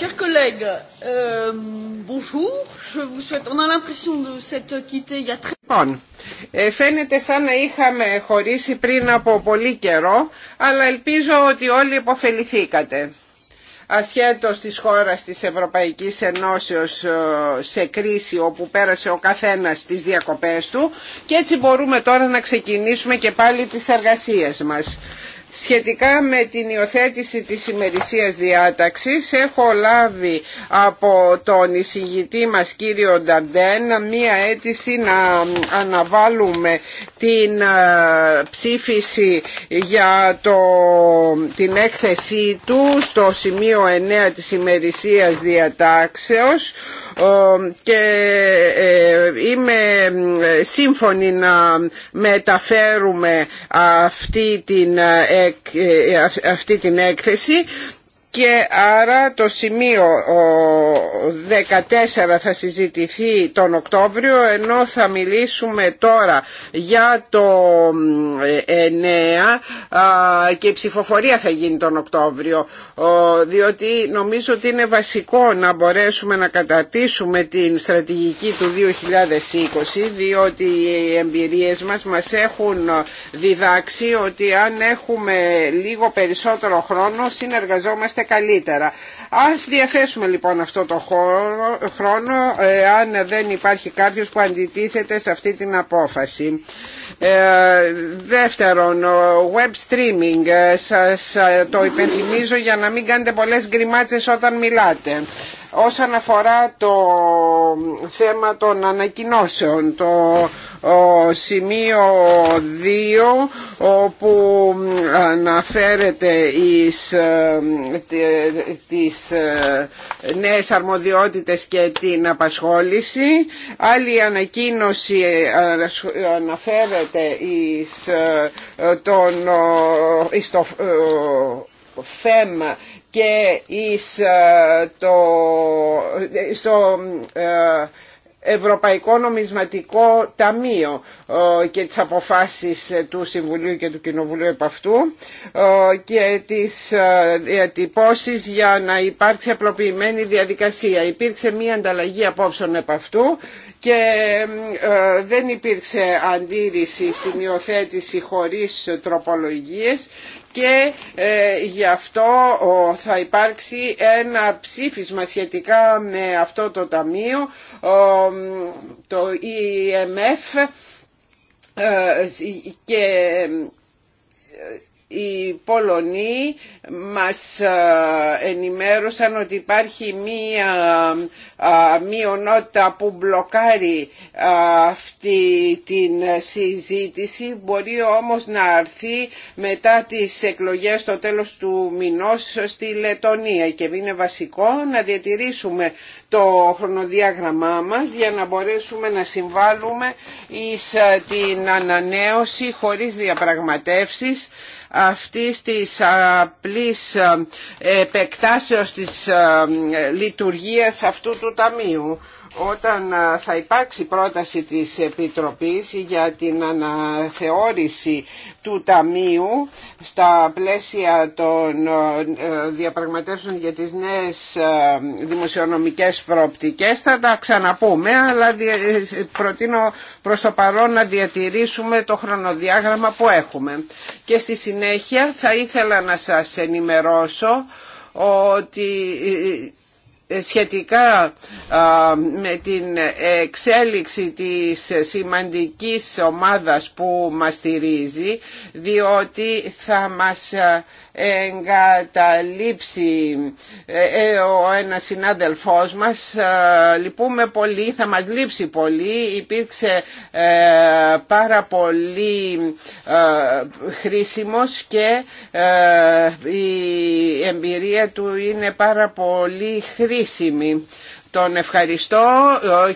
Chers collègues, euh, bonjour. Je vous souhaite. On a l'impression de Λοιπόν, ε, φαίνεται σαν να είχαμε χωρίσει πριν από πολύ καιρό, αλλά ελπίζω ότι όλοι υποφεληθήκατε. Ασχέτως της χώρας της Ευρωπαϊκής Ενώσεως ε, σε κρίση όπου πέρασε ο καθένας τις διακοπές του και έτσι μπορούμε τώρα να ξεκινήσουμε και πάλι τις εργασίες μας. Σχετικά με την υιοθέτηση της ημερησίας διάταξης έχω λάβει από τον εισηγητή μας κύριο Νταρντέν μία αίτηση να αναβάλουμε την ε, ψήφιση για το, την έκθεσή του στο σημείο 9 της ημερησίας διατάξεως ε, και ε, είμαι ε, σύμφωνη να μεταφέρουμε αυτή την, αυτή την έκθεση και άρα το σημείο 14 θα συζητηθεί τον Οκτώβριο ενώ θα μιλήσουμε τώρα για το 9 ε, και η ψηφοφορία θα γίνει τον Οκτώβριο διότι νομίζω ότι είναι βασικό να μπορέσουμε να καταρτήσουμε την στρατηγική του 2020 διότι οι εμπειρίες μας μας έχουν διδάξει ότι αν έχουμε λίγο περισσότερο χρόνο συνεργαζόμαστε καλύτερα. Ας διαθέσουμε λοιπόν αυτό το χρόνο αν δεν υπάρχει κάποιος που αντιτίθεται σε αυτή την απόφαση. Ε, δεύτερον, web streaming, ε, σας ε, το υπενθυμίζω για να μην κάνετε πολλές γκριμάτσες όταν μιλάτε όσον αφορά το θέμα των ανακοινώσεων, το σημείο 2 όπου αναφέρεται εις τις νέες αρμοδιότητες και την απασχόληση. Άλλη ανακοίνωση αναφέρεται εις τον το, ΦΕΜ και ε, το, ε, στο ε, Ευρωπαϊκό Νομισματικό Ταμείο και τις αποφάσεις του Συμβουλίου και του Κοινοβουλίου επ' αυτού και τις διατυπώσεις για να υπάρξει απλοποιημένη διαδικασία. Υπήρξε μία ανταλλαγή απόψεων επ' αυτού και δεν υπήρξε αντίρρηση στην υιοθέτηση χωρίς τροπολογίες και ε, γι' αυτό θα υπάρξει ένα ψήφισμα σχετικά με αυτό το ταμείο, το EMF ε, και ε, η Πολωνία μας ε, ενημέρωσαν ότι υπάρχει μία ε, μειονότητα που μπλοκάρει ε, αυτή την συζήτηση μπορεί όμως να αρθεί μετά τις εκλογές στο τέλος του μηνός στη Λετωνία και είναι βασικό να διατηρήσουμε το χρονοδιάγραμμά μας για να μπορέσουμε να συμβάλλουμε εις την ανανέωση χωρίς διαπραγματεύσεις αυτή της απλή πολλής ε, επεκτάσεως της ε, λειτουργίας αυτού του ταμείου όταν θα υπάρξει πρόταση της Επιτροπής για την αναθεώρηση του Ταμείου στα πλαίσια των ε, διαπραγματεύσεων για τις νέες δημοσιονομικές προοπτικές θα τα ξαναπούμε αλλά ε, προτείνω προς το παρόν να διατηρήσουμε το χρονοδιάγραμμα που έχουμε και στη συνέχεια θα ήθελα να σας ενημερώσω ότι ε, σχετικά με την εξέλιξη της σημαντικής ομάδας που μας στηρίζει διότι θα μας εγκαταλείψει ε, ε, ο ένας συνάδελφός μας. Ε, λυπούμε πολύ, θα μας λείψει πολύ. Υπήρξε πάρα πολύ χρήσιμος και η εμπειρία του είναι πάρα πολύ χρήσιμη. Τον ευχαριστώ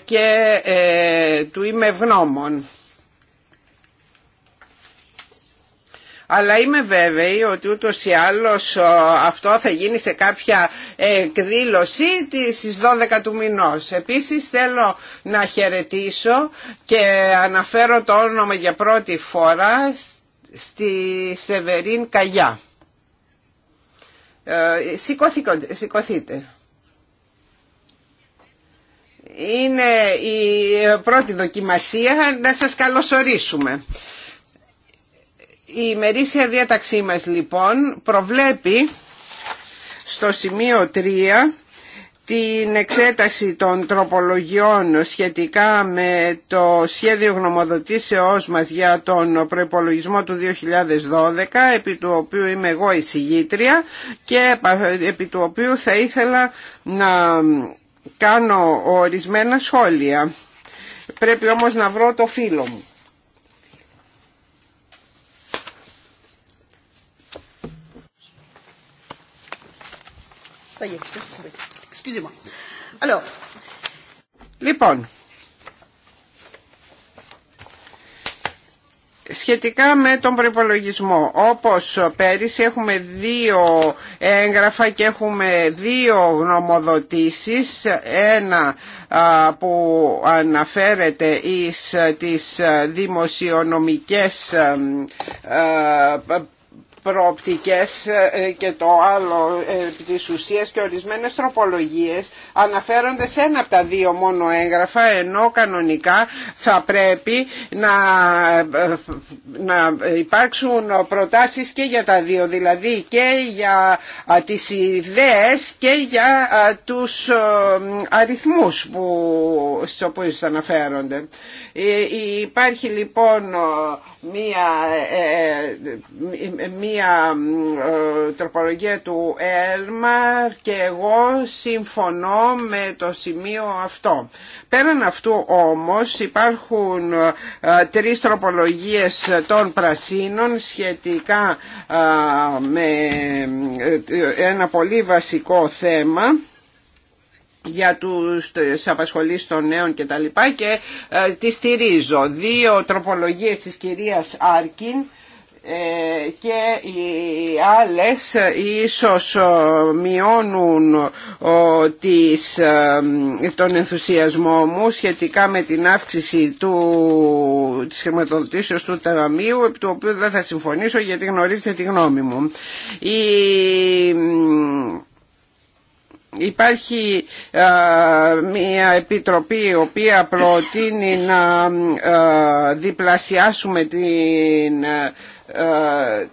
και του είμαι ευγνώμων. Αλλά είμαι βέβαιη ότι ούτως ή άλλως αυτό θα γίνει σε κάποια εκδήλωση στις 12 του μηνός. Επίσης θέλω να χαιρετήσω και αναφέρω το όνομα για πρώτη φορά στη Σεβερίν Καγιά. Ε, σηκωθείτε. Είναι η πρώτη δοκιμασία να σας καλωσορίσουμε. Η ημερήσια διάταξή μας λοιπόν προβλέπει στο σημείο 3 την εξέταση των τροπολογιών σχετικά με το σχέδιο γνωμοδοτήσεώς μας για τον προϋπολογισμό του 2012, επί του οποίου είμαι εγώ εισηγήτρια και επί του οποίου θα ήθελα να κάνω ορισμένα σχόλια. Πρέπει όμως να βρω το φίλο μου. λοιπόν, σχετικά με τον προπολογισμό. Όπως πέρυσι έχουμε δύο έγγραφα και έχουμε δύο γνωμοδοτήσεις. Ένα που αναφέρεται εις ε, τις ε, δημοσιονομικές ε, προοπτικές ε, ε, και το άλλο ε, της ουσίας και ορισμένες τροπολογίες αναφέρονται σε ένα από τα δύο μόνο έγγραφα ενώ κανονικά θα πρέπει να, να υπάρξουν προτάσεις και για τα δύο δηλαδή και για τις ιδέες και για τους αριθμούς που, στους οποίους αναφέρονται. Υπάρχει λοιπόν μία, ε, ε, μία ε, τροπολογία του Έλμαρ και εγώ συμφωνώ με το σημείο αυτό. Πέραν αυτού όμως υπάρχουν τρεις τροπολογίες των πρασίνων σχετικά με ένα πολύ βασικό θέμα για τους απασχολείς των νέων και τα λοιπά και ε, στηρίζω. Δύο τροπολογίες της κυρίας Άρκιν ε, και οι άλλες ίσως ε, μειώνουν ε, τον ενθουσιασμό μου σχετικά με την αύξηση του, της χρηματοδοτήσεως του ταμείου επί του οποίου δεν θα συμφωνήσω γιατί γνωρίζετε τη γνώμη μου. Η, Υπάρχει ε, μια επιτροπή η οποία προτείνει να ε, διπλασιάσουμε την ε,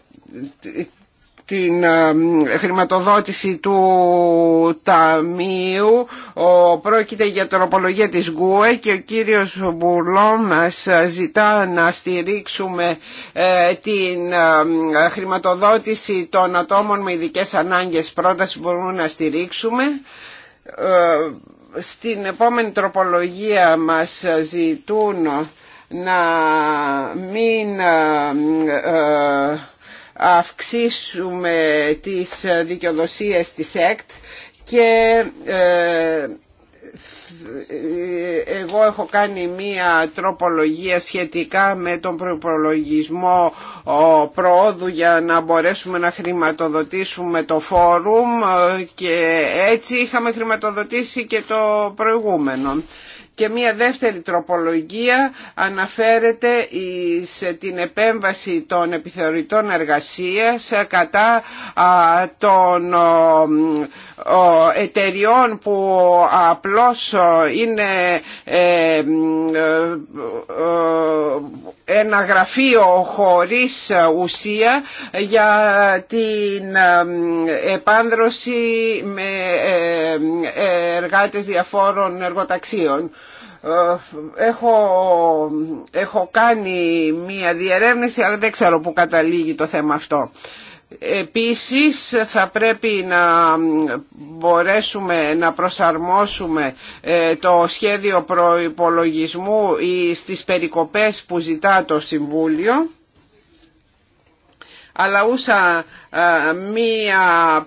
την ε, χρηματοδότηση του Ταμείου ο, πρόκειται για τροπολογία της ΓΚΟΕ και ο κύριος Μπουρλό μας ζητά να στηρίξουμε ε, την ε, χρηματοδότηση των ατόμων με ειδικές ανάγκες πρόταση που μπορούμε να στηρίξουμε στην επόμενη τροπολογία μας ζητούν να μην αυξήσουμε τις δικαιοδοσίες της ΕΚΤ και ε, ε, εγώ έχω κάνει μία τροπολογία σχετικά με τον προπολογισμό προόδου για να μπορέσουμε να χρηματοδοτήσουμε το φόρουμ ε, και έτσι είχαμε χρηματοδοτήσει και το προηγούμενο. Και μια δεύτερη τροπολογία αναφέρεται σε την επέμβαση των επιθεωρητών εργασίας κατά των εταιριών που απλώς ε, είναι ε, ε, ένα γραφείο χωρίς ουσία για την επάνδρωση με εργάτες διαφόρων εργοταξίων. Έχω, έχω κάνει μία διερεύνηση αλλά δεν ξέρω που καταλήγει το θέμα αυτό. Επίσης θα πρέπει να μπορέσουμε να προσαρμόσουμε ε, το σχέδιο προϋπολογισμού στις περικοπές που ζητά το Συμβούλιο αλλά ούσα μία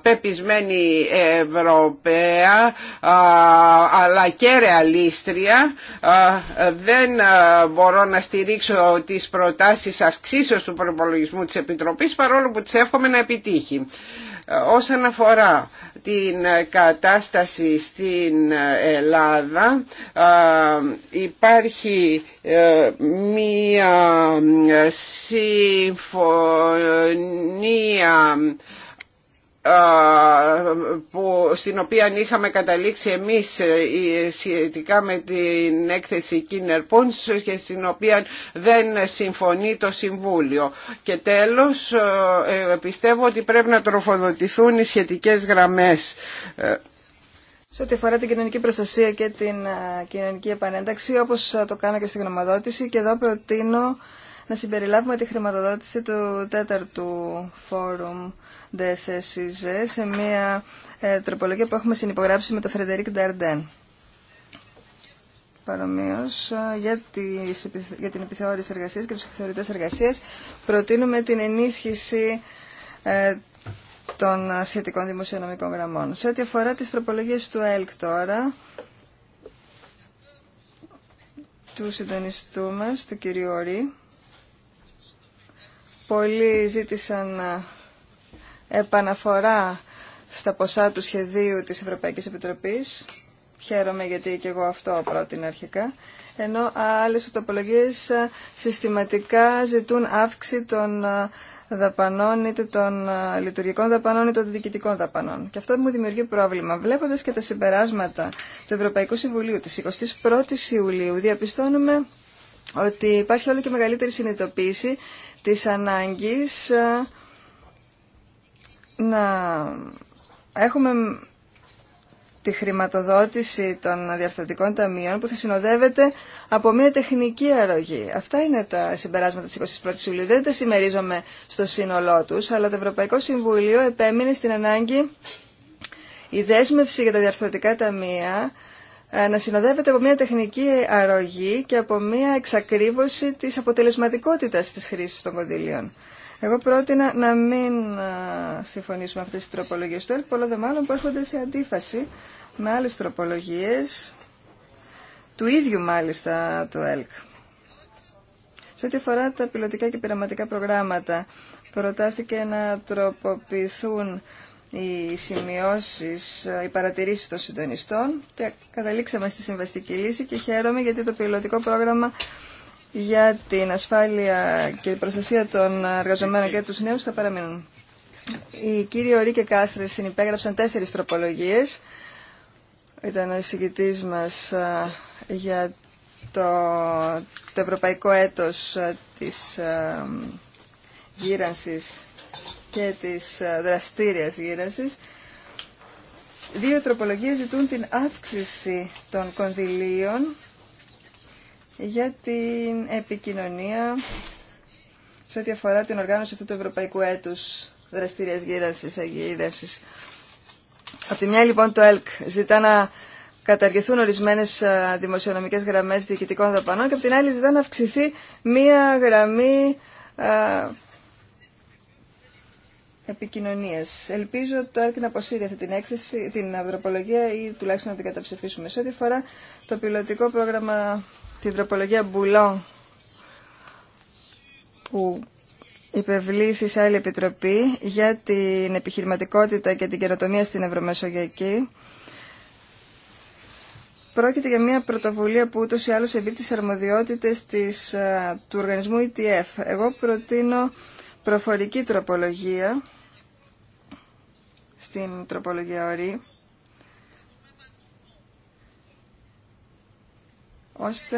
πεπισμένη Ευρωπαία αλλά και ρεαλίστρια δεν μπορώ να στηρίξω τις προτάσεις αυξήσεως του προπολογισμού της Επιτροπής παρόλο που τις εύχομαι να επιτύχει. Όσον αφορά την κατάσταση στην Ελλάδα υπάρχει ε, μία συμφωνία που, στην οποία είχαμε καταλήξει εμείς ε, σχετικά με την έκθεση Κίνερ Πούντς και στην οποία δεν συμφωνεί το Συμβούλιο. Και τέλος ε, ε, πιστεύω ότι πρέπει να τροφοδοτηθούν οι σχετικές γραμμές. Σε ό,τι αφορά την κοινωνική προστασία και την κοινωνική επανένταξη, όπως το κάνω και στην γνωμοδότηση, και εδώ προτείνω να συμπεριλάβουμε τη χρηματοδότηση του τέταρτου φόρουμ σε μια ε, τροπολογία που έχουμε συνυπογράψει με τον Φρεντερίκ Νταρντέν. Παρομοίω, ε, για, για την επιθεώρηση εργασία και του επιθεωρητέ εργασία, προτείνουμε την ενίσχυση ε, των σχετικών δημοσιονομικών γραμμών. Σε ό,τι αφορά τι τροπολογίε του ΕΛΚ τώρα, του συντονιστού μα του κυρίου Ρή, πολλοί ζήτησαν επαναφορά στα ποσά του σχεδίου της Ευρωπαϊκής Επιτροπής. Χαίρομαι γιατί και εγώ αυτό πρότεινα αρχικά. Ενώ άλλες τοπολογίες ε, συστηματικά ζητούν αύξηση των ε, δαπανών, είτε των ε, λειτουργικών δαπανών, είτε των διοικητικών δαπανών. Και αυτό μου δημιουργεί πρόβλημα. Βλέποντας και τα συμπεράσματα του Ευρωπαϊκού Συμβουλίου της 21ης Ιουλίου, διαπιστώνουμε ότι υπάρχει όλο και μεγαλύτερη συνειδητοποίηση της ανάγκης να έχουμε τη χρηματοδότηση των διαρθρωτικών ταμείων που θα συνοδεύεται από μια τεχνική αρρωγή. Αυτά είναι τα συμπεράσματα της 21ης Ιουλίου. Δεν τα συμμερίζομαι στο σύνολό τους, αλλά το Ευρωπαϊκό Συμβουλίο επέμεινε στην ανάγκη η δέσμευση για τα διαρθρωτικά ταμεία ε, να συνοδεύεται από μια τεχνική αρρωγή και από μια εξακρίβωση της αποτελεσματικότητας της χρήσης των κονδυλίων. Εγώ πρότεινα να μην συμφωνήσουμε αυτές τις τροπολογίες του ΕΛΚ, όλο δε μάλλον που έρχονται σε αντίφαση με άλλες τροπολογίες του ίδιου μάλιστα του ΕΛΚ. Σε ό,τι αφορά τα πιλωτικά και πειραματικά προγράμματα, προτάθηκε να τροποποιηθούν οι σημειώσεις, οι παρατηρήσεις των συντονιστών και καταλήξαμε στη συμβαστική λύση και χαίρομαι γιατί το πιλωτικό πρόγραμμα για την ασφάλεια και την προστασία των εργαζομένων και του νέους θα παραμείνουν. Οι κύριοι Ορί και Κάστρες συνυπέγραψαν τέσσερις τροπολογίες. Ήταν ο εισηγητή μας για το, το ευρωπαϊκό έτος της γύρανσης και της δραστήρια γύρανση. Δύο τροπολογίες ζητούν την αύξηση των κονδυλίων για την επικοινωνία σε ό,τι αφορά την οργάνωση αυτού του Ευρωπαϊκού Έτους δραστηρίας γύρασης, αγύρασης. Από τη μια λοιπόν το ΕΛΚ ζητά να καταργηθούν ορισμένες δημοσιονομικές γραμμές διοικητικών δαπανών και από την άλλη ζητά να αυξηθεί μία γραμμή επικοινωνίας. Ελπίζω το ΕΛΚ να αποσύρει αυτή την έκθεση, την ανθρωπολογία ή τουλάχιστον να την καταψηφίσουμε. Σε ό,τι αφορά το πιλωτικό πρόγραμμα την τροπολογία Μπουλό, που υπευλήθη σε άλλη επιτροπή για την επιχειρηματικότητα και την καινοτομία στην Ευρωμεσογειακή. Πρόκειται για μια πρωτοβουλία που ούτως ή άλλως εμπίπτει στις αρμοδιότητες της, ε, του οργανισμού ETF. Εγώ προτείνω προφορική τροπολογία στην τροπολογία ορή ώστε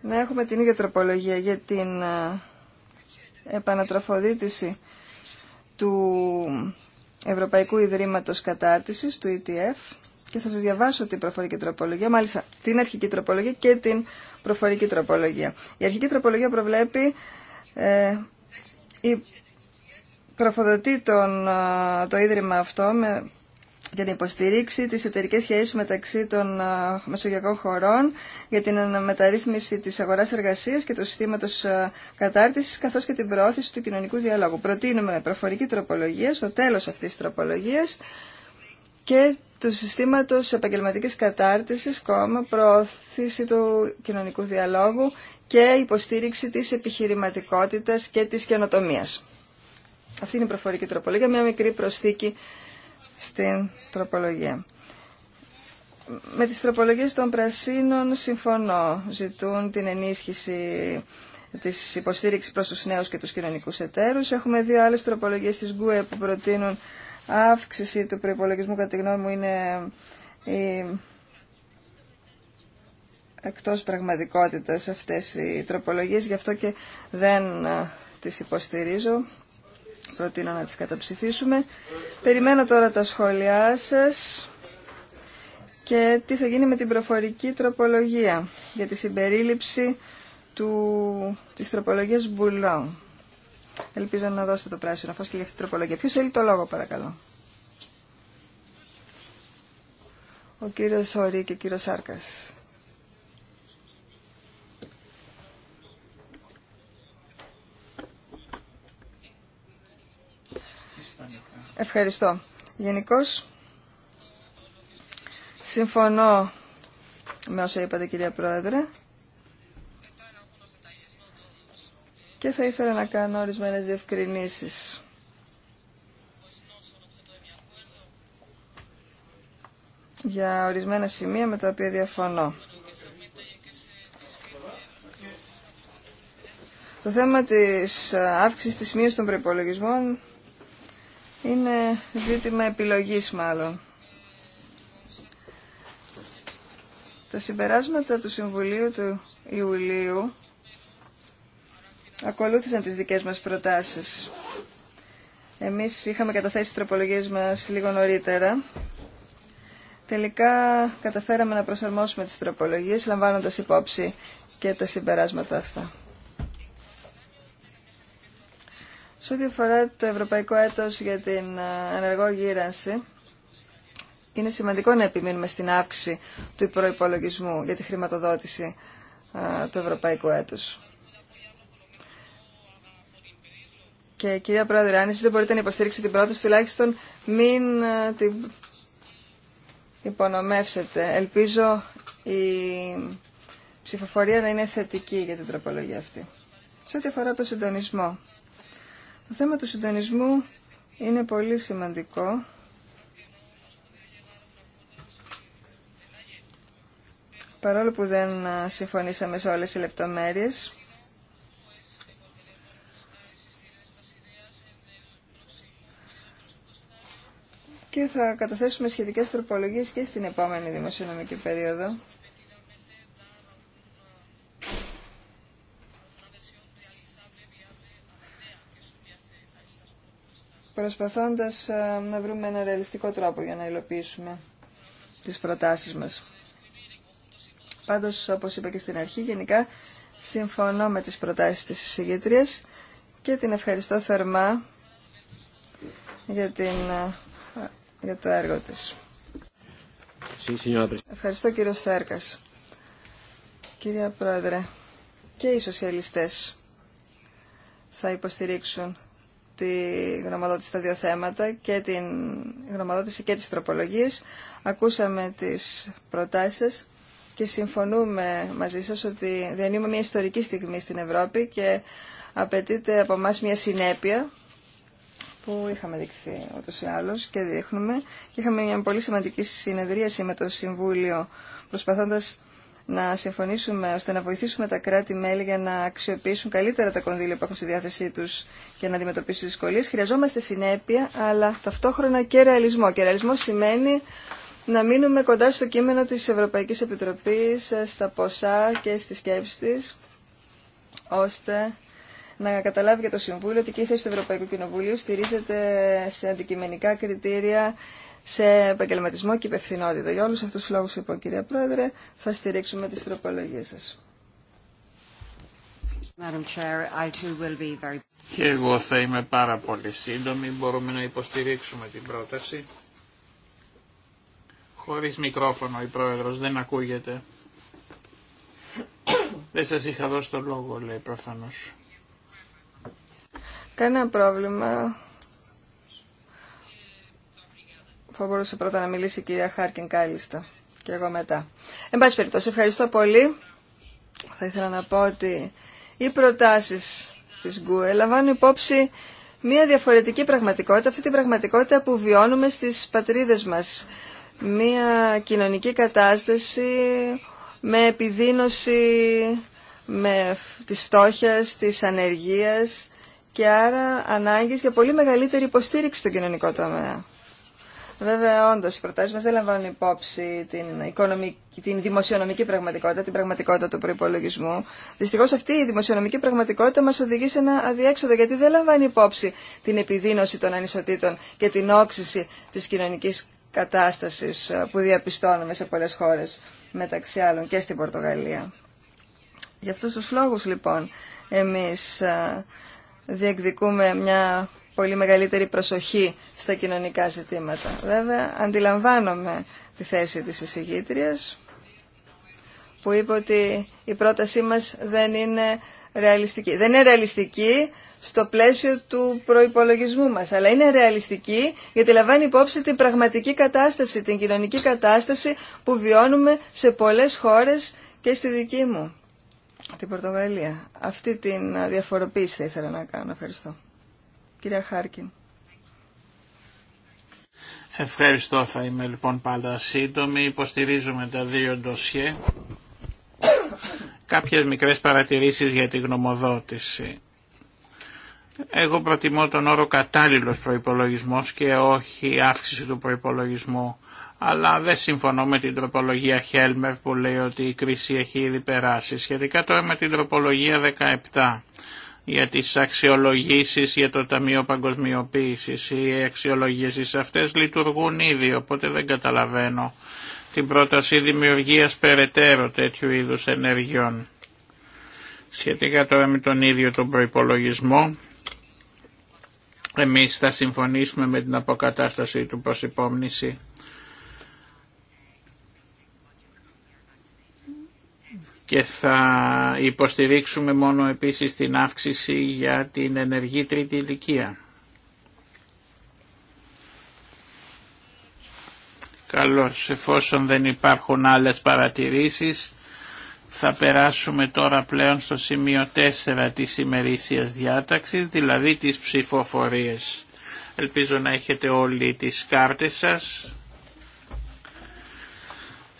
να έχουμε την ίδια τροπολογία για την ε, επανατροφοδίτηση του Ευρωπαϊκού Ιδρύματος Κατάρτισης, του ETF, και θα σας διαβάσω την προφορική τροπολογία, μάλιστα την αρχική τροπολογία και την προφορική τροπολογία. Η αρχική τροπολογία προβλέπει ε, η προφοδοτή τον, ε, το Ίδρυμα αυτό με για την υποστηρίξη τις εταιρικές σχέσεις μεταξύ των μεσογειακών χωρών για την μεταρρύθμιση της αγοράς εργασίας και του συστήματος κατάρτισης καθώς και την προώθηση του κοινωνικού διαλόγου. Προτείνουμε προφορική τροπολογία στο τέλος αυτής της τροπολογίας και του συστήματος επαγγελματικής κατάρτισης, κόμμα, προώθηση του κοινωνικού διαλόγου και υποστήριξη της επιχειρηματικότητας και της καινοτομίας. Αυτή είναι η προφορική τροπολογία, μια μικρή προσθήκη στην τροπολογία. Με τις τροπολογίες των πρασίνων συμφωνώ. Ζητούν την ενίσχυση της υποστήριξης προς τους νέους και τους κοινωνικούς εταίρους. Έχουμε δύο άλλες τροπολογίες της ΓΚΟΕ που προτείνουν αύξηση του προϋπολογισμού κατά τη γνώμη μου είναι η... εκτός πραγματικότητας αυτές οι τροπολογίες, γι' αυτό και δεν ε, τις υποστηρίζω προτείνω να τις καταψηφίσουμε. Περιμένω τώρα τα σχόλιά σας και τι θα γίνει με την προφορική τροπολογία για τη συμπερίληψη του, της τροπολογίας Μπουλόν. Ελπίζω να δώσετε το πράσινο φως και για αυτή την τροπολογία. Ποιος θέλει το λόγο παρακαλώ. Ο κύριος Σωρή και ο κύριος Σάρκας. Ευχαριστώ. Γενικώ συμφωνώ με όσα είπατε κυρία Πρόεδρε και θα ήθελα να κάνω ορισμένες διευκρινήσεις. για ορισμένα σημεία με τα οποία διαφωνώ. Το θέμα της αύξησης της μείωσης των προϋπολογισμών είναι ζήτημα επιλογής μάλλον. Τα συμπεράσματα του Συμβουλίου του Ιουλίου ακολούθησαν τις δικές μας προτάσεις. Εμείς είχαμε καταθέσει τις τροπολογίες μας λίγο νωρίτερα. Τελικά καταφέραμε να προσαρμόσουμε τις τροπολογίες λαμβάνοντας υπόψη και τα συμπεράσματα αυτά. Σε ό,τι αφορά το Ευρωπαϊκό Έτος για την ε, ενεργό γύρανση, είναι σημαντικό να επιμείνουμε στην αύξηση του προϋπολογισμού για τη χρηματοδότηση ε, του Ευρωπαϊκού Έτους. Και κυρία Πρόεδρε, αν εσείς δεν μπορείτε να υποστήριξετε την πρόταση, τουλάχιστον μην ε, την υπονομεύσετε. Ελπίζω η ψηφοφορία να είναι θετική για την τροπολογία αυτή. Σε ό,τι αφορά το συντονισμό το θέμα του συντονισμού είναι πολύ σημαντικό. Παρόλο που δεν συμφωνήσαμε σε όλες οι λεπτομέρειες, και θα καταθέσουμε σχετικές τροπολογίες και στην επόμενη δημοσιονομική περίοδο. προσπαθώντας ε, να βρούμε ένα ρεαλιστικό τρόπο για να υλοποιήσουμε τις προτάσεις μας. Πάντως, όπως είπα και στην αρχή, γενικά συμφωνώ με τις προτάσεις της εισηγήτριας και την ευχαριστώ θερμά για, την, ε, για το έργο της. Ευχαριστώ κύριο Στέρκας. Κυρία Πρόεδρε, και οι σοσιαλιστές θα υποστηρίξουν τη γνωμοδότηση στα δύο θέματα και την γνωμοδότηση και της τροπολογίας. Ακούσαμε τις προτάσεις και συμφωνούμε μαζί σας ότι διανύουμε μια ιστορική στιγμή στην Ευρώπη και απαιτείται από εμά μια συνέπεια που είχαμε δείξει ούτως ή άλλως και δείχνουμε και είχαμε μια πολύ σημαντική συνεδρίαση με το Συμβούλιο προσπαθώντας να συμφωνήσουμε ώστε να βοηθήσουμε τα κράτη-μέλη για να αξιοποιήσουν καλύτερα τα κονδύλια που έχουν στη διάθεσή του και να αντιμετωπίσουν τι δυσκολίε, χρειαζόμαστε συνέπεια, αλλά ταυτόχρονα και ρεαλισμό. Και ρεαλισμό σημαίνει να μείνουμε κοντά στο κείμενο τη Ευρωπαϊκή Επιτροπή, στα ποσά και στη σκέψη τη, ώστε να καταλάβει και το Συμβούλιο ότι και η θέση του Ευρωπαϊκού Κοινοβουλίου στηρίζεται σε αντικειμενικά κριτήρια σε επαγγελματισμό και υπευθυνότητα. Για όλους αυτούς τους λόγους, λοιπόν, κύριε Πρόεδρε, θα στηρίξουμε τις τροπολογίες σας. Και εγώ θα είμαι πάρα πολύ σύντομη. Μπορούμε να υποστηρίξουμε την πρόταση. Χωρίς μικρόφωνο η πρόεδρος δεν ακούγεται. δεν σας είχα δώσει το λόγο λέει προφανώς. Κανένα πρόβλημα. θα μπορούσε πρώτα να μιλήσει η κυρία Χάρκιν κάλλιστα και εγώ μετά. Εν πάση περιπτώσει, ευχαριστώ πολύ. Θα ήθελα να πω ότι οι προτάσεις της ΓΚΟΕ λαμβάνουν υπόψη μια διαφορετική πραγματικότητα, αυτή την πραγματικότητα που βιώνουμε στις πατρίδες μας. Μια κοινωνική κατάσταση με επιδείνωση με της φτώχειας, της ανεργίας και άρα ανάγκης για πολύ μεγαλύτερη υποστήριξη στον κοινωνικό τομέα. Βέβαια, όντω, οι προτάσει μα δεν λαμβάνουν υπόψη την, οικονομική, την δημοσιονομική πραγματικότητα, την πραγματικότητα του προπολογισμού. Δυστυχώ αυτή η δημοσιονομική πραγματικότητα μα οδηγεί σε ένα αδιέξοδο, γιατί δεν λαμβάνει υπόψη την επιδείνωση των ανισοτήτων και την όξυση τη κοινωνική κατάσταση ε, που διαπιστώνουμε σε πολλέ χώρε, μεταξύ άλλων και στην Πορτογαλία. Γι' αυτού του λόγου, λοιπόν, εμεί ε, διεκδικούμε μια πολύ μεγαλύτερη προσοχή στα κοινωνικά ζητήματα. Βέβαια, αντιλαμβάνομαι τη θέση της εισηγήτριας που είπε ότι η πρότασή μας δεν είναι ρεαλιστική. Δεν είναι ρεαλιστική στο πλαίσιο του προϋπολογισμού μας, αλλά είναι ρεαλιστική γιατί λαμβάνει υπόψη την πραγματική κατάσταση, την κοινωνική κατάσταση που βιώνουμε σε πολλές χώρες και στη δική μου, την Πορτογαλία. Αυτή την διαφοροποίηση θα ήθελα να κάνω. Ευχαριστώ. Κυρία Χάρκιν. Ευχαριστώ. Θα είμαι λοιπόν πάντα σύντομη. Υποστηρίζουμε τα δύο ντοσιέ. Κάποιες μικρές παρατηρήσεις για τη γνωμοδότηση. Εγώ προτιμώ τον όρο κατάλληλος προϋπολογισμός και όχι αύξηση του προϋπολογισμού. Αλλά δεν συμφωνώ με την τροπολογία Χέλμερ που λέει ότι η κρίση έχει ήδη περάσει. Σχετικά τώρα με την τροπολογία 17 για τις αξιολογήσεις για το Ταμείο Παγκοσμιοποίησης. Οι αξιολογήσεις αυτές λειτουργούν ήδη, οπότε δεν καταλαβαίνω την πρόταση δημιουργίας περαιτέρω τέτοιου είδους ενεργειών. Σχετικά τώρα με τον ίδιο τον προϋπολογισμό, εμείς θα συμφωνήσουμε με την αποκατάσταση του προς υπόμνηση και θα υποστηρίξουμε μόνο επίσης την αύξηση για την ενεργή τρίτη ηλικία. Καλώς, εφόσον δεν υπάρχουν άλλες παρατηρήσεις, θα περάσουμε τώρα πλέον στο σημείο 4 της ημερήσιας διάταξης, δηλαδή τις ψηφοφορίες. Ελπίζω να έχετε όλοι τις κάρτες σας.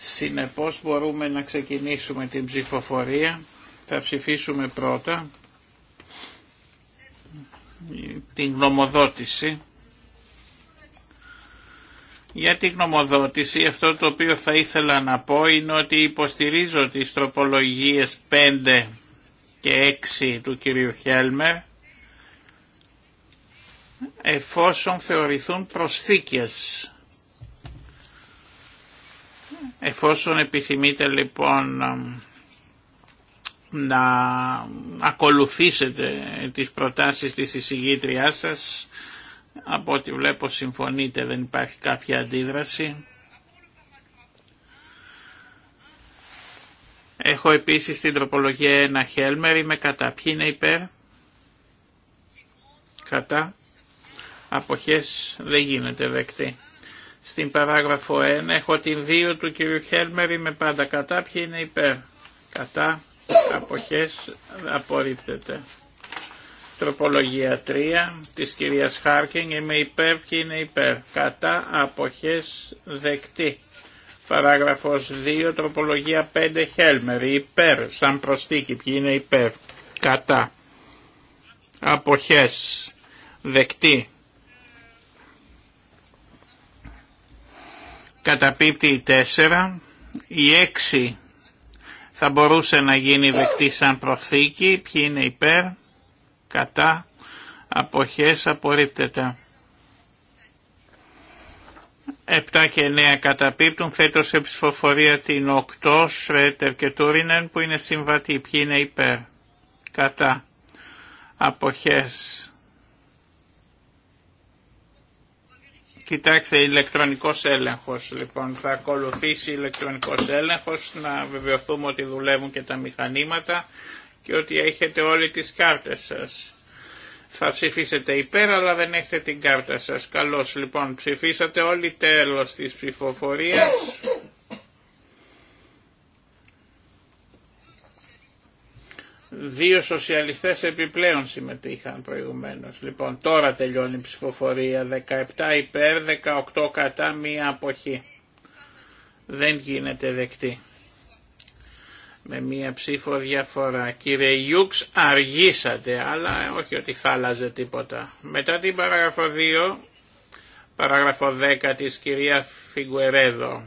Συνεπώς μπορούμε να ξεκινήσουμε την ψηφοφορία. Θα ψηφίσουμε πρώτα την γνωμοδότηση. Για την γνωμοδότηση αυτό το οποίο θα ήθελα να πω είναι ότι υποστηρίζω τις τροπολογίες 5 και 6 του κυρίου Χέλμερ εφόσον θεωρηθούν προσθήκες Εφόσον επιθυμείτε λοιπόν να ακολουθήσετε τις προτάσεις της εισηγήτριάς σας, από ό,τι βλέπω συμφωνείτε, δεν υπάρχει κάποια αντίδραση. Έχω επίσης την τροπολογία ένα χέλμερ, είμαι κατά. Ποιοι είναι υπέρ, κατά, αποχές δεν γίνεται δεκτή. Στην παράγραφο 1 έχω την 2 του κυρίου Χέλμερη με πάντα κατά. Ποιοι είναι υπέρ. Κατά. Αποχές απορρίπτεται. Τροπολογία 3 της κυρίας Χάρκινγκ είμαι υπέρ ποιοι είναι υπέρ. Κατά αποχές δεκτή. Παράγραφος 2 τροπολογία 5 Χέλμερ υπέρ σαν προστίκη ποιοι είναι υπέρ. Κατά αποχές δεκτή. Καταπίπτει η 4, η 6 θα μπορούσε να γίνει δεκτή σαν προθήκη, ποιοι είναι υπέρ, κατά, αποχές, απορρίπτεται. 7 και 9 καταπίπτουν, θέτω σε ψηφοφορία την 8, Σρέτερ και Τούρινεν που είναι συμβατή, ποιοι είναι υπέρ, κατά, αποχές, Κοιτάξτε, ηλεκτρονικός έλεγχος λοιπόν. Θα ακολουθήσει ηλεκτρονικός έλεγχος να βεβαιωθούμε ότι δουλεύουν και τα μηχανήματα και ότι έχετε όλοι τις κάρτες σας. Θα ψηφίσετε υπέρ αλλά δεν έχετε την κάρτα σας. Καλώς λοιπόν ψηφίσατε όλοι τέλος της ψηφοφορίας. Δύο σοσιαλιστές επιπλέον συμμετείχαν προηγουμένως. Λοιπόν, τώρα τελειώνει η ψηφοφορία. 17 υπέρ, 18 κατά, μία αποχή. Δεν γίνεται δεκτή. Με μία ψήφο διαφορά. Κύριε Ιούξ, αργήσατε, αλλά όχι ότι θα άλλαζε τίποτα. Μετά την παράγραφο 2, παράγραφο 10 της κυρία Φιγκουερέδο.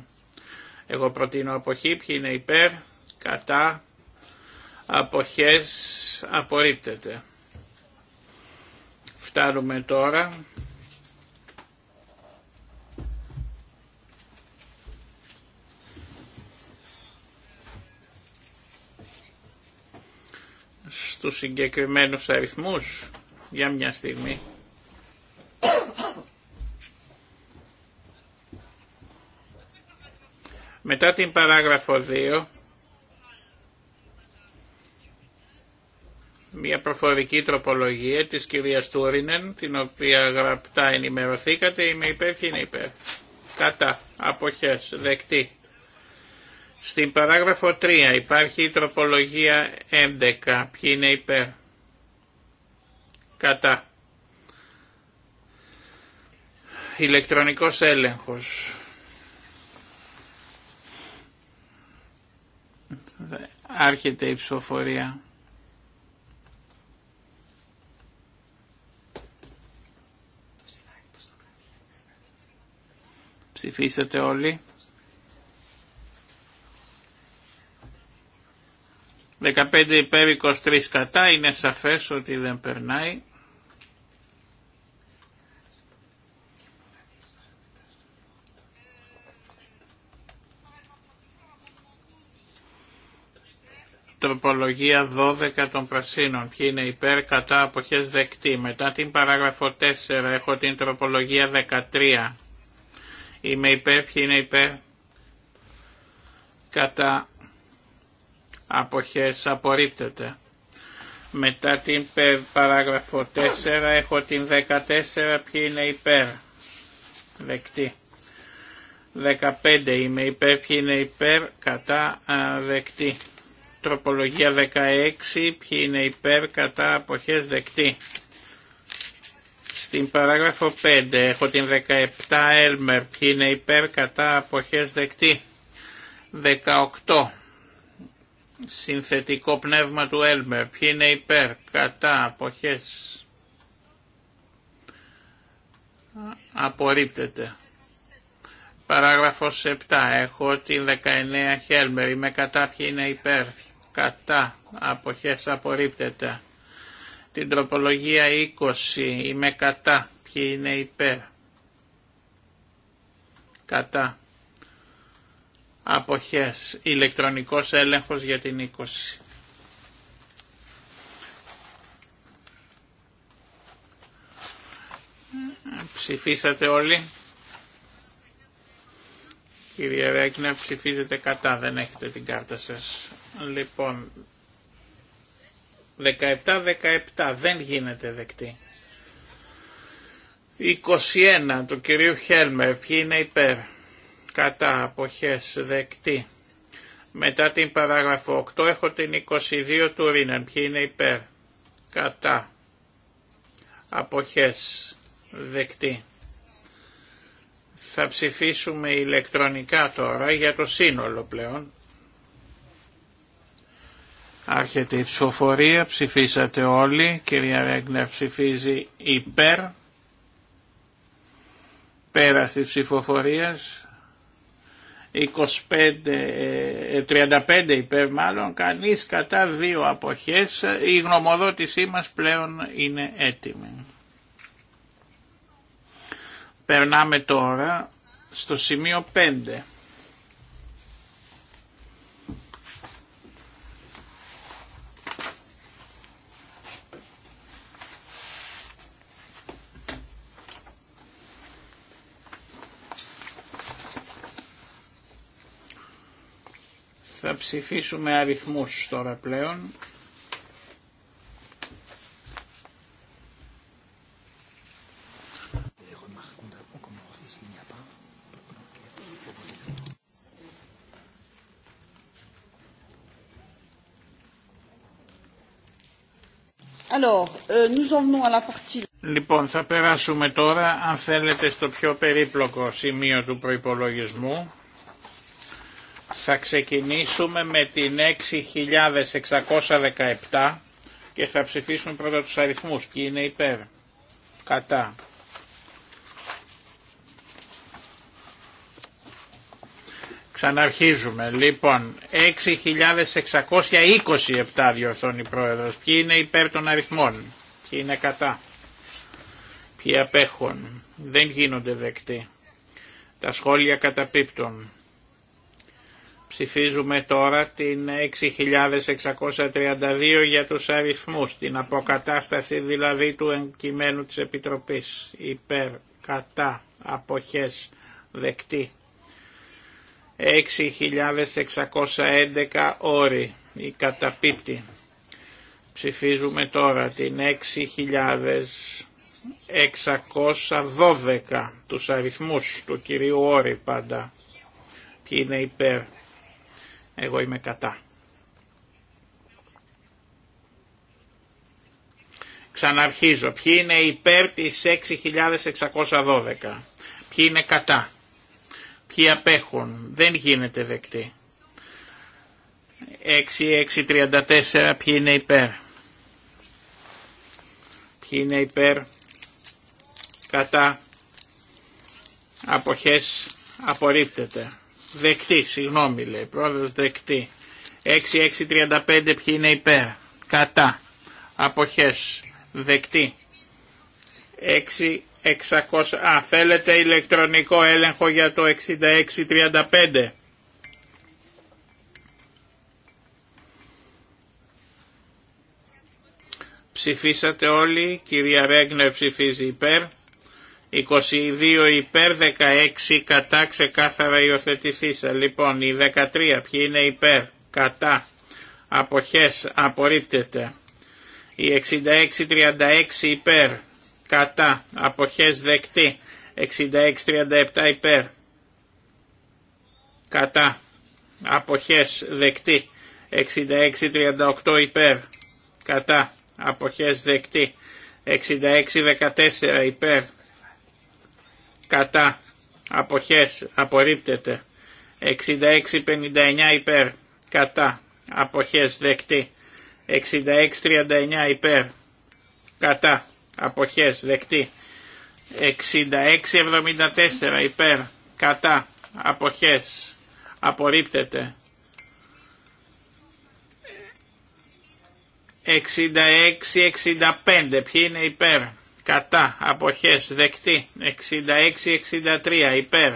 Εγώ προτείνω αποχή, ποιοι είναι υπέρ, κατά, αποχές απορρίπτεται. Φτάνουμε τώρα στους συγκεκριμένους αριθμούς για μια στιγμή. Μετά την παράγραφο 2 μια προφορική τροπολογία της κυρίας Τούρινεν, την οποία γραπτά ενημερωθήκατε, είμαι υπέρ και είναι υπέρ. Κατά, αποχές, δεκτή. Στην παράγραφο 3 υπάρχει η τροπολογία 11, ποιοι είναι υπέρ. Κατά. Ηλεκτρονικός έλεγχος. Άρχεται η ψηφοφορία. Ψηφίσατε όλοι. 15 υπέρ 23 κατά είναι σαφές ότι δεν περνάει. Τροπολογία 12 των Πρασίνων. Ποιοι είναι υπέρ κατά αποχές δεκτή. Μετά την παράγραφο 4 έχω την τροπολογία 13. Είμαι υπέρ, ποιοι είναι υπέρ. Κατά αποχές απορρίπτεται. Μετά την παράγραφο 4 έχω την 14, ποιοι είναι υπέρ. Δεκτή. 15 είμαι υπέρ, ποιοι είναι υπέρ, κατά α, δεκτή. Τροπολογία 16, ποιοι είναι υπέρ, κατά αποχές δεκτή. Στην παράγραφο 5 έχω την 17 Έλμερ, που είναι υπέρ κατά αποχές δεκτή. 18 συνθετικό πνεύμα του Έλμερ, ποιοι είναι υπέρ κατά αποχές απορρίπτεται. Παράγραφος 7. Έχω την 19 Χέλμερ. Είμαι κατά ποιοι είναι υπέρ. Κατά. Αποχές απορρίπτεται. Την τροπολογία 20 είμαι κατά. Ποιοι είναι υπέρ. Κατά. Αποχές. Ηλεκτρονικός έλεγχος για την 20. Ψηφίσατε όλοι. Κύριε Ρέκνερ, ψηφίζετε κατά, δεν έχετε την κάρτα σας. Λοιπόν, 17-17 δεν γίνεται δεκτή. 21 του κυρίου Χέλμερ, ποιοι είναι υπέρ, κατά αποχές δεκτή. Μετά την παράγραφο 8 έχω την 22 του Ρίναν, ποιοι είναι υπέρ, κατά αποχές δεκτή. Θα ψηφίσουμε ηλεκτρονικά τώρα για το σύνολο πλέον Άρχεται η ψηφοφορία, ψηφίσατε όλοι, κυρία Ρέγνερ ψηφίζει υπέρ, πέρας της ψηφοφορίας, 25, 35 ε, υπέρ μάλλον, κανείς κατά δύο αποχές, η γνωμοδότησή μας πλέον είναι έτοιμη. Περνάμε τώρα στο σημείο 5. Θα ψηφίσουμε αριθμούς τώρα πλέον. Euh, λοιπόν, θα περάσουμε τώρα, αν θέλετε, στο πιο περίπλοκο σημείο του προϋπολογισμού. Θα ξεκινήσουμε με την 6.617 και θα ψηφίσουμε πρώτα τους αριθμούς. Ποιοι είναι υπέρ. Κατά. Ξαναρχίζουμε. Λοιπόν, 6.627 διορθώνει η πρόεδρος. Ποιοι είναι υπέρ των αριθμών. Ποιοι είναι κατά. Ποιοι απέχουν. Δεν γίνονται δεκτοί. Τα σχόλια καταπίπτουν. Ψηφίζουμε τώρα την 6.632 για τους αριθμούς, την αποκατάσταση δηλαδή του εγκειμένου της Επιτροπής. Υπέρ, κατά, αποχές, δεκτή. 6.611 όροι, η καταπίπτη. Ψηφίζουμε τώρα την 6.612, τους αριθμούς του κυρίου όρη πάντα. και είναι υπέρ εγώ είμαι κατά. Ξαναρχίζω. Ποιοι είναι υπέρ της 6.612. Ποιοι είναι κατά. Ποιοι απέχουν. Δεν γίνεται δεκτή. 6.634. Ποιοι είναι υπέρ. Ποιοι είναι υπέρ. Κατά. Αποχές απορρίπτεται. Δεκτή, συγγνώμη λέει, πρόεδρος δεκτή. 6-6-35 ποιοι είναι υπέρ. Κατά. Κατά. Δεκτή. 6 600... Α, θέλετε ηλεκτρονικό έλεγχο για το 66-35. Ψηφίσατε όλοι, κυρία Ρέγνερ ψηφίζει υπέρ. 22 υπέρ 16 κατά ξεκάθαρα υιοθετηθήσα. Λοιπόν, η 13 ποιοι είναι υπέρ, κατά, αποχές, απορρίπτεται. Η 66-36 υπέρ, κατά, αποχές δεκτή. 66-37 υπέρ, κατά, αποχές δεκτή. 66-38 υπέρ, κατά, αποχές δεκτή. 66-14 υπέρ, κατά, αποχές, απορρίπτεται. 66-59 υπέρ, κατά, αποχές, δεκτή. 66-39 υπέρ, κατά, αποχές, δεκτή. 66-74 υπέρ, κατά, αποχές, απορρίπτεται. 66-65 ποιοι είναι υπέρ κατά, αποχές, δεκτή, υπέρ.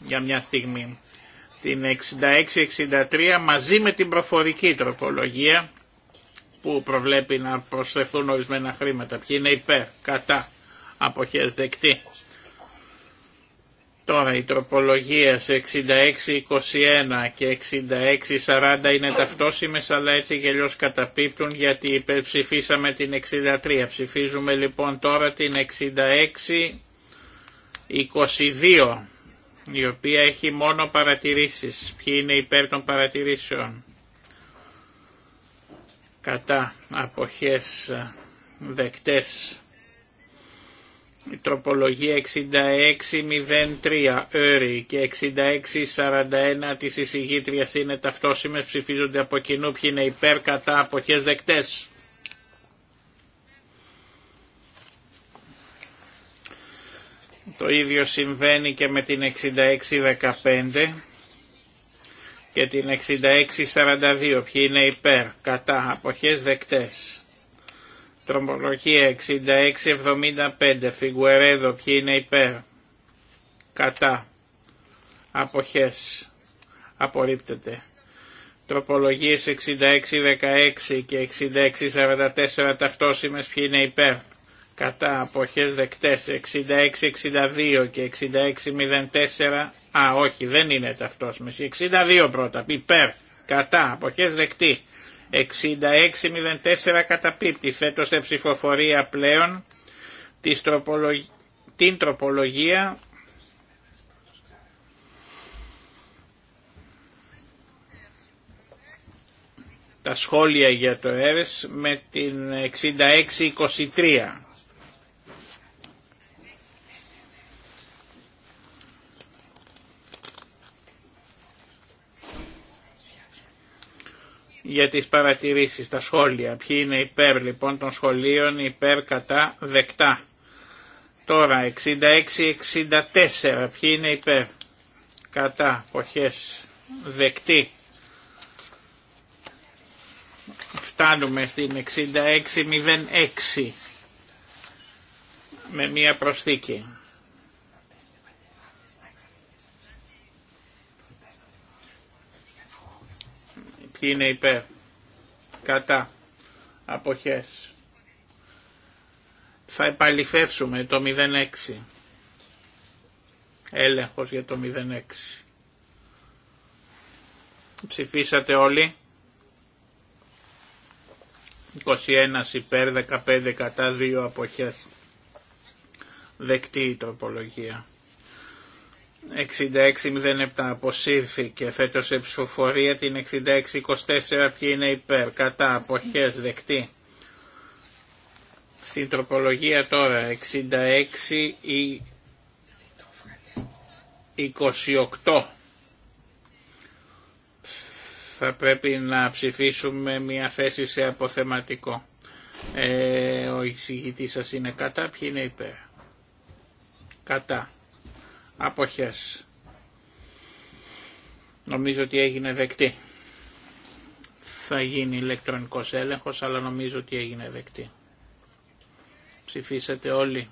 Για μια στιγμή. Την 66-63 μαζί με την προφορική τροπολογία που προβλέπει να προσθεθούν ορισμένα χρήματα. Ποιοι είναι υπέρ, κατά, αποχές, δεκτή. Τώρα οι τροπολογίες 66-21 και 66-40 είναι ταυτόσιμες αλλά έτσι και καταπίπτουν γιατί υπερψηφίσαμε την 63. Ψηφίζουμε λοιπόν τώρα την 66-22 η οποία έχει μόνο παρατηρήσεις. Ποιοι είναι υπέρ των παρατηρήσεων. Κατά αποχές δεκτές η τροπολογία 6603 Έρη και 6641 της εισηγήτριας είναι ταυτόσιμες, ψηφίζονται από κοινού ποιοι είναι υπέρ κατά αποχές δεκτές. Το ίδιο συμβαίνει και με την 6615 και την 6642 ποιοι είναι υπέρ κατά αποχές δεκτές. Τρομολογία 6675 66-75 Φιγουερέδο, ποιοι είναι υπέρ. Κατά. Αποχές. Απορρίπτεται. Τροπολογίες 66-16 και 66-44 ταυτόσημες ποιοι είναι υπέρ. Κατά αποχές δεκτές 66-62 και 66-04 Α όχι δεν είναι ταυτόσημες. 62 πρώτα υπέρ. Κατά αποχές δεκτή. 6604 καταπίπτει. Θέτω σε ψηφοφορία πλέον την τροπολογία τα σχόλια για το ΕΡΕΣ με την 6623. για τις παρατηρήσεις, τα σχόλια. Ποιοι είναι υπέρ λοιπόν των σχολείων, υπέρ κατά δεκτά. Τώρα 66-64, ποιοι είναι υπέρ κατά ποχές δεκτή. Φτάνουμε στην 66-06 με μία προσθήκη. είναι υπέρ. Κατά. Αποχές. Θα επαληθεύσουμε το 06. Έλεγχος για το 06. Ψηφίσατε όλοι. 21 υπέρ, 15 κατά, 2 αποχές. Δεκτή η τοπολογία. 6607 αποσύρθηκε φέτος σε ψηφοφορία την 6624 ποιοι είναι υπέρ, κατά, αποχές, δεκτή. Στην τροπολογία τώρα 66 ή 28 θα πρέπει να ψηφίσουμε μια θέση σε αποθεματικό. Ε, ο εισηγητής σας είναι κατά, ποιοι είναι υπέρ. Κατά Αποχές. Νομίζω ότι έγινε δεκτή. Θα γίνει ηλεκτρονικός έλεγχος, αλλά νομίζω ότι έγινε δεκτή. Ψηφίσατε όλοι.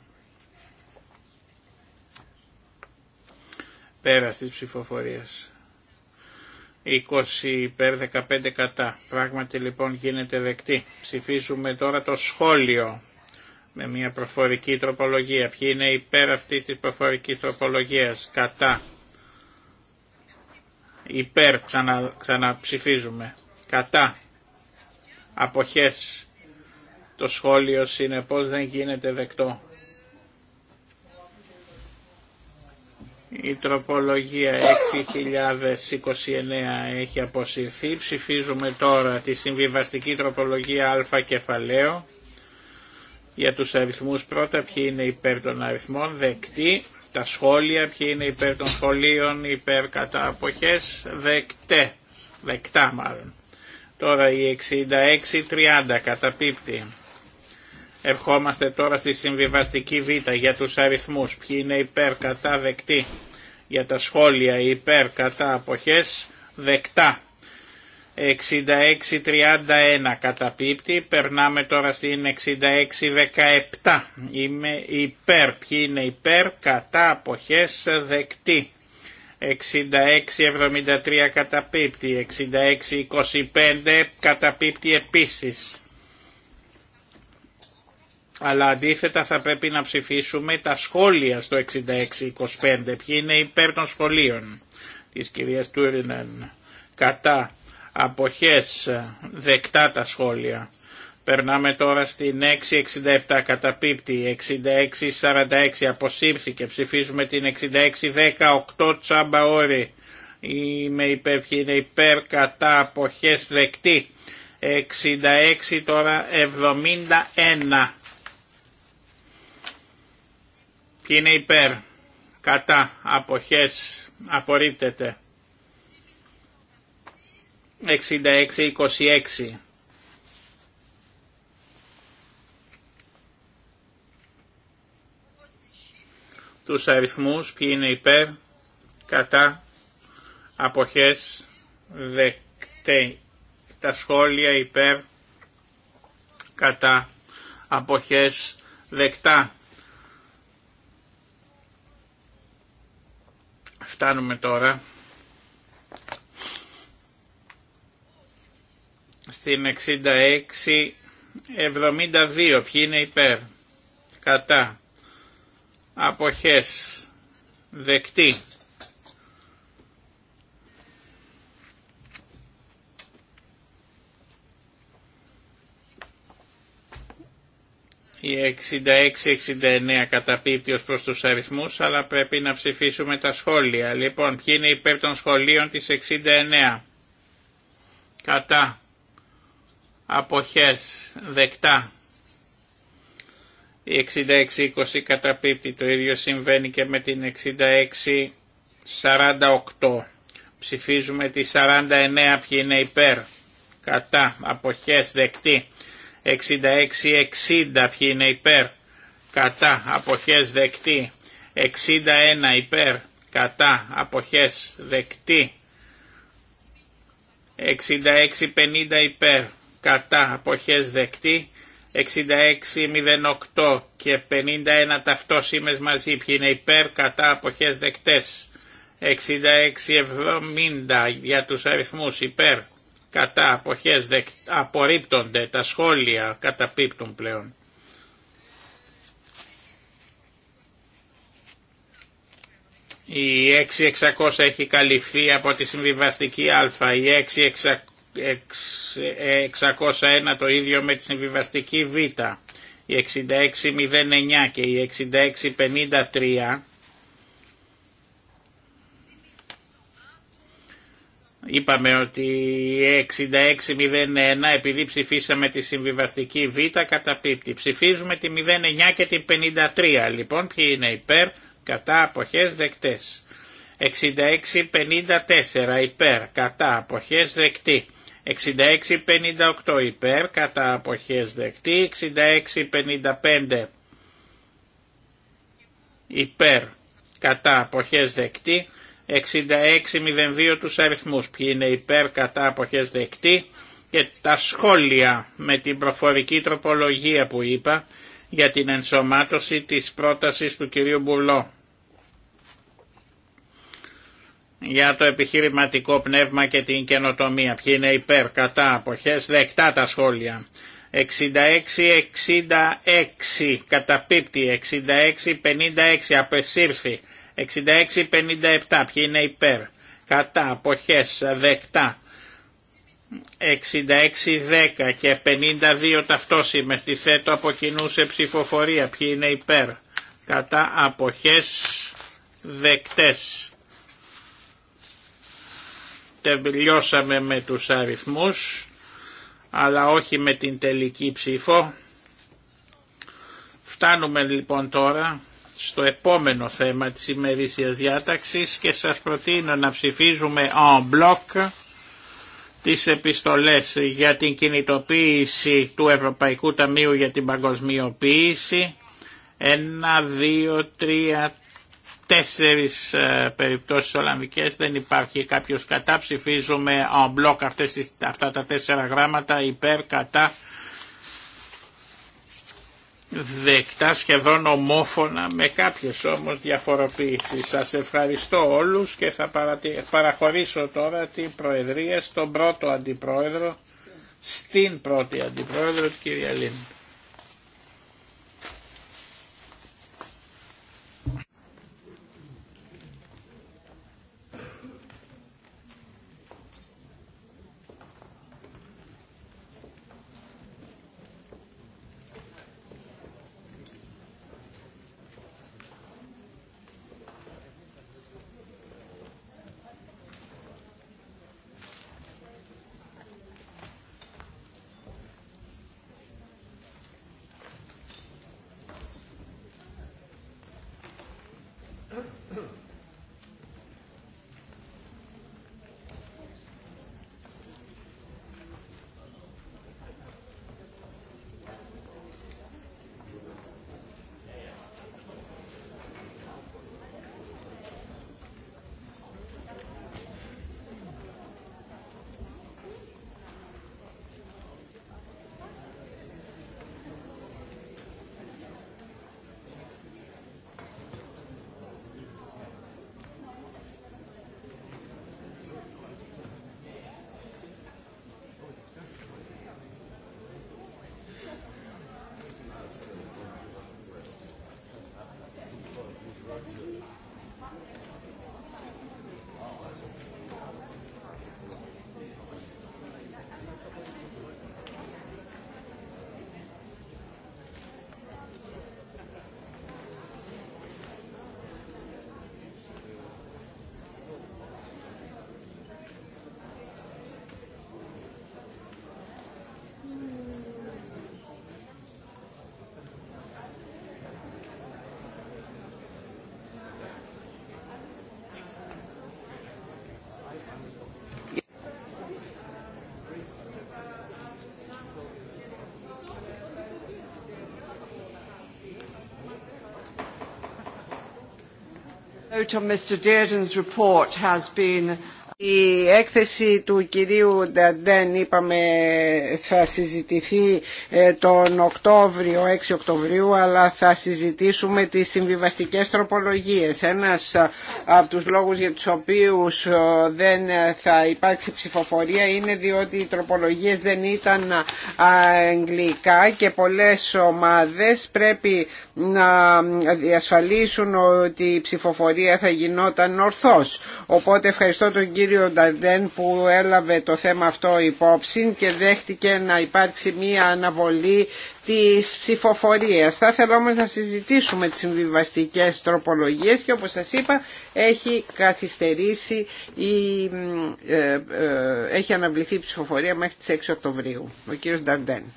Πέρα στις ψηφοφορίας. 20 υπέρ 15 κατά. Πράγματι λοιπόν γίνεται δεκτή. Ψηφίζουμε τώρα το σχόλιο με μια προφορική τροπολογία. Ποιοι είναι υπέρ αυτής της προφορική τροπολογία κατά, υπέρ, ξανα, ξαναψηφίζουμε, κατά, αποχές, το σχόλιο συνεπώς δεν γίνεται δεκτό. Η τροπολογία 6029 έχει αποσυρθεί. Ψηφίζουμε τώρα τη συμβιβαστική τροπολογία α κεφαλαίο. Για τους αριθμούς πρώτα ποιοι είναι υπέρ των αριθμών δεκτή, τα σχόλια ποιοι είναι υπέρ των σχολείων, υπέρ κατά αποχές δεκτέ, δεκτά μάλλον. Τώρα η 66-30 καταπίπτει. Ερχόμαστε τώρα στη συμβιβαστική β για τους αριθμούς. Ποιοι είναι υπέρ κατά δεκτή. Για τα σχόλια υπέρ κατά αποχές δεκτά. 66.31 31 καταπίπτει, περνάμε τώρα στην 66-17. Είμαι υπέρ, ποιοι είναι υπέρ, κατά αποχές 6673 66-73 καταπίπτει, 66-25 καταπίπτει επίσης. Αλλά αντίθετα θα πρέπει να ψηφίσουμε τα σχόλια στο 66-25, ποιοι είναι υπέρ των σχολείων της κυρίας Τούρινεν. Κατά αποχές δεκτά τα σχόλια. Περνάμε τώρα στην 667 καταπίπτη, 6646 αποσύρθηκε, ψηφίζουμε την 6618 τσάμπα όρη. Είμαι υπέρ, είναι υπέρ κατά αποχές δεκτή. 66 τώρα 71. Ποιοι είναι υπέρ, κατά, αποχές, απορρίπτεται. 66 26 Τους αριθμούς, ποιοι είναι υπέρ, κατά, αποχές, δεκτέ, τα σχόλια υπέρ, κατά, αποχές, δεκτά. Φτάνουμε τώρα Στην 66, 72, ποιοι είναι υπέρ, κατά, αποχές, δεκτή. Η 66-69 καταπίπτει ως προς τους αριθμούς, αλλά πρέπει να ψηφίσουμε τα σχόλια. Λοιπόν, ποιοι είναι υπέρ των σχολείων της 69. Κατά αποχές δεκτά. Η 66-20 καταπίπτει, το ίδιο συμβαίνει και με την 66-48. Ψηφίζουμε τη 49 ποιοι είναι υπέρ, κατά, αποχές δεκτή. 66-60 ποιοι είναι υπέρ, κατά, αποχές δεκτή. 61 υπέρ, κατά, αποχές δεκτή. 66-50 υπέρ, κατά αποχές δεκτή, 6608 και 51 ταυτόσημες μαζί, ποιοι είναι υπέρ κατά αποχές δεκτές, 6670 για τους αριθμούς υπέρ κατά αποχές δεκ, απορρίπτονται, τα σχόλια καταπίπτουν πλέον. Η 6600 έχει καλυφθεί από τη συμβιβαστική α, η 601 ε, το ίδιο με τη συμβιβαστική Β, η 6609 και η 6653 Είπαμε ότι η 6601 επειδή ψηφίσαμε τη συμβιβαστική Β καταπίπτει. Ψηφίζουμε τη 09 και την 53 λοιπόν ποιοι είναι υπέρ κατά αποχές δεκτές. 6654 υπέρ κατά αποχές δεκτή. 66-58 υπέρ, κατά αποχές δεκτή, 66-55 υπέρ, κατά αποχές δεκτή, 66-02 τους αριθμούς, ποιοι είναι υπέρ, κατά αποχές δεκτή και τα σχόλια με την προφορική τροπολογία που είπα για την ενσωμάτωση της πρότασης του κυρίου Μπουλό για το επιχειρηματικό πνεύμα και την καινοτομία. Ποιοι είναι υπέρ, κατά, αποχές, δεκτά τα σχόλια. 66-66 καταπίπτει, 66-56 απεσύρθη, 66-57 ποιοι είναι υπέρ, κατά, αποχές, δεκτά. 66-10 και 52 ταυτόσημε Στη θέτω από κοινού σε ψηφοφορία. Ποιοι είναι υπέρ, κατά αποχές δεκτές τελειώσαμε με τους αριθμούς αλλά όχι με την τελική ψήφο. Φτάνουμε λοιπόν τώρα στο επόμενο θέμα της ημερήσιας διάταξης και σας προτείνω να ψηφίζουμε en bloc τις επιστολές για την κινητοποίηση του Ευρωπαϊκού Ταμείου για την Παγκοσμιοποίηση 1, 2, 3, τέσσερις ε, περιπτώσεις Ολλανδικές δεν υπάρχει κάποιος κατά. Ψηφίζουμε en bloc αυτές, αυτά τα τέσσερα γράμματα υπέρ, κατά, δεκτά σχεδόν ομόφωνα με κάποιες όμως διαφοροποίησεις. Σας ευχαριστώ όλους και θα παραχωρήσω τώρα την Προεδρία στον πρώτο Αντιπρόεδρο, στην πρώτη Αντιπρόεδρο, την κυρία Λίνη. Η έκθεση του κυρίου Νταντέν είπαμε θα συζητηθεί ε, τον Οκτώβριο, 6 Οκτωβρίου αλλά θα συζητήσουμε τις συμβιβαστικές τροπολογίες. Ένας από τους λόγους για τους οποίους ε, δεν ε, θα υπάρξει ψηφοφορία είναι διότι οι τροπολογίες δεν ήταν ε, αγγλικά και πολλές ομάδες πρέπει να διασφαλίσουν ότι η ψηφοφορία θα γινόταν ορθώς. Οπότε ευχαριστώ τον κύριο Νταρντέν που έλαβε το θέμα αυτό υπόψη και δέχτηκε να υπάρξει μία αναβολή τις ψηφοφορίες. Θα ήθελα όμως να συζητήσουμε τις συμβιβαστικές τροπολογίες και όπως σας είπα έχει καθυστερήσει ή ε, ε, έχει αναβληθεί η ψηφοφορία μέχρι τις 6 Οκτωβρίου. Ο κύριος Νταρντέν.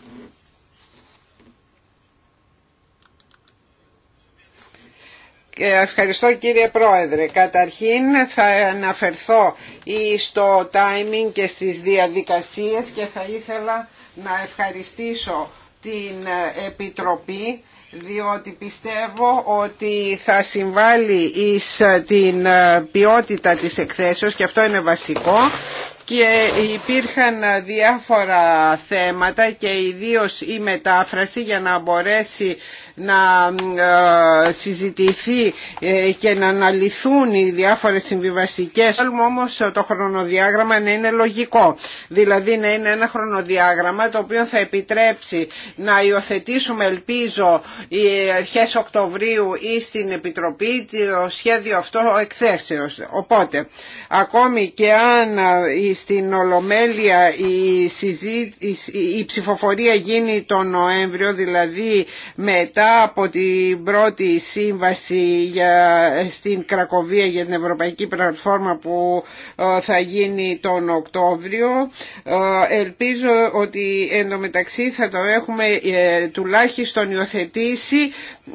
Ε, ευχαριστώ κύριε Πρόεδρε. Καταρχήν θα αναφερθώ στο timing και στις διαδικασίες και θα ήθελα να ευχαριστήσω την ε, Επιτροπή διότι πιστεύω ότι θα συμβάλλει εις ε, την ε, ποιότητα της εκθέσεως και αυτό είναι βασικό και υπήρχαν διάφορα θέματα και ιδίως η μετάφραση για να μπορέσει να ε, συζητηθεί ε, και να αναλυθούν οι διάφορες συμβιβαστικές. Θέλουμε όμως ε, το χρονοδιάγραμμα να είναι λογικό. Δηλαδή να είναι ένα χρονοδιάγραμμα το οποίο θα επιτρέψει να υιοθετήσουμε ελπίζω οι αρχές Οκτωβρίου ή στην Επιτροπή το σχέδιο αυτό εκθέσεως. Οπότε ακόμη και αν στην Ολομέλεια η, η ψηφοφορία γίνει τον Νοέμβριο δηλαδή μετά από την πρώτη σύμβαση για, στην Κρακοβία για την Ευρωπαϊκή Πλατφόρμα που ε, θα γίνει τον Οκτώβριο. Ε, ελπίζω ότι εντωμεταξύ θα το έχουμε ε, τουλάχιστον υιοθετήσει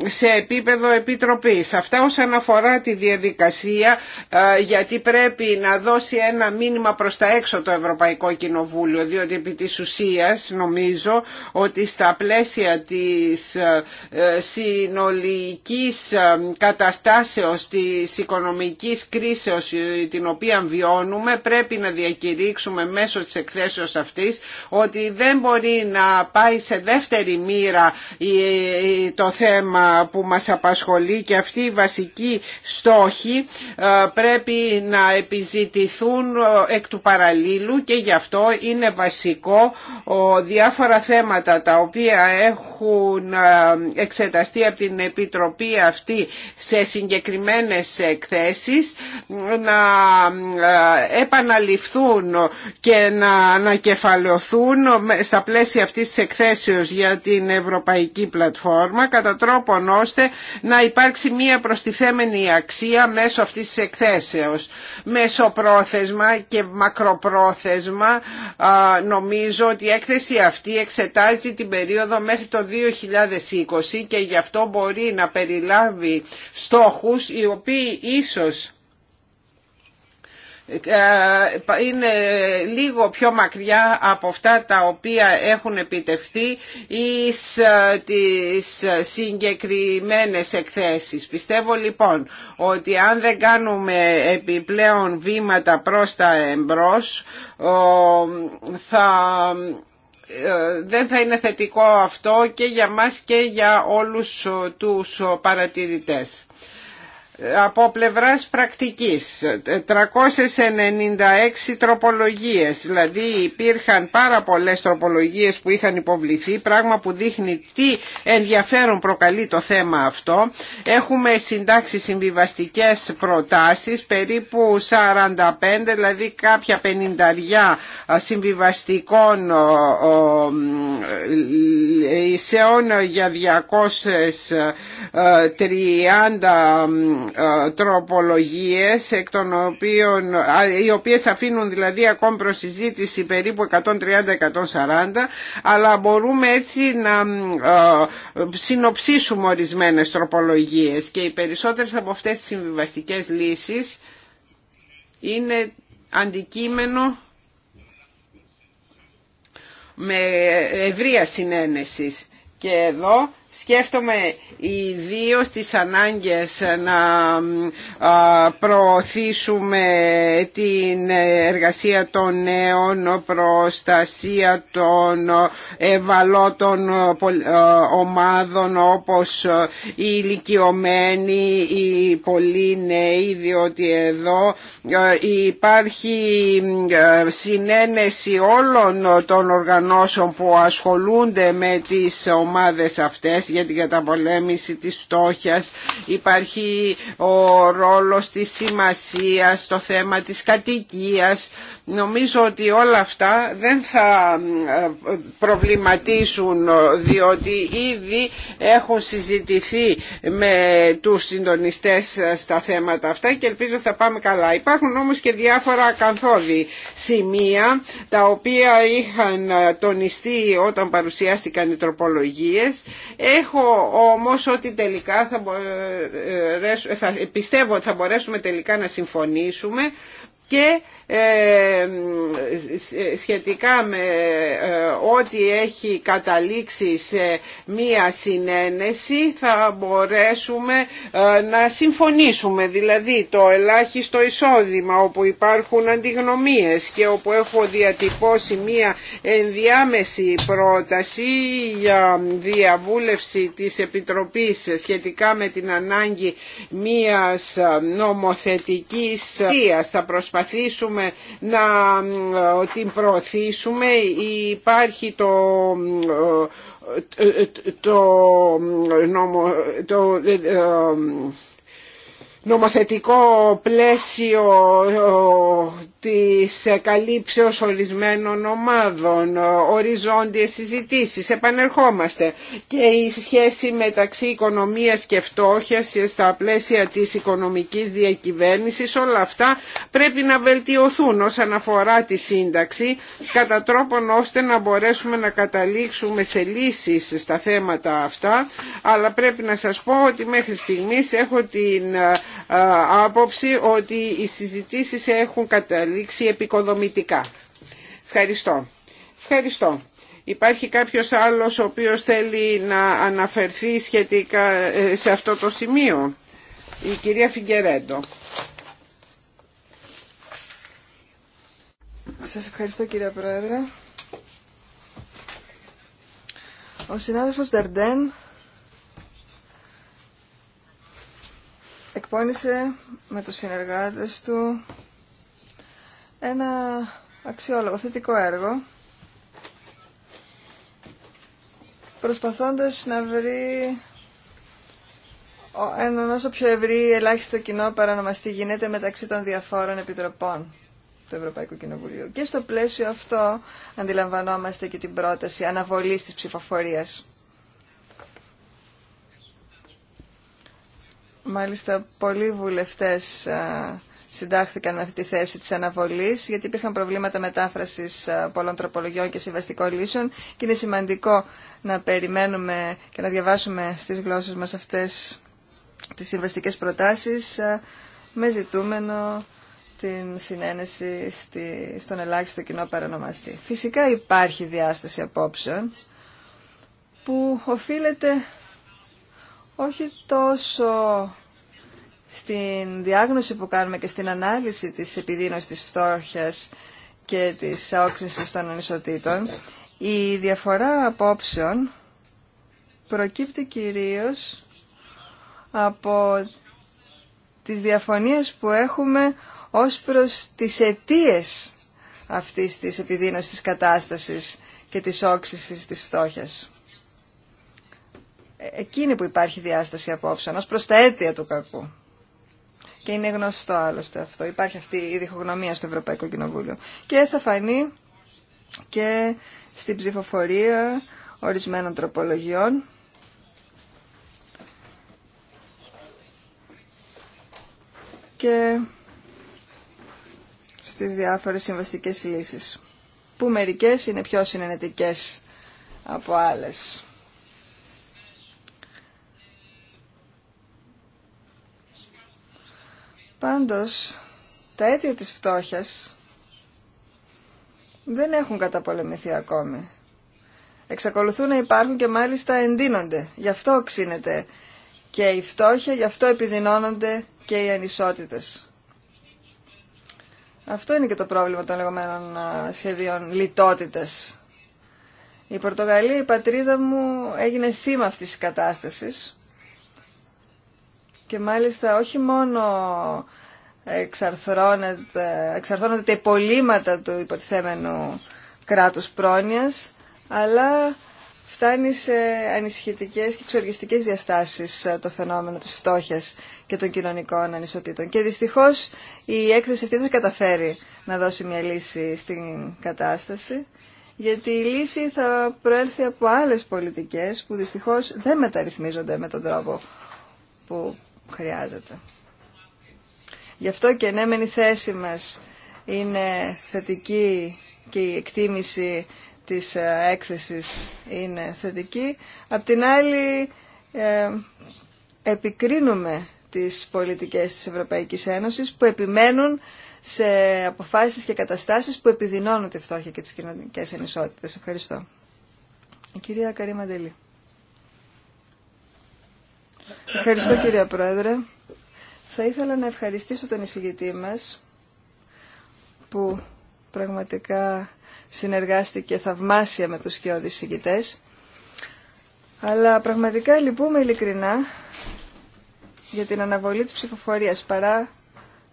σε επίπεδο επιτροπής. Αυτά όσον αφορά τη διαδικασία ε, γιατί πρέπει να δώσει ένα μήνυμα προς τα έξω το Ευρωπαϊκό Κοινοβούλιο διότι επί της ουσίας νομίζω ότι στα πλαίσια της ε, ε, συνολικής καταστάσεως της οικονομικής κρίσεως την οποία βιώνουμε πρέπει να διακηρύξουμε μέσω της εκθέσεως αυτής ότι δεν μπορεί να πάει σε δεύτερη μοίρα το θέμα που μας απασχολεί και αυτοί οι βασικοί στόχοι ε, πρέπει να επιζητηθούν ε, εκ του παραλίλου και γι' αυτό είναι βασικό διάφορα θέματα τα οποία έχουν ε, εξεταστεί από την Επιτροπή αυτή σε συγκεκριμένες εκθέσεις να επαναληφθούν και να ανακεφαλαιωθούν στα πλαίσια αυτής της εκθέσεως για την Ευρωπαϊκή Πλατφόρμα κατά τρόπο ώστε να υπάρξει μία προστιθέμενη αξία μέσω αυτής της εκθέσεως. Μέσω πρόθεσμα και μακροπρόθεσμα νομίζω ότι η έκθεση αυτή εξετάζει την περίοδο μέχρι το 2020 και γι' αυτό μπορεί να περιλάβει στόχους οι οποίοι ίσως ε, είναι λίγο πιο μακριά από αυτά τα οποία έχουν επιτευχθεί εις ε, τις ε, συγκεκριμένες εκθέσεις. Πιστεύω λοιπόν ότι αν δεν κάνουμε επιπλέον βήματα προς τα εμπρός θα δεν θα είναι θετικό αυτό και για μας και για όλους τους παρατηρητές από πλευράς πρακτικής 396 τροπολογίες δηλαδή υπήρχαν πάρα πολλές τροπολογίες που είχαν υποβληθεί πράγμα που δείχνει τι ενδιαφέρον προκαλεί το θέμα αυτό έχουμε συντάξει συμβιβαστικές προτάσεις περίπου 45 δηλαδή κάποια πενινταριά συμβιβαστικών ισεών για 230 ε, τροπολογίες εκ οι οποίες αφήνουν δηλαδή ακόμη προσυζήτηση περίπου 130-140 αλλά μπορούμε έτσι να ε, συνοψίσουμε ορισμένες τροπολογίες και οι περισσότερες από αυτές τις συμβιβαστικές λύσεις είναι αντικείμενο με ευρεία συνένεση. Και εδώ Σκέφτομαι ιδίω τις ανάγκες να προωθήσουμε την εργασία των νέων, προστασία των ευαλώτων ομάδων όπως οι ηλικιωμένοι, οι πολλοί νέοι, διότι εδώ υπάρχει συνένεση όλων των οργανώσεων που ασχολούνται με τις ομάδες αυτές για την καταπολέμηση της φτώχειας, υπάρχει ο ρόλος της σημασίας στο θέμα της κατοικίας Νομίζω ότι όλα αυτά δεν θα ε, προβληματίσουν ε, διότι ήδη έχουν συζητηθεί με τους συντονιστές ε, στα θέματα αυτά και ελπίζω θα πάμε καλά. Υπάρχουν όμως και διάφορα ακαθόδη σημεία τα οποία είχαν τονιστεί όταν παρουσιάστηκαν οι τροπολογίες. Έχω όμως ότι τελικά θα, θα πιστεύω ότι θα μπορέσουμε τελικά να συμφωνήσουμε και ε, σχετικά με ε, ό,τι έχει καταλήξει σε μία συνένεση θα μπορέσουμε ε, να συμφωνήσουμε. Δηλαδή το ελάχιστο εισόδημα όπου υπάρχουν αντιγνωμίες και όπου έχω διατυπώσει μία ενδιάμεση πρόταση για διαβούλευση της Επιτροπής σχετικά με την ανάγκη μίας νομοθετικής Θα προσπαθήσουμε να ε, την προωθήσουμε. Υπάρχει το ε, το, το ε, νομοθετικό πλαίσιο της ε, καλύψεως ορισμένων ομάδων, ε, οριζόντιες συζητήσεις, επανερχόμαστε και η σχέση μεταξύ οικονομίας και φτώχειας ε, στα πλαίσια της οικονομικής διακυβέρνησης, όλα αυτά πρέπει να βελτιωθούν όσον αφορά τη σύνταξη, κατά τρόπον ώστε να μπορέσουμε να καταλήξουμε σε λύσεις στα θέματα αυτά, αλλά πρέπει να σας πω ότι μέχρι στιγμής έχω την άποψη ότι οι συζητήσεις έχουν καταλήξει καταλήξει επικοδομητικά. Ευχαριστώ. Ευχαριστώ. Υπάρχει κάποιος άλλος ο οποίος θέλει να αναφερθεί σχετικά ε, σε αυτό το σημείο. Η κυρία Φιγκερέντο. Σας ευχαριστώ κύριε Πρόεδρε. Ο συνάδελφος Νταρντέν εκπώνησε με τους συνεργάτες του ένα αξιόλογο θετικό έργο προσπαθώντας να βρει έναν όσο πιο ευρύ ελάχιστο κοινό παρανομαστή γίνεται μεταξύ των διαφόρων επιτροπών του Ευρωπαϊκού Κοινοβουλίου. Και στο πλαίσιο αυτό αντιλαμβανόμαστε και την πρόταση αναβολής της ψηφοφορίας. Μάλιστα, πολλοί βουλευτές ε, συντάχθηκαν με αυτή τη θέση της αναβολής, γιατί υπήρχαν προβλήματα μετάφρασης ε, πολλών τροπολογιών και συμβαστικών λύσεων και είναι σημαντικό να περιμένουμε και να διαβάσουμε στις γλώσσες μας αυτές τις συμβαστικές προτάσεις ε, με ζητούμενο την συνένεση στη, στον ελάχιστο κοινό παρανομαστή. Φυσικά υπάρχει διάσταση απόψεων που οφείλεται όχι τόσο στην διάγνωση που κάνουμε και στην ανάλυση της επιδείνωσης της φτώχειας και της αόξυνσης των ανισοτήτων, η διαφορά απόψεων προκύπτει κυρίως από τις διαφωνίες που έχουμε ως προς τις αιτίες αυτής της επιδείνωσης της κατάστασης και της όξυσης της φτώχειας. Ε, εκείνη που υπάρχει διάσταση απόψεων, ως προς τα αίτια του κακού. Και είναι γνωστό άλλωστε αυτό. Υπάρχει αυτή η διχογνωμία στο Ευρωπαϊκό Κοινοβούλιο. Και θα φανεί και στην ψηφοφορία ορισμένων τροπολογιών. και στις διάφορες συμβαστικές λύσεις, που μερικές είναι πιο συνενετικές από άλλες. Πάντως, τα αίτια της φτώχειας δεν έχουν καταπολεμηθεί ακόμη. Εξακολουθούν να υπάρχουν και μάλιστα εντείνονται. Γι' αυτό οξύνεται και η φτώχεια, γι' αυτό επιδεινώνονται και οι ανισότητες. Αυτό είναι και το πρόβλημα των λεγόμενων σχεδίων λιτότητες. Η Πορτογαλία, η πατρίδα μου, έγινε θύμα αυτής της κατάστασης και μάλιστα όχι μόνο εξαρθρώνονται, τα υπολείμματα του υποτιθέμενου κράτους πρόνοιας, αλλά φτάνει σε ανησυχητικές και εξοργιστικές διαστάσεις ε, το φαινόμενο της φτώχειας και των κοινωνικών ανισοτήτων. Και δυστυχώς η έκθεση αυτή δεν καταφέρει να δώσει μια λύση στην κατάσταση, γιατί η λύση θα προέλθει από άλλες πολιτικές που δυστυχώς δεν μεταρρυθμίζονται με τον τρόπο που χρειάζεται. Γι' αυτό και ναι, μεν η θέση μας είναι θετική και η εκτίμηση της ε, έκθεσης είναι θετική. Απ' την άλλη, ε, επικρίνουμε τις πολιτικές της Ευρωπαϊκής Ένωσης που επιμένουν σε αποφάσεις και καταστάσεις που επιδεινώνουν τη φτώχεια και τις κοινωνικές ενισότητες. Ευχαριστώ. Η κυρία Καρή Μαντελή. Ευχαριστώ κύριε Πρόεδρε. Θα ήθελα να ευχαριστήσω τον εισηγητή μας που πραγματικά συνεργάστηκε θαυμάσια με τους σκιώδεις εισηγητές. Αλλά πραγματικά λυπούμε ειλικρινά για την αναβολή της ψηφοφορίας παρά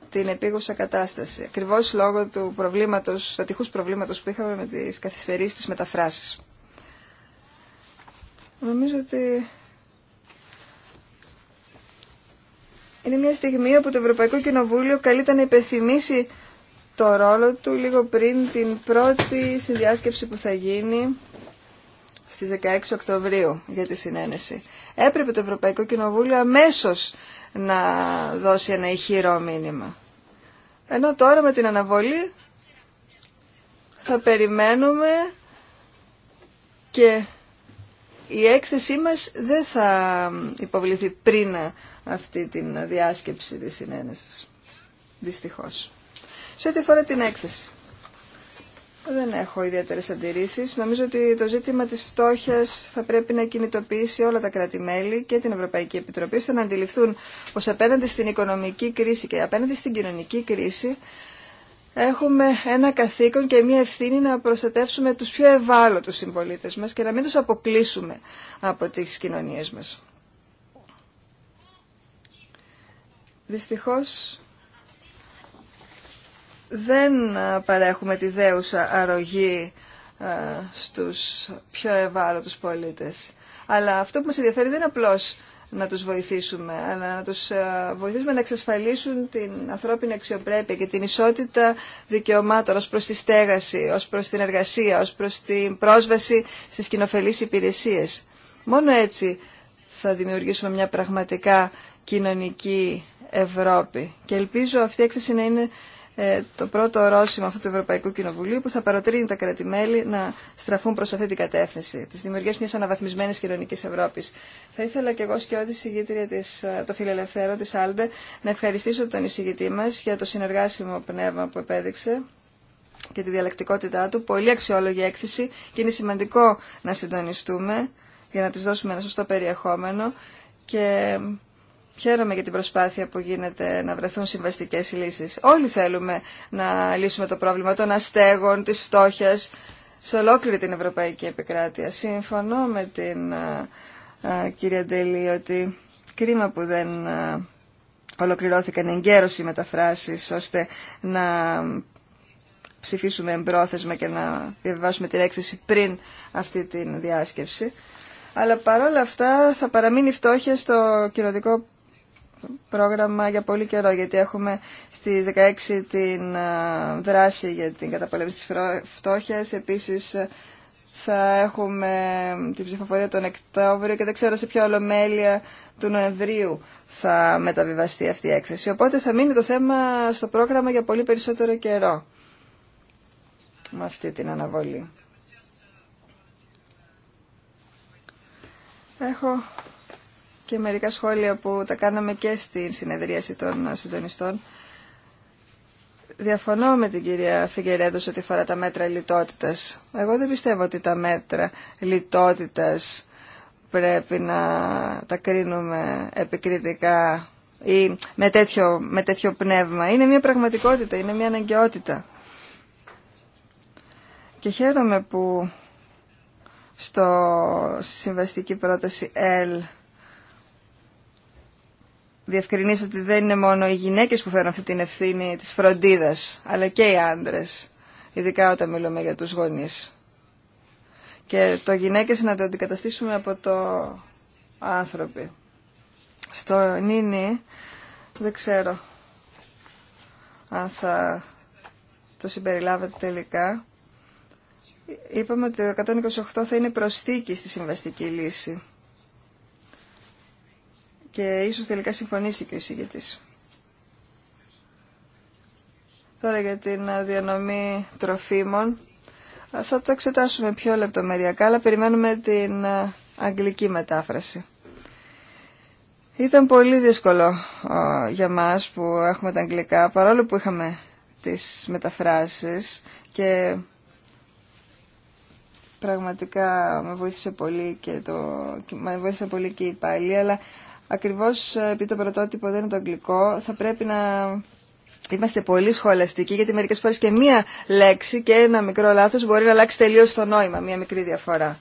την επίγουσα κατάσταση. Ακριβώς λόγω του προβλήματος, του ατυχούς προβλήματος που είχαμε με τις καθυστερήσεις της μεταφράσεις. Νομίζω ότι Είναι μια στιγμή όπου το Ευρωπαϊκό Κοινοβούλιο καλείται να υπενθυμίσει το ρόλο του λίγο πριν την πρώτη συνδιάσκεψη που θα γίνει στις 16 Οκτωβρίου για τη συνένεση. Έπρεπε το Ευρωπαϊκό Κοινοβούλιο αμέσως να δώσει ένα ηχηρό μήνυμα. Ενώ τώρα με την αναβολή θα περιμένουμε και η έκθεσή μας δεν θα υποβληθεί πριν αυτή τη διάσκεψη της συνένεσης. Δυστυχώς. Σε ό,τι αφορά την έκθεση. Δεν έχω ιδιαίτερε αντιρρήσεις. Νομίζω ότι το ζήτημα τη φτώχεια θα πρέπει να κινητοποιήσει όλα τα κράτη-μέλη και την Ευρωπαϊκή Επιτροπή ώστε να αντιληφθούν πω απέναντι στην οικονομική κρίση και απέναντι στην κοινωνική κρίση έχουμε ένα καθήκον και μια ευθύνη να προστατεύσουμε του πιο ευάλωτους συμπολίτε μα και να μην του αποκλείσουμε από τι κοινωνίε μα. Δυστυχώς δεν ε, παρέχουμε τη δέουσα αρρωγή ε, στους πιο ευάλωτους πολίτες. Αλλά αυτό που μας ενδιαφέρει δεν είναι απλώς να τους βοηθήσουμε, αλλά να τους ε, βοηθήσουμε να εξασφαλίσουν την ανθρώπινη αξιοπρέπεια και την ισότητα δικαιωμάτων ως προς τη στέγαση, ως προς την εργασία, ως προς την πρόσβαση στις κοινοφελείς υπηρεσίες. Μόνο έτσι θα δημιουργήσουμε μια πραγματικά κοινωνική Ευρώπη. Και ελπίζω αυτή η έκθεση να είναι ε, το πρώτο ορόσημο αυτού του Ευρωπαϊκού Κοινοβουλίου που θα παροτρύνει τα κρατημέλη να στραφούν προ αυτή την κατεύθυνση τη δημιουργία μια αναβαθμισμένη κοινωνική Ευρώπη. Θα ήθελα κι εγώ, και και συγγήτρια της, ε, το φιλελευθέρω τη Άλντε, να ευχαριστήσω τον εισηγητή μα για το συνεργάσιμο πνεύμα που επέδειξε και τη διαλεκτικότητά του. Πολύ αξιόλογη έκθεση και είναι σημαντικό να συντονιστούμε για να τη δώσουμε ένα σωστό περιεχόμενο και Χαίρομαι για την προσπάθεια που γίνεται να βρεθούν συμβαστικέ λύσει. Όλοι θέλουμε να λύσουμε το πρόβλημα των αστέγων, τη φτώχεια σε ολόκληρη την Ευρωπαϊκή Επικράτεια. Συμφωνώ με την κυρία Ντελή ότι κρίμα που δεν α, ολοκληρώθηκαν εγκαίρως οι μεταφράσεις ώστε να ψηφίσουμε εμπρόθεσμα και να διαβάσουμε την έκθεση πριν αυτή την διάσκεψη. Αλλά παρόλα αυτά θα παραμείνει φτώχεια στο κοινωτικό πρόγραμμα για πολύ καιρό, γιατί έχουμε στις 16 την ε, δράση για την καταπολέμηση της φτώχειας. Επίσης ε, θα έχουμε ε, την ψηφοφορία τον Οκτώβριο και δεν ξέρω σε ποια ολομέλεια του Νοεμβρίου θα μεταβιβαστεί αυτή η έκθεση. Οπότε θα μείνει το θέμα στο πρόγραμμα για πολύ περισσότερο καιρό με αυτή την αναβολή. Έχω και μερικά σχόλια που τα κάναμε και στην συνεδρίαση των συντονιστών. Διαφωνώ με την κυρία Φιγκερέδο ότι αφορά τα μέτρα λιτότητα. Εγώ δεν πιστεύω ότι τα μέτρα λιτότητας πρέπει να τα κρίνουμε επικριτικά ή με τέτοιο, με τέτοιο πνεύμα. Είναι μια πραγματικότητα, είναι μια αναγκαιότητα. Και χαίρομαι που στο συμβαστική πρόταση L διευκρινίσω ότι δεν είναι μόνο οι γυναίκες που φέρουν αυτή την ευθύνη της φροντίδας, αλλά και οι άντρες, ειδικά όταν μιλούμε για τους γονείς. Και το γυναίκες να το αντικαταστήσουμε από το άνθρωποι. Στο Νίνι δεν ξέρω αν θα το συμπεριλάβετε τελικά. Είπαμε ότι το 128 θα είναι προσθήκη στη συμβαστική λύση και ίσως τελικά συμφωνήσει και ο εισηγητής. Τώρα για την διανομή τροφίμων θα το εξετάσουμε πιο λεπτομεριακά, αλλά περιμένουμε την αγγλική μετάφραση. Ήταν πολύ δύσκολο για μας που έχουμε τα αγγλικά, παρόλο που είχαμε τις μεταφράσεις και πραγματικά με βοήθησε πολύ και το, με βοήθησε πολύ και η αλλά ακριβώς ε, επειδή το πρωτότυπο δεν είναι το αγγλικό, θα πρέπει να είμαστε πολύ σχολαστικοί, γιατί μερικές φορές και μία λέξη και ένα μικρό λάθος μπορεί να αλλάξει τελείως το νόημα, μία μικρή διαφορά.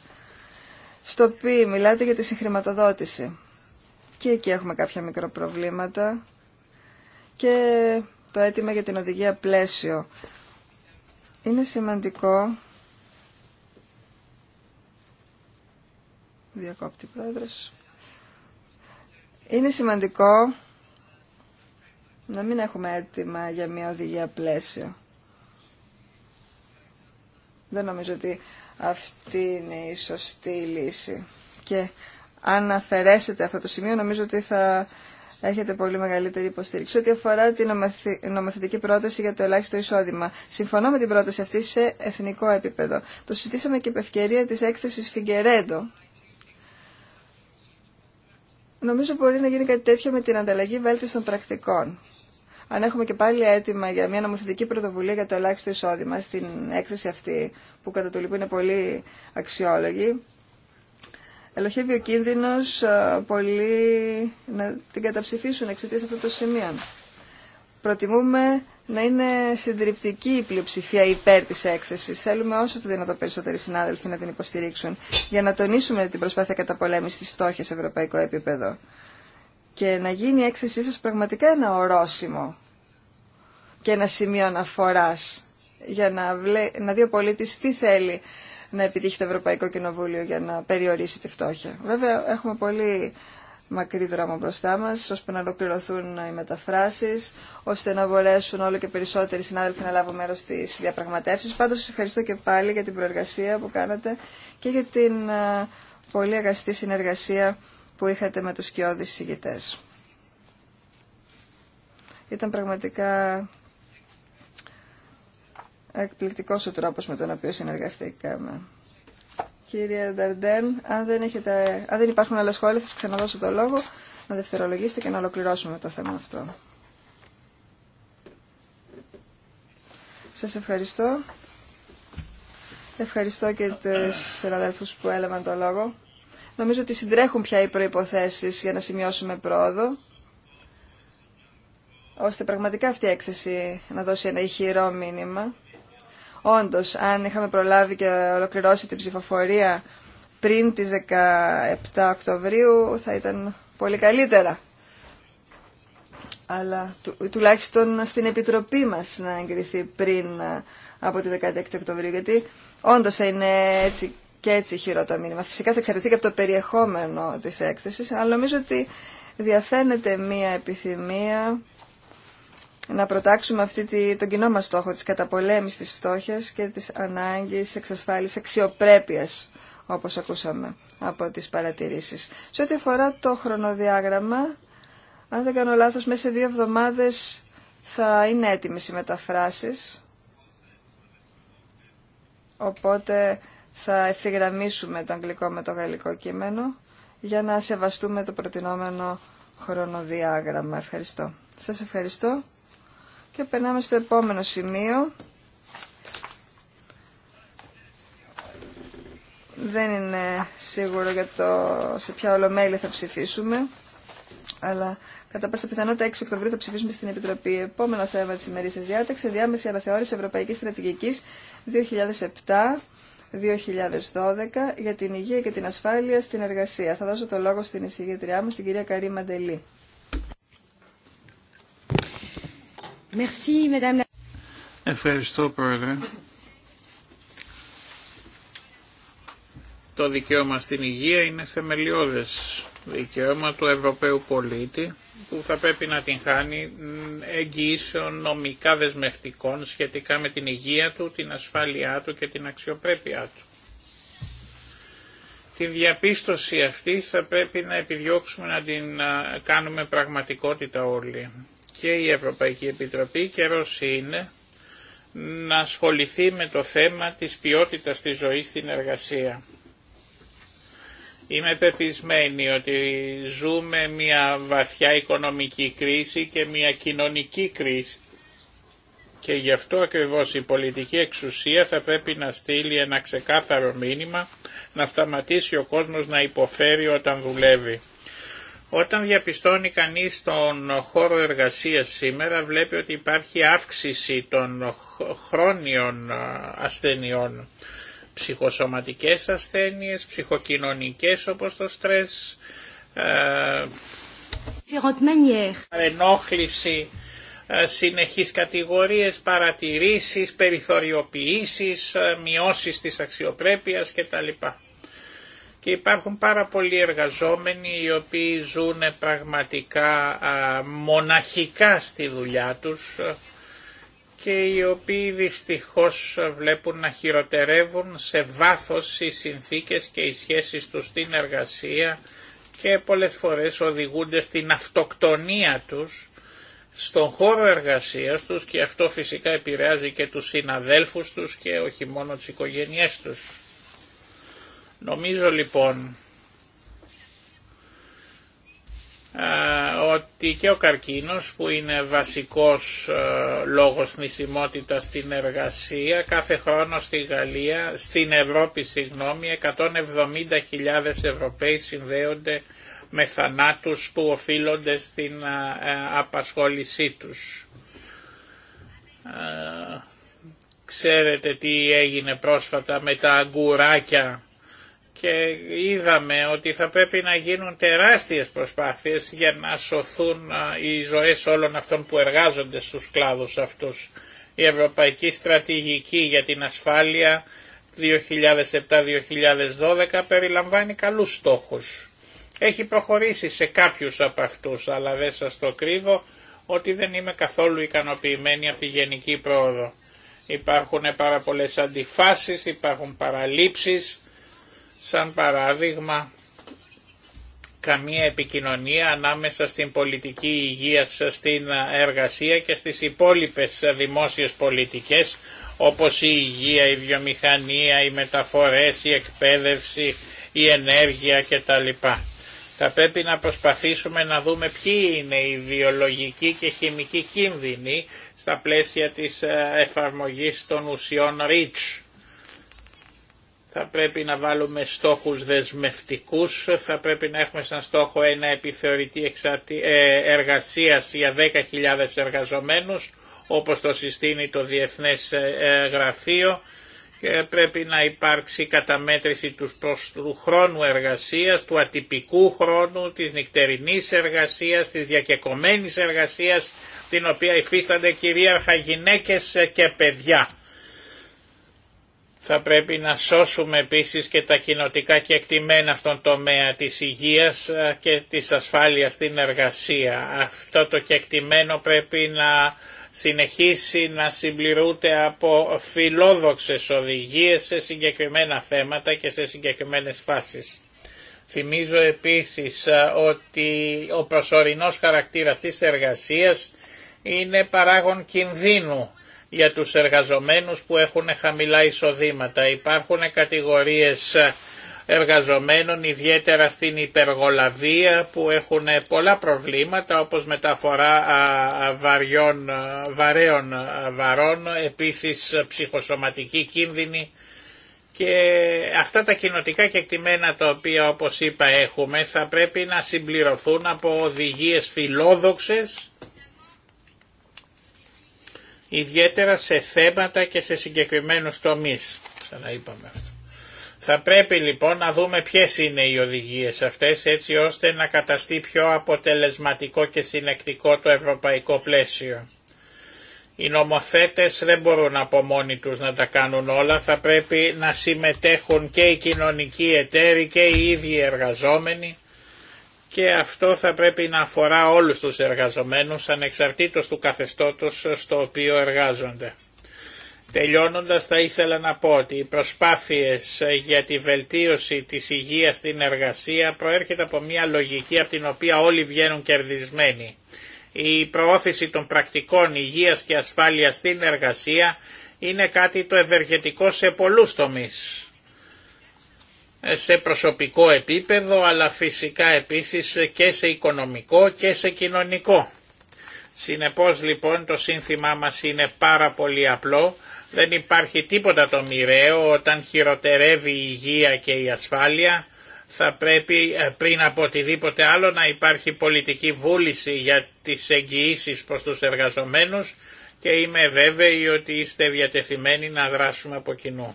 Στο πι μιλάτε για τη συγχρηματοδότηση. Και εκεί έχουμε κάποια μικροπροβλήματα. Και το αίτημα για την οδηγία πλαίσιο. Είναι σημαντικό... Διακόπτη πρόεδρος. Είναι σημαντικό να μην έχουμε έτοιμα για μια οδηγία πλαίσιο. Δεν νομίζω ότι αυτή είναι η σωστή λύση. Και αν αφαιρέσετε αυτό το σημείο, νομίζω ότι θα έχετε πολύ μεγαλύτερη υποστήριξη. Ό,τι αφορά την νομοθετική πρόταση για το ελάχιστο εισόδημα. Συμφωνώ με την πρόταση αυτή σε εθνικό επίπεδο. Το συζητήσαμε και επ' ευκαιρία της έκθεσης Φιγκερέντο Νομίζω μπορεί να γίνει κάτι τέτοιο με την ανταλλαγή βέλτιστων πρακτικών. Αν έχουμε και πάλι έτοιμα για μια νομοθετική πρωτοβουλία για το ελάχιστο εισόδημα στην έκθεση αυτή, που κατά το λοιπόν είναι πολύ αξιόλογη, ελοχεύει ο κίνδυνος ε, πολλοί να την καταψηφίσουν εξαιτία αυτών των σημείων προτιμούμε να είναι συντριπτική η πλειοψηφία υπέρ της έκθεσης. Θέλουμε όσο το δυνατόν περισσότεροι συνάδελφοι να την υποστηρίξουν για να τονίσουμε την προσπάθεια καταπολέμησης της φτώχειας σε ευρωπαϊκό επίπεδο και να γίνει η έκθεσή σας πραγματικά ένα ορόσημο και ένα σημείο αναφοράς για να, να δει ο πολίτης τι θέλει να επιτύχει το Ευρωπαϊκό Κοινοβούλιο για να περιορίσει τη φτώχεια. Βέβαια έχουμε πολύ μακρύ δρόμο μπροστά μας, ώστε να ολοκληρωθούν οι μεταφράσει, ώστε να μπορέσουν όλο και περισσότεροι συνάδελφοι να λάβουν μέρος στις διαπραγματεύσει. Πάντως σα ευχαριστώ και πάλι για την προεργασία που κάνατε και για την ε, πολύ αγαστή συνεργασία που είχατε με τους κοιόδης συγκητέ. Ήταν πραγματικά εκπληκτικός ο τρόπος με τον οποίο συνεργαστήκαμε. Κύριε Νταρντέν, αν δεν, δεν υπάρχουν άλλα σχόλια θα σας ξαναδώσω το λόγο να δευτερολογήσετε και να ολοκληρώσουμε το θέμα αυτό. Σας ευχαριστώ. Ευχαριστώ και τους συναδέλφους που έλαβαν το λόγο. Νομίζω ότι συντρέχουν πια οι προϋποθέσεις για να σημειώσουμε πρόοδο, ώστε πραγματικά αυτή η έκθεση να δώσει ένα ηχηρό μήνυμα Όντως, αν είχαμε προλάβει και ολοκληρώσει την ψηφοφορία πριν τις 17 Οκτωβρίου θα ήταν πολύ καλύτερα. Αλλά τουλάχιστον στην Επιτροπή μας να εγκριθεί πριν ε, από τη 16 Οκτωβρίου, γιατί όντως είναι έτσι και έτσι χειρό το μήνυμα. Φυσικά θα εξαρτηθεί και από το περιεχόμενο της έκθεσης, αλλά νομίζω ότι διαφαίνεται μία επιθυμία να προτάξουμε αυτή τη, τον κοινό μας στόχο της καταπολέμησης της φτώχειας και της ανάγκης εξασφάλισης αξιοπρέπειας, όπως ακούσαμε από τις παρατηρήσεις. Σε ό,τι αφορά το χρονοδιάγραμμα, αν δεν κάνω λάθος, μέσα σε δύο εβδομάδες θα είναι έτοιμες οι μεταφράσεις. Οπότε θα ευθυγραμμίσουμε το αγγλικό με το γαλλικό κείμενο για να σεβαστούμε το προτινόμενο χρονοδιάγραμμα. Ευχαριστώ. Σας ευχαριστώ. Και περνάμε στο επόμενο σημείο. Δεν είναι σίγουρο για το σε ποια ολομέλεια θα ψηφίσουμε, αλλά κατά πάσα πιθανότητα 6 Οκτωβρίου θα ψηφίσουμε στην Επιτροπή. Επόμενο θέμα τη ημερησια διαταξη διάμεση αναθεώρηση Ευρωπαϊκής Στρατηγικής 2007. 2012 για την υγεία και την ασφάλεια στην εργασία. Θα δώσω το λόγο στην εισηγήτριά μου, στην κυρία Καρή Μαντελή. Ευχαριστώ, Πρόεδρε. Το δικαίωμα στην υγεία είναι θεμελιώδες δικαίωμα του Ευρωπαίου πολίτη που θα πρέπει να την χάνει εγγυήσεων νομικά δεσμευτικών σχετικά με την υγεία του, την ασφάλειά του και την αξιοπρέπειά του. Την διαπίστωση αυτή θα πρέπει να επιδιώξουμε να την κάνουμε πραγματικότητα όλοι και η Ευρωπαϊκή Επιτροπή καιρός είναι να ασχοληθεί με το θέμα της ποιότητας της ζωής στην εργασία. Είμαι πεπισμένη ότι ζούμε μια βαθιά οικονομική κρίση και μια κοινωνική κρίση και γι' αυτό ακριβώς η πολιτική εξουσία θα πρέπει να στείλει ένα ξεκάθαρο μήνυμα να σταματήσει ο κόσμος να υποφέρει όταν δουλεύει. Όταν διαπιστώνει κανείς τον χώρο εργασίας σήμερα βλέπει ότι υπάρχει αύξηση των χρόνιων ασθενειών. Ψυχοσωματικές ασθένειες, ψυχοκοινωνικές όπως το στρες, ε, παρενόχληση, ε, συνεχείς κατηγορίες, παρατηρήσεις, περιθωριοποιήσεις, ε, μειώσεις της αξιοπρέπειας κτλ και υπάρχουν πάρα πολλοί εργαζόμενοι οι οποίοι ζουν πραγματικά μοναχικά στη δουλειά τους και οι οποίοι δυστυχώς βλέπουν να χειροτερεύουν σε βάθος οι συνθήκες και οι σχέσεις τους στην εργασία και πολλές φορές οδηγούνται στην αυτοκτονία τους στον χώρο εργασίας τους και αυτό φυσικά επηρεάζει και τους συναδέλφους τους και όχι μόνο τις οικογένειές τους. Νομίζω λοιπόν ότι και ο καρκίνος που είναι βασικός λόγος νησιμότητας στην εργασία κάθε χρόνο στη Γαλλία, στην Ευρώπη συγγνώμη, 170.000 Ευρωπαίοι συνδέονται με θανάτους που οφείλονται στην απασχόλησή τους. Ξέρετε τι έγινε πρόσφατα με τα αγκουράκια και είδαμε ότι θα πρέπει να γίνουν τεράστιες προσπάθειες για να σωθούν οι ζωές όλων αυτών που εργάζονται στους κλάδους αυτούς. Η Ευρωπαϊκή Στρατηγική για την Ασφάλεια 2007-2012 περιλαμβάνει καλούς στόχους. Έχει προχωρήσει σε κάποιους από αυτούς, αλλά δεν σας το κρύβω ότι δεν είμαι καθόλου ικανοποιημένη από τη γενική πρόοδο. Υπάρχουν πάρα πολλές αντιφάσεις, υπάρχουν παραλήψεις, σαν παράδειγμα καμία επικοινωνία ανάμεσα στην πολιτική υγεία, στην εργασία και στις υπόλοιπες δημόσιες πολιτικές όπως η υγεία, η βιομηχανία, οι μεταφορές, η εκπαίδευση, η ενέργεια κτλ. Θα πρέπει να προσπαθήσουμε να δούμε ποιοι είναι οι βιολογικοί και χημικοί κίνδυνοι στα πλαίσια της εφαρμογής των ουσιών REACH θα πρέπει να βάλουμε στόχους δεσμευτικούς, θα πρέπει να έχουμε σαν στόχο ένα επιθεωρητή ε, εργασίας για 10.000 εργαζομένους, όπως το συστήνει το Διεθνές ε, ε, Γραφείο, και πρέπει να υπάρξει καταμέτρηση του χρόνου εργασίας, του ατυπικού χρόνου, της νυχτερινής εργασίας, της διακεκομένης εργασίας, την οποία υφίστανται κυρίαρχα γυναίκες και παιδιά. Θα πρέπει να σώσουμε επίσης και τα κοινοτικά κεκτημένα στον τομέα της υγείας ε, και της ασφάλειας στην εργασία. Αυτό το κεκτημένο πρέπει να συνεχίσει να συμπληρούνται από φιλόδοξες οδηγίες σε συγκεκριμένα θέματα και σε συγκεκριμένες φάσεις. Θυμίζω επίσης ε, ότι ο προσωρινός χαρακτήρας της εργασίας είναι παράγον κινδύνου για τους εργαζομένους που έχουν χαμηλά εισοδήματα. Υπάρχουν κατηγορίες εργαζομένων ιδιαίτερα στην υπεργολαβία που έχουν πολλά προβλήματα όπως μεταφορά βαριών, βαρέων βαρών, επίσης ψυχοσωματική κίνδυνη και αυτά τα κοινοτικά κεκτημένα τα οποία όπως είπα έχουμε θα πρέπει να συμπληρωθούν από οδηγίες φιλόδοξες ιδιαίτερα σε θέματα και σε συγκεκριμένους τομείς. είπαμε αυτό. Θα πρέπει λοιπόν να δούμε ποιες είναι οι οδηγίες αυτές έτσι ώστε να καταστεί πιο αποτελεσματικό και συνεκτικό το ευρωπαϊκό πλαίσιο. Οι νομοθέτες δεν μπορούν από μόνοι τους να τα κάνουν όλα, θα πρέπει να συμμετέχουν και οι κοινωνικοί εταίροι και οι ίδιοι εργαζόμενοι και αυτό θα πρέπει να αφορά όλους τους εργαζομένους ανεξαρτήτως του καθεστώτος στο οποίο εργάζονται. Τελειώνοντας θα ήθελα να πω ότι οι προσπάθειες για τη βελτίωση της υγείας στην εργασία προέρχεται από μια λογική από την οποία όλοι βγαίνουν κερδισμένοι. Η προώθηση των πρακτικών υγείας και ασφάλειας στην εργασία είναι κάτι το ευεργετικό σε πολλούς τομείς. Ε, σε προσωπικό επίπεδο αλλά φυσικά επίσης και σε οικονομικό και σε κοινωνικό. Συνεπώς λοιπόν το σύνθημά μας είναι πάρα πολύ απλό, δεν υπάρχει τίποτα το μοιραίο όταν χειροτερεύει η υγεία και η ασφάλεια θα πρέπει ε, πριν από οτιδήποτε άλλο να υπάρχει πολιτική βούληση για τις εγγυήσεις προς τους εργαζομένους και είμαι βέβαιη ότι είστε διατεθειμένοι να δράσουμε από κοινού.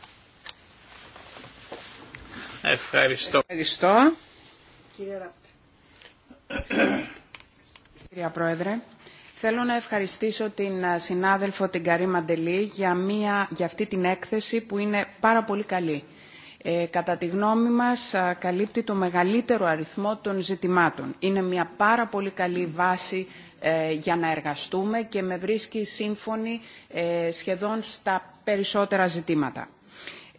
Ευχαριστώ. Ευχαριστώ. Κύριε Κυρία Πρόεδρε, θέλω να ευχαριστήσω την ε, συνάδελφο την Καρή Μαντελή για, μια, για αυτή την έκθεση που είναι πάρα πολύ καλή. Ε, κατά τη γνώμη μας ε, καλύπτει το μεγαλύτερο αριθμό των ζητημάτων. Είναι μια πάρα πολύ καλή βάση για να εργαστούμε και με βρίσκει σύμφωνη σχεδόν στα περισσότερα ζητήματα.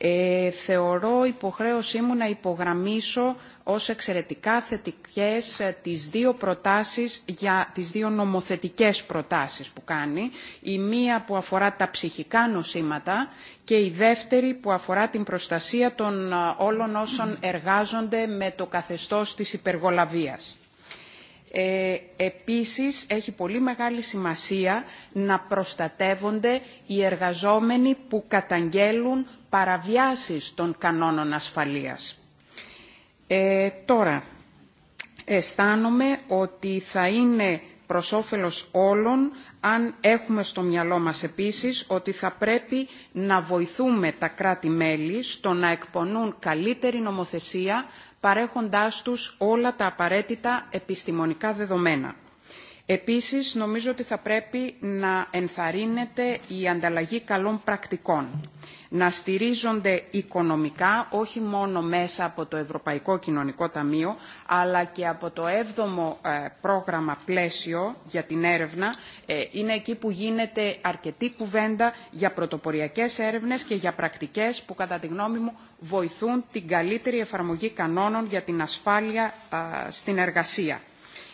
Ε, θεωρώ υποχρέωσή μου να υπογραμμίσω ως εξαιρετικά θετικές ε, τις δύο προτάσεις για τις δύο νομοθετικές προτάσεις που κάνει. Η μία που αφορά τα ψυχικά νοσήματα και η δεύτερη που αφορά την προστασία των ε, όλων όσων εργάζονται με το καθεστώς της υπεργολαβίας. Ε, επίσης, έχει πολύ μεγάλη σημασία να προστατεύονται οι εργαζόμενοι που καταγγέλουν παραβιάσεις των κανόνων ασφαλείας. Ε, τώρα, αισθάνομαι ότι θα είναι προς όφελος όλων αν έχουμε στο μυαλό μας επίσης ότι θα πρέπει να βοηθούμε τα κράτη-μέλη στο να εκπονούν καλύτερη νομοθεσία παρέχοντάς τους όλα τα απαραίτητα επιστημονικά δεδομένα. Επίσης, νομίζω ότι θα πρέπει να ενθαρρύνεται η ανταλλαγή καλών πρακτικών να στηρίζονται οικονομικά όχι μόνο μέσα από το Ευρωπαϊκό Κοινωνικό Ταμείο αλλά και από το 7ο ε, πρόγραμμα πλαίσιο για την έρευνα ε, είναι εκεί που γίνεται αρκετή κουβέντα για πρωτοποριακές έρευνες και για πρακτικές που κατά τη γνώμη μου βοηθούν την καλύτερη εφαρμογή κανόνων για την ασφάλεια στην εργασία.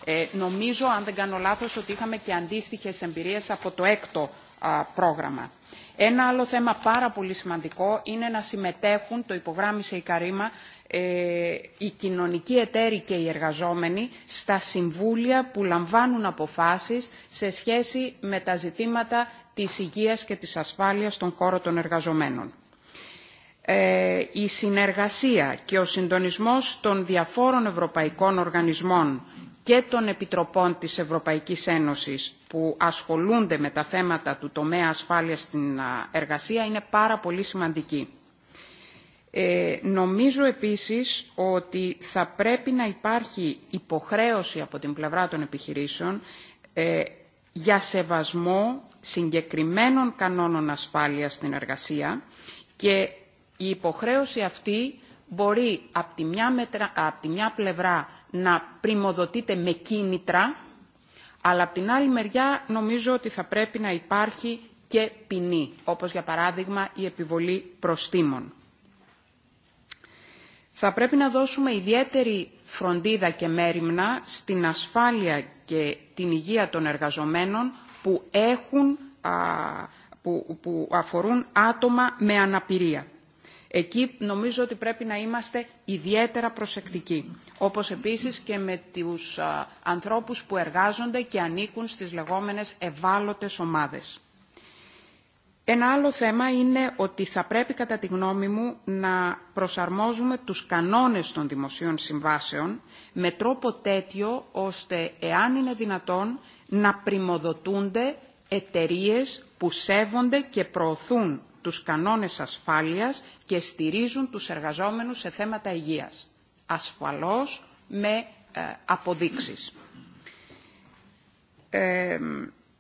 Ε, νομίζω, αν δεν κάνω λάθος, ότι είχαμε και αντίστοιχες εμπειρίες από το έκτο α, πρόγραμμα. Ένα άλλο θέμα πάρα πολύ σημαντικό είναι να συμμετέχουν, το υπογράμμισε η Καρίμα, ε, οι κοινωνικοί εταίροι και οι εργαζόμενοι στα συμβούλια που λαμβάνουν αποφάσεις σε σχέση με τα ζητήματα της υγείας και της ασφάλειας στον χώρο των εργαζομένων. Ε, η συνεργασία και ο συντονισμός των διαφόρων ευρωπαϊκών οργανισμών και των Επιτροπών της Ευρωπαϊκής Ένωσης που ασχολούνται με τα θέματα του τομέα ασφάλειας στην εργασία είναι πάρα πολύ σημαντική. Ε, νομίζω επίσης ότι θα πρέπει να υπάρχει υποχρέωση από την πλευρά των επιχειρήσεων ε, για σεβασμό συγκεκριμένων κανόνων ασφάλειας στην εργασία και η υποχρέωση αυτή μπορεί από από τη μια πλευρά να πρημοδοτείται με κίνητρα, αλλά από την άλλη μεριά νομίζω ότι θα πρέπει να υπάρχει και ποινή, όπως για παράδειγμα η επιβολή προστήμων. Θα πρέπει να δώσουμε ιδιαίτερη φροντίδα και μέρημνα στην ασφάλεια και την υγεία των εργαζομένων που, έχουν, που, που αφορούν άτομα με αναπηρία. Εκεί νομίζω ότι πρέπει να είμαστε ιδιαίτερα προσεκτικοί. Όπως επίσης και με τους ανθρώπους που εργάζονται και ανήκουν στις λεγόμενες ευάλωτες ομάδες. Ένα άλλο θέμα είναι ότι θα πρέπει κατά τη γνώμη μου να προσαρμόζουμε τους κανόνες των δημοσίων συμβάσεων με τρόπο τέτοιο ώστε εάν είναι δυνατόν να πρημοδοτούνται εταιρείε που σέβονται και προωθούν τους κανόνες ασφάλειας και στηρίζουν τους εργαζόμενους σε θέματα υγείας. Ασφαλώς με ε, αποδείξεις. Ε,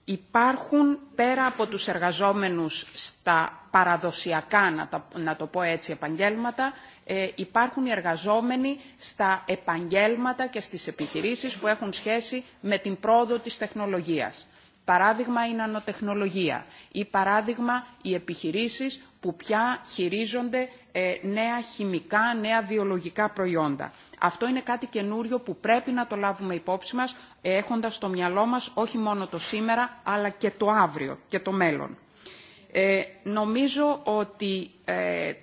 υπάρχουν πέρα από τους εργαζόμενους στα παραδοσιακά, να, το πω έτσι, επαγγέλματα, ε, υπάρχουν οι εργαζόμενοι στα επαγγέλματα και στις επιχειρήσεις που έχουν σχέση με την πρόοδο της τεχνολογίας. Παράδειγμα η νανοτεχνολογία ή παράδειγμα οι επιχειρήσεις που πια χειρίζονται ε, νέα χημικά, νέα βιολογικά προϊόντα. Αυτό είναι κάτι καινούριο που πρέπει να το λάβουμε υπόψη μας, ε, έχοντας στο μυαλό μας όχι μόνο το σήμερα, αλλά και το αύριο και το μέλλον. Ε, νομίζω ότι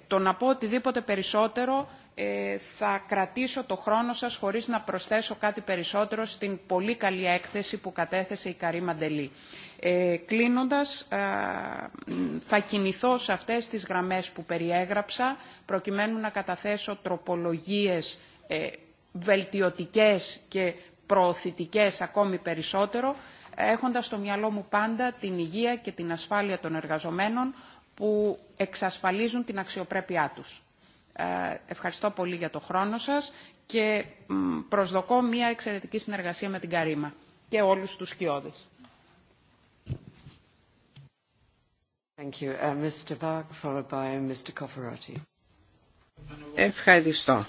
το να πω οτιδήποτε περισσότερο ε, θα κρατήσω το χρόνο σας χωρίς να προσθέσω κάτι περισσότερο στην πολύ καλή έκθεση που κατέθεσε η Καρή Μαντελή. Ε, κλείνοντας, θα κινηθώ σε αυτές τις γραμμές που περιέγραψα προκειμένου να καταθέσω τροπολογίες ε, βελτιωτικές και προωθητικές ακόμη περισσότερο έχοντας στο μυαλό μου πάντα την υγεία και την ασφάλεια των εργαζομένων που εξασφαλίζουν την αξιοπρέπειά τους. Ε, ευχαριστώ πολύ για το χρόνο σας και προσδοκώ μια εξαιρετική συνεργασία με την Καρίμα και όλους τους σκιώδες. Uh, ευχαριστώ.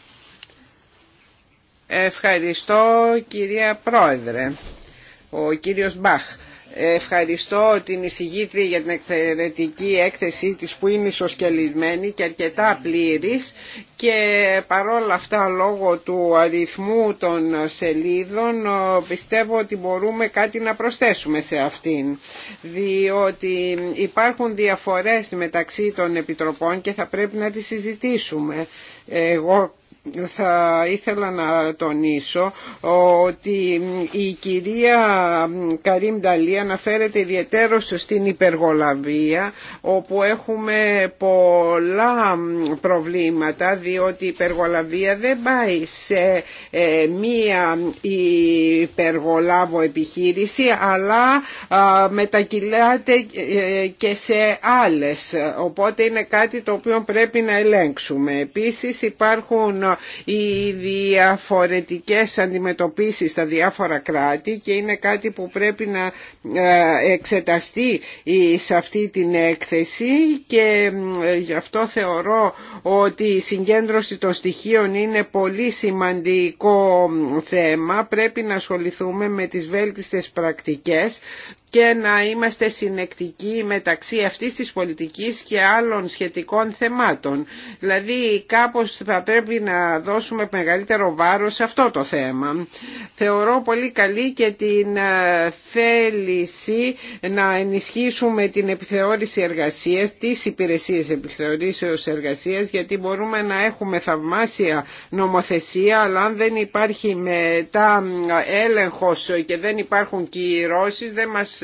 Ευχαριστώ κυρία Πρόεδρε, ο κύριος Μπαχ. Ευχαριστώ την εισηγήτρια για την εκθερετική έκθεσή της που είναι ισοσκελισμένη και αρκετά πλήρης και παρόλα αυτά λόγω του αριθμού των σελίδων ε, πιστεύω ότι μπορούμε κάτι να προσθέσουμε σε αυτήν διότι υπάρχουν διαφορές μεταξύ των επιτροπών και θα πρέπει να τις συζητήσουμε. Εγώ θα ήθελα να τονίσω ότι η κυρία Καρίμ Νταλή αναφέρεται ιδιαίτερο στην υπεργολαβία όπου έχουμε πολλά προβλήματα διότι η υπεργολαβία δεν πάει σε ε, μία υπεργολάβο επιχείρηση αλλά μετακυλάται ε, και σε άλλες οπότε είναι κάτι το οποίο πρέπει να ελέγξουμε. Επίσης υπάρχουν οι διαφορετικές αντιμετωπίσεις στα διάφορα κράτη και είναι κάτι που πρέπει να ε, εξεταστεί σε αυτή την έκθεση και γι' αυτό θεωρώ ότι η συγκέντρωση των στοιχείων είναι πολύ σημαντικό θέμα. Πρέπει να ασχοληθούμε με τις βέλτιστες πρακτικές και να είμαστε συνεκτικοί μεταξύ αυτής της πολιτικής και άλλων σχετικών θεμάτων. Δηλαδή κάπως θα πρέπει να δώσουμε μεγαλύτερο βάρος σε αυτό το θέμα. Θεωρώ πολύ καλή και την ε, θέληση να ενισχύσουμε την επιθεώρηση εργασίας, τις υπηρεσίες επιθεωρήσεως εργασίας, γιατί μπορούμε να έχουμε θαυμάσια νομοθεσία, αλλά αν δεν υπάρχει μετά ε, έλεγχος και δεν υπάρχουν κυρώσεις, δεν μας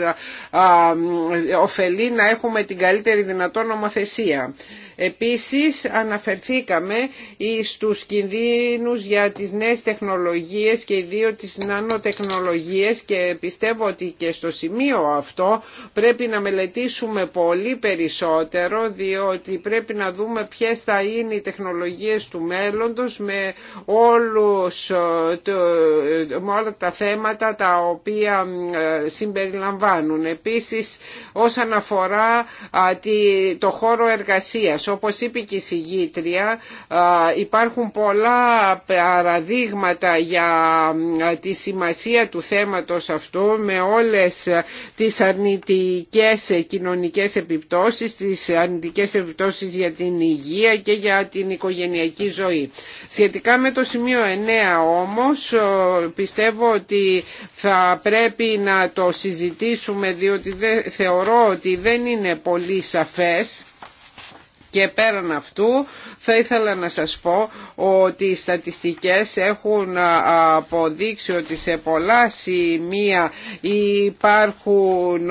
ωφελεί να έχουμε την καλύτερη δυνατόν νομοθεσία. Επίσης αναφερθήκαμε στους κινδύνους για τις νέες τεχνολογίες και ιδίω τις νανοτεχνολογίες και πιστεύω ότι και στο σημείο αυτό πρέπει να μελετήσουμε πολύ περισσότερο διότι πρέπει να δούμε ποιες θα είναι οι τεχνολογίες του μέλλοντος με, όλους, τα θέματα τα οποία ε, συμπεριλαμβάνουν. Επίσης όσον αφορά το χώρο εργασίας όπως είπε και η συγγήτρια, υπάρχουν πολλά παραδείγματα για τη σημασία του θέματος αυτού με όλες τις αρνητικές κοινωνικές επιπτώσεις, τις αρνητικές επιπτώσεις για την υγεία και για την οικογενειακή ζωή. Σχετικά με το σημείο 9 όμως, πιστεύω ότι θα πρέπει να το συζητήσουμε διότι θεωρώ ότι δεν είναι πολύ σαφές και πέραν αυτού θα ήθελα να σας πω ότι οι στατιστικές έχουν αποδείξει ότι σε πολλά σημεία υπάρχουν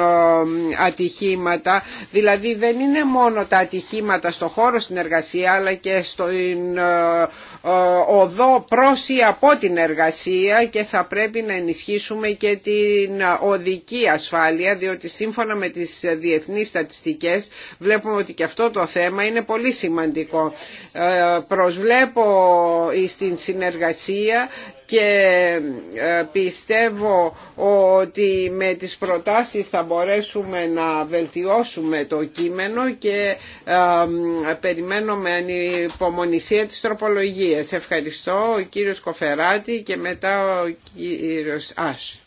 ατυχήματα, δηλαδή δεν είναι μόνο τα ατυχήματα στο χώρο συνεργασία αλλά και στο, ε, ε, οδό προς ή από την εργασία και θα πρέπει να ενισχύσουμε και την οδική ασφάλεια διότι σύμφωνα με τις διεθνείς στατιστικές βλέπουμε ότι και αυτό το θέμα είναι πολύ σημαντικό. Ε, προσβλέπω στην συνεργασία και ε, πιστεύω ότι με τις προτάσεις θα μπορέσουμε να βελτιώσουμε το κείμενο και ε, ε, περιμένω με ανυπομονησία τις τροπολογίες. Ευχαριστώ ο κύριος Κοφεράτη και μετά ο κύριος Άσου.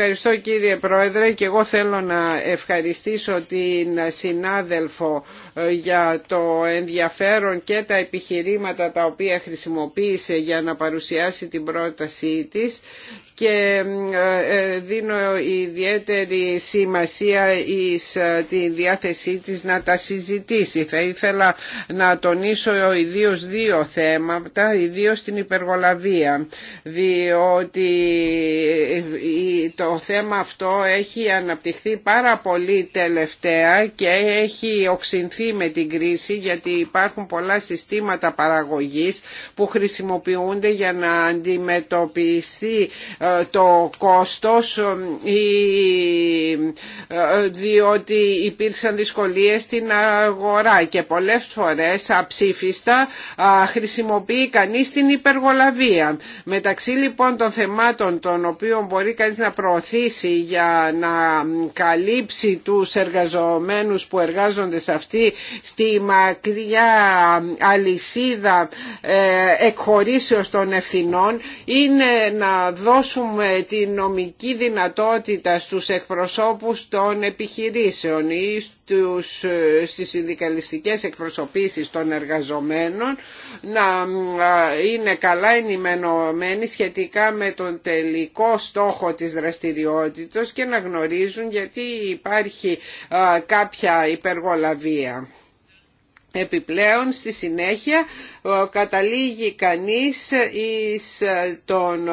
Ευχαριστώ κύριε Πρόεδρε και εγώ θέλω να ευχαριστήσω την συνάδελφο ε, για το ενδιαφέρον και τα επιχειρήματα τα οποία χρησιμοποίησε για να παρουσιάσει την πρότασή της και ε, ε, δίνω ιδιαίτερη σημασία εις ε, τη διάθεσή της να τα συζητήσει. Θα ήθελα να τονίσω ιδίω δύο θέματα, ιδίω την υπεργολαβία, διότι το θέμα αυτό έχει αναπτυχθεί πάρα πολύ τελευταία και έχει οξυνθεί με την κρίση γιατί υπάρχουν πολλά συστήματα παραγωγής που χρησιμοποιούνται για να αντιμετωπιστεί ε, το κόστος ε, ε, διότι υπήρξαν δυσκολίες στην αγορά και πολλές φορές αψήφιστα χρησιμοποιεί κανείς την υπεργολαβία. Μεταξύ λοιπόν των θεμάτων των οποίων μπορεί κανείς να προωθήσει για να καλύψει τους εργαζομένους που εργάζονται σε αυτή στη μακριά αλυσίδα εκχωρήσεως των ευθυνών είναι να δώσουν δώσουμε τη νομική δυνατότητα στους εκπροσώπους των επιχειρήσεων ή στους, ε, στις συνδικαλιστικές εκπροσωπήσεις των εργαζομένων να είναι καλά ενημερωμένοι σχετικά με τον τελικό στόχο της δραστηριότητας και να γνωρίζουν γιατί υπάρχει κάποια υπεργολαβία. Επιπλέον στη συνέχεια καταλήγει κανείς εις ε, τον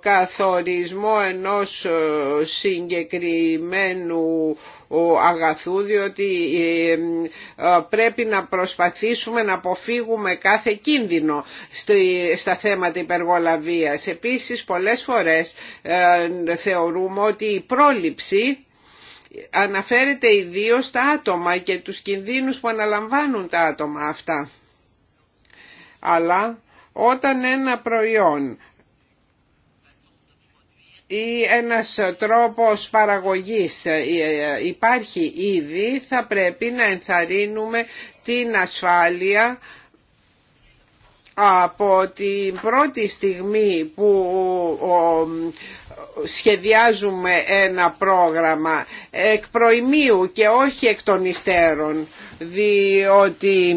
καθορισμό ενός ε, συγκεκριμένου αγαθού διότι ε, πρέπει να προσπαθήσουμε να αποφύγουμε κάθε κίνδυνο στα θέματα υπεργολαβίας. Επίσης πολλές φορές θεωρούμε ότι η πρόληψη αναφέρεται ιδίω στα άτομα και τους κινδύνους που αναλαμβάνουν τα άτομα αυτά. Αλλά όταν ένα προϊόν ή ένας τρόπος παραγωγής ε, υπάρχει ήδη, θα πρέπει να ενθαρρύνουμε την ασφάλεια από την πρώτη στιγμή που ο σχεδιάζουμε ένα πρόγραμμα εκ προημίου και όχι εκ των υστέρων διότι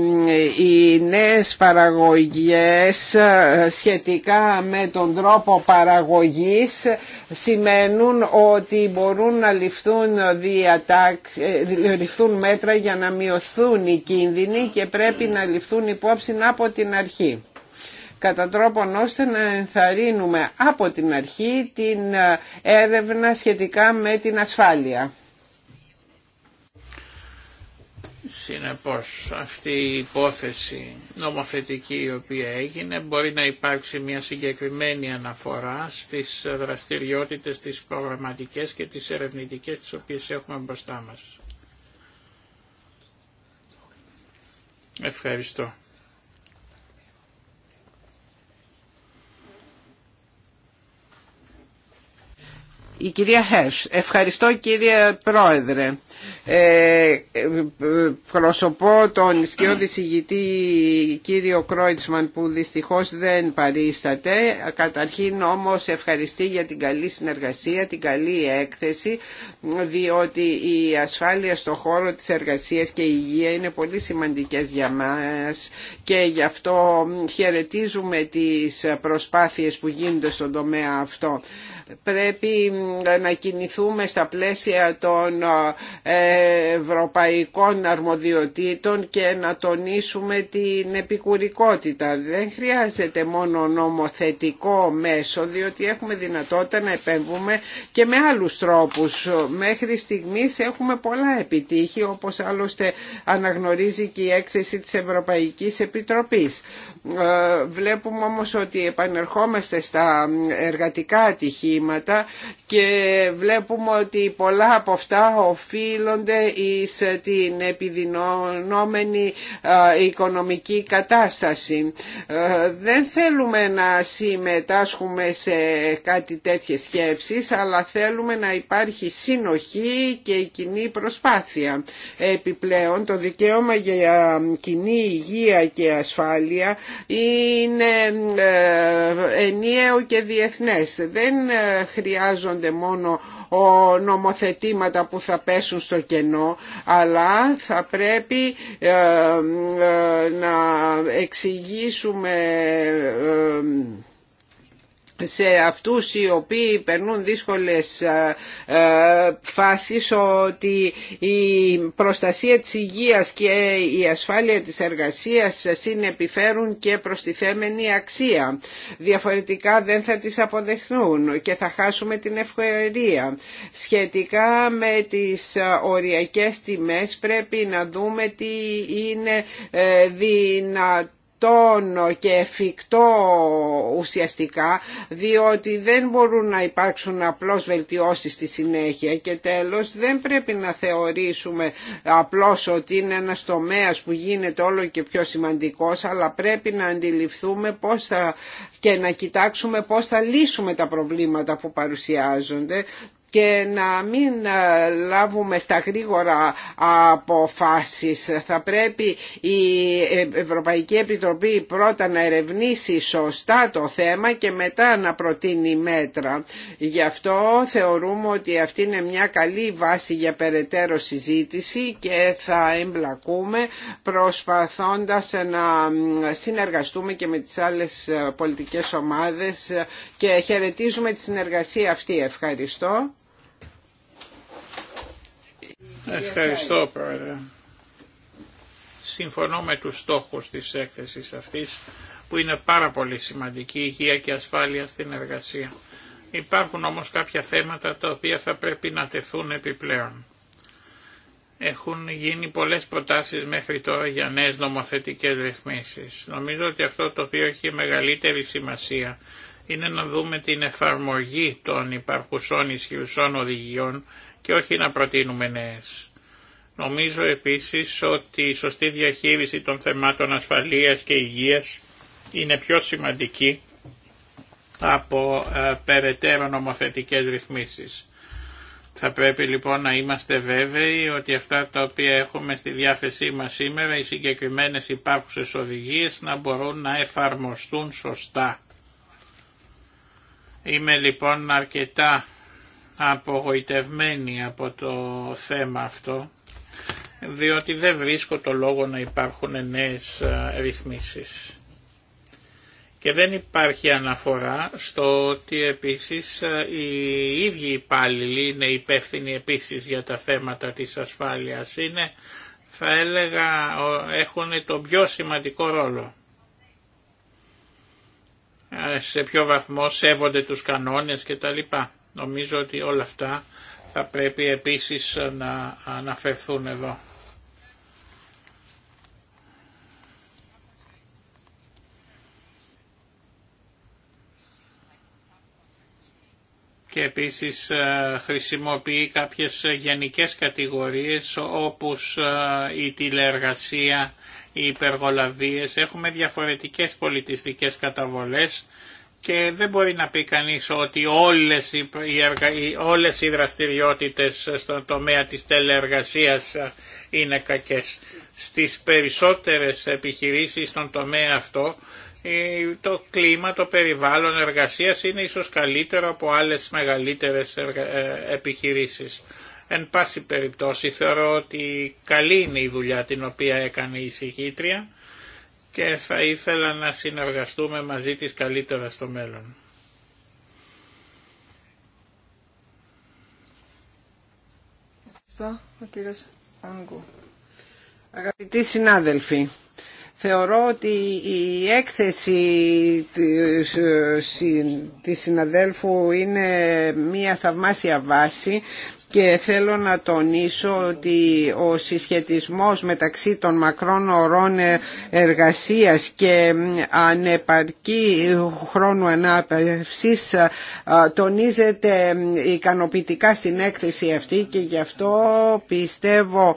οι νέες παραγωγές ε, σχετικά με τον τρόπο παραγωγής σημαίνουν ότι μπορούν να ληφθούν, διατακ, ε, ληφθούν μέτρα για να μειωθούν οι κίνδυνοι και πρέπει να ληφθούν υπόψη από την αρχή κατά τρόπον ώστε να ενθαρρύνουμε από την αρχή την ε, έρευνα σχετικά με την ασφάλεια. Συνεπώς αυτή η υπόθεση νομοθετική η οποία έγινε μπορεί να υπάρξει μια συγκεκριμένη αναφορά στις δραστηριότητες τις προγραμματικές και τις ερευνητικές τις οποίες έχουμε μπροστά μας. Ευχαριστώ. Η κυρία Χέρς. Ευχαριστώ κύριε Πρόεδρε. Ε, προσωπώ τον ισχυρό δισηγητή κύριο Κρόιτσμαν που δυστυχώς δεν παρίσταται. Καταρχήν όμως ευχαριστεί για την καλή συνεργασία, την καλή έκθεση διότι η ασφάλεια στο χώρο της εργασίας και η υγεία είναι πολύ σημαντικές για μας και γι' αυτό χαιρετίζουμε τις προσπάθειες που γίνονται στον τομέα αυτό πρέπει να κινηθούμε στα πλαίσια των ευρωπαϊκών αρμοδιοτήτων και να τονίσουμε την επικουρικότητα. Δεν χρειάζεται μόνο νομοθετικό μέσο, διότι έχουμε δυνατότητα να επέμβουμε και με άλλους τρόπους, μέχρι στιγμής έχουμε πολλά επιτύχει όπως άλλωστε αναγνωρίζει και η έκθεση της Ευρωπαϊκής Επιτροπής. Ε, βλέπουμε όμως ότι επανερχόμαστε στα εργατικά ατυχήματα και βλέπουμε ότι πολλά από αυτά οφείλονται εις την επιδεινόμενη ε, οικονομική κατάσταση. Ε, δεν θέλουμε να συμμετάσχουμε σε κάτι τέτοιες σκέψεις, αλλά θέλουμε να υπάρχει συνοχή και κοινή προσπάθεια. Επιπλέον, το δικαίωμα για κοινή υγεία και ασφάλεια είναι ε, ενιαίο και διεθνές. Δεν ε, χρειάζονται μόνο ο νομοθετήματα που θα πέσουν στο κενό αλλά θα πρέπει ε, να εξηγήσουμε σε αυτούς οι οποίοι περνούν δύσκολες ε, ε, φάσεις ότι η προστασία της υγείας και η ασφάλεια της εργασίας συνεπιφέρουν και προστιθέμενη αξία. Διαφορετικά δεν θα τις αποδεχθούν και θα χάσουμε την ευκαιρία. Σχετικά με τις οριακές τιμές πρέπει να δούμε τι είναι ε, δυνατό τόνο και εφικτό ουσιαστικά διότι δεν μπορούν να υπάρξουν απλώς βελτιώσεις στη συνέχεια και τέλος δεν πρέπει να θεωρήσουμε απλώς ότι είναι ένας τομέας που γίνεται όλο και πιο σημαντικός αλλά πρέπει να αντιληφθούμε πώς και να κοιτάξουμε πώς θα λύσουμε τα προβλήματα που παρουσιάζονται και να μην ε, λάβουμε στα γρήγορα αποφάσεις. Θα πρέπει η Ευρωπαϊκή Επιτροπή πρώτα να ερευνήσει σωστά το θέμα και μετά να προτείνει μέτρα. Γι' αυτό θεωρούμε ότι αυτή είναι μια καλή βάση για περαιτέρω συζήτηση και θα εμπλακούμε προσπαθώντας να συνεργαστούμε και με τις άλλες πολιτικές ομάδες και χαιρετίζουμε τη συνεργασία αυτή. Ευχαριστώ. Ευχαριστώ Πρόεδρε. Συμφωνώ με τους στόχους της έκθεσης αυτής που είναι πάρα πολύ σημαντική υγεία και ασφάλεια στην εργασία. Υπάρχουν όμως κάποια θέματα τα οποία θα πρέπει να τεθούν επιπλέον. Έχουν γίνει πολλές προτάσεις μέχρι τώρα για νέες νομοθετικές ρυθμίσεις. Νομίζω ότι αυτό το οποίο έχει μεγαλύτερη σημασία είναι να δούμε την εφαρμογή των υπαρχουσών ισχυρουσών οδηγιών και όχι να προτείνουμε νέε. Νομίζω επίσης ότι η σωστή διαχείριση των θεμάτων ασφαλείας και υγείας είναι πιο σημαντική από ε, περαιτέρω νομοθετικές ρυθμίσεις. Θα πρέπει λοιπόν να είμαστε βέβαιοι ότι αυτά τα οποία έχουμε στη διάθεσή μας σήμερα, οι συγκεκριμένες υπάρχουσες οδηγίες να μπορούν να εφαρμοστούν σωστά. Είμαι λοιπόν αρκετά απογοητευμένοι από το θέμα αυτό, διότι δεν βρίσκω το λόγο να υπάρχουν νέες ε, ρυθμίσεις. Και δεν υπάρχει αναφορά στο ότι επίσης ε, οι ίδιοι υπάλληλοι είναι υπεύθυνοι επίσης για τα θέματα της ασφάλειας. Είναι, θα έλεγα, έχουν τον πιο σημαντικό ρόλο. Ε, σε ποιο βαθμό σέβονται τους κανόνες κτλ. Νομίζω ότι όλα αυτά θα πρέπει επίσης να αναφερθούν εδώ. και επίσης ε, χρησιμοποιεί κάποιες γενικές κατηγορίες όπως ε, η τηλεεργασία, οι υπεργολαβίες. Έχουμε διαφορετικές πολιτιστικές καταβολές και δεν μπορεί να πει κανείς ότι όλες οι, όλες οι δραστηριότητες στον τομέα της τελεεργασίας είναι κακές. Στις περισσότερες επιχειρήσεις στον τομέα αυτό το κλίμα, το περιβάλλον εργασίας είναι ίσως καλύτερο από άλλες μεγαλύτερες ε, επιχειρήσεις. Εν πάση περιπτώσει θεωρώ ότι καλή είναι η δουλειά την οποία έκανε η συγχύτρια και θα ήθελα να συνεργαστούμε μαζί της καλύτερα στο μέλλον. Ευχαριστώ, ο κύριος Αγαπητοί συνάδελφοι, Θεωρώ ότι η έκθεση της ε, συναδέλφου είναι μια θαυμάσια βάση και θέλω να τονίσω ότι ο συσχετισμός μεταξύ των μακρών ορών εργασίας και ανεπαρκή χρόνου ανάπευσης τονίζεται ικανοποιητικά στην έκθεση αυτή και γι' αυτό πιστεύω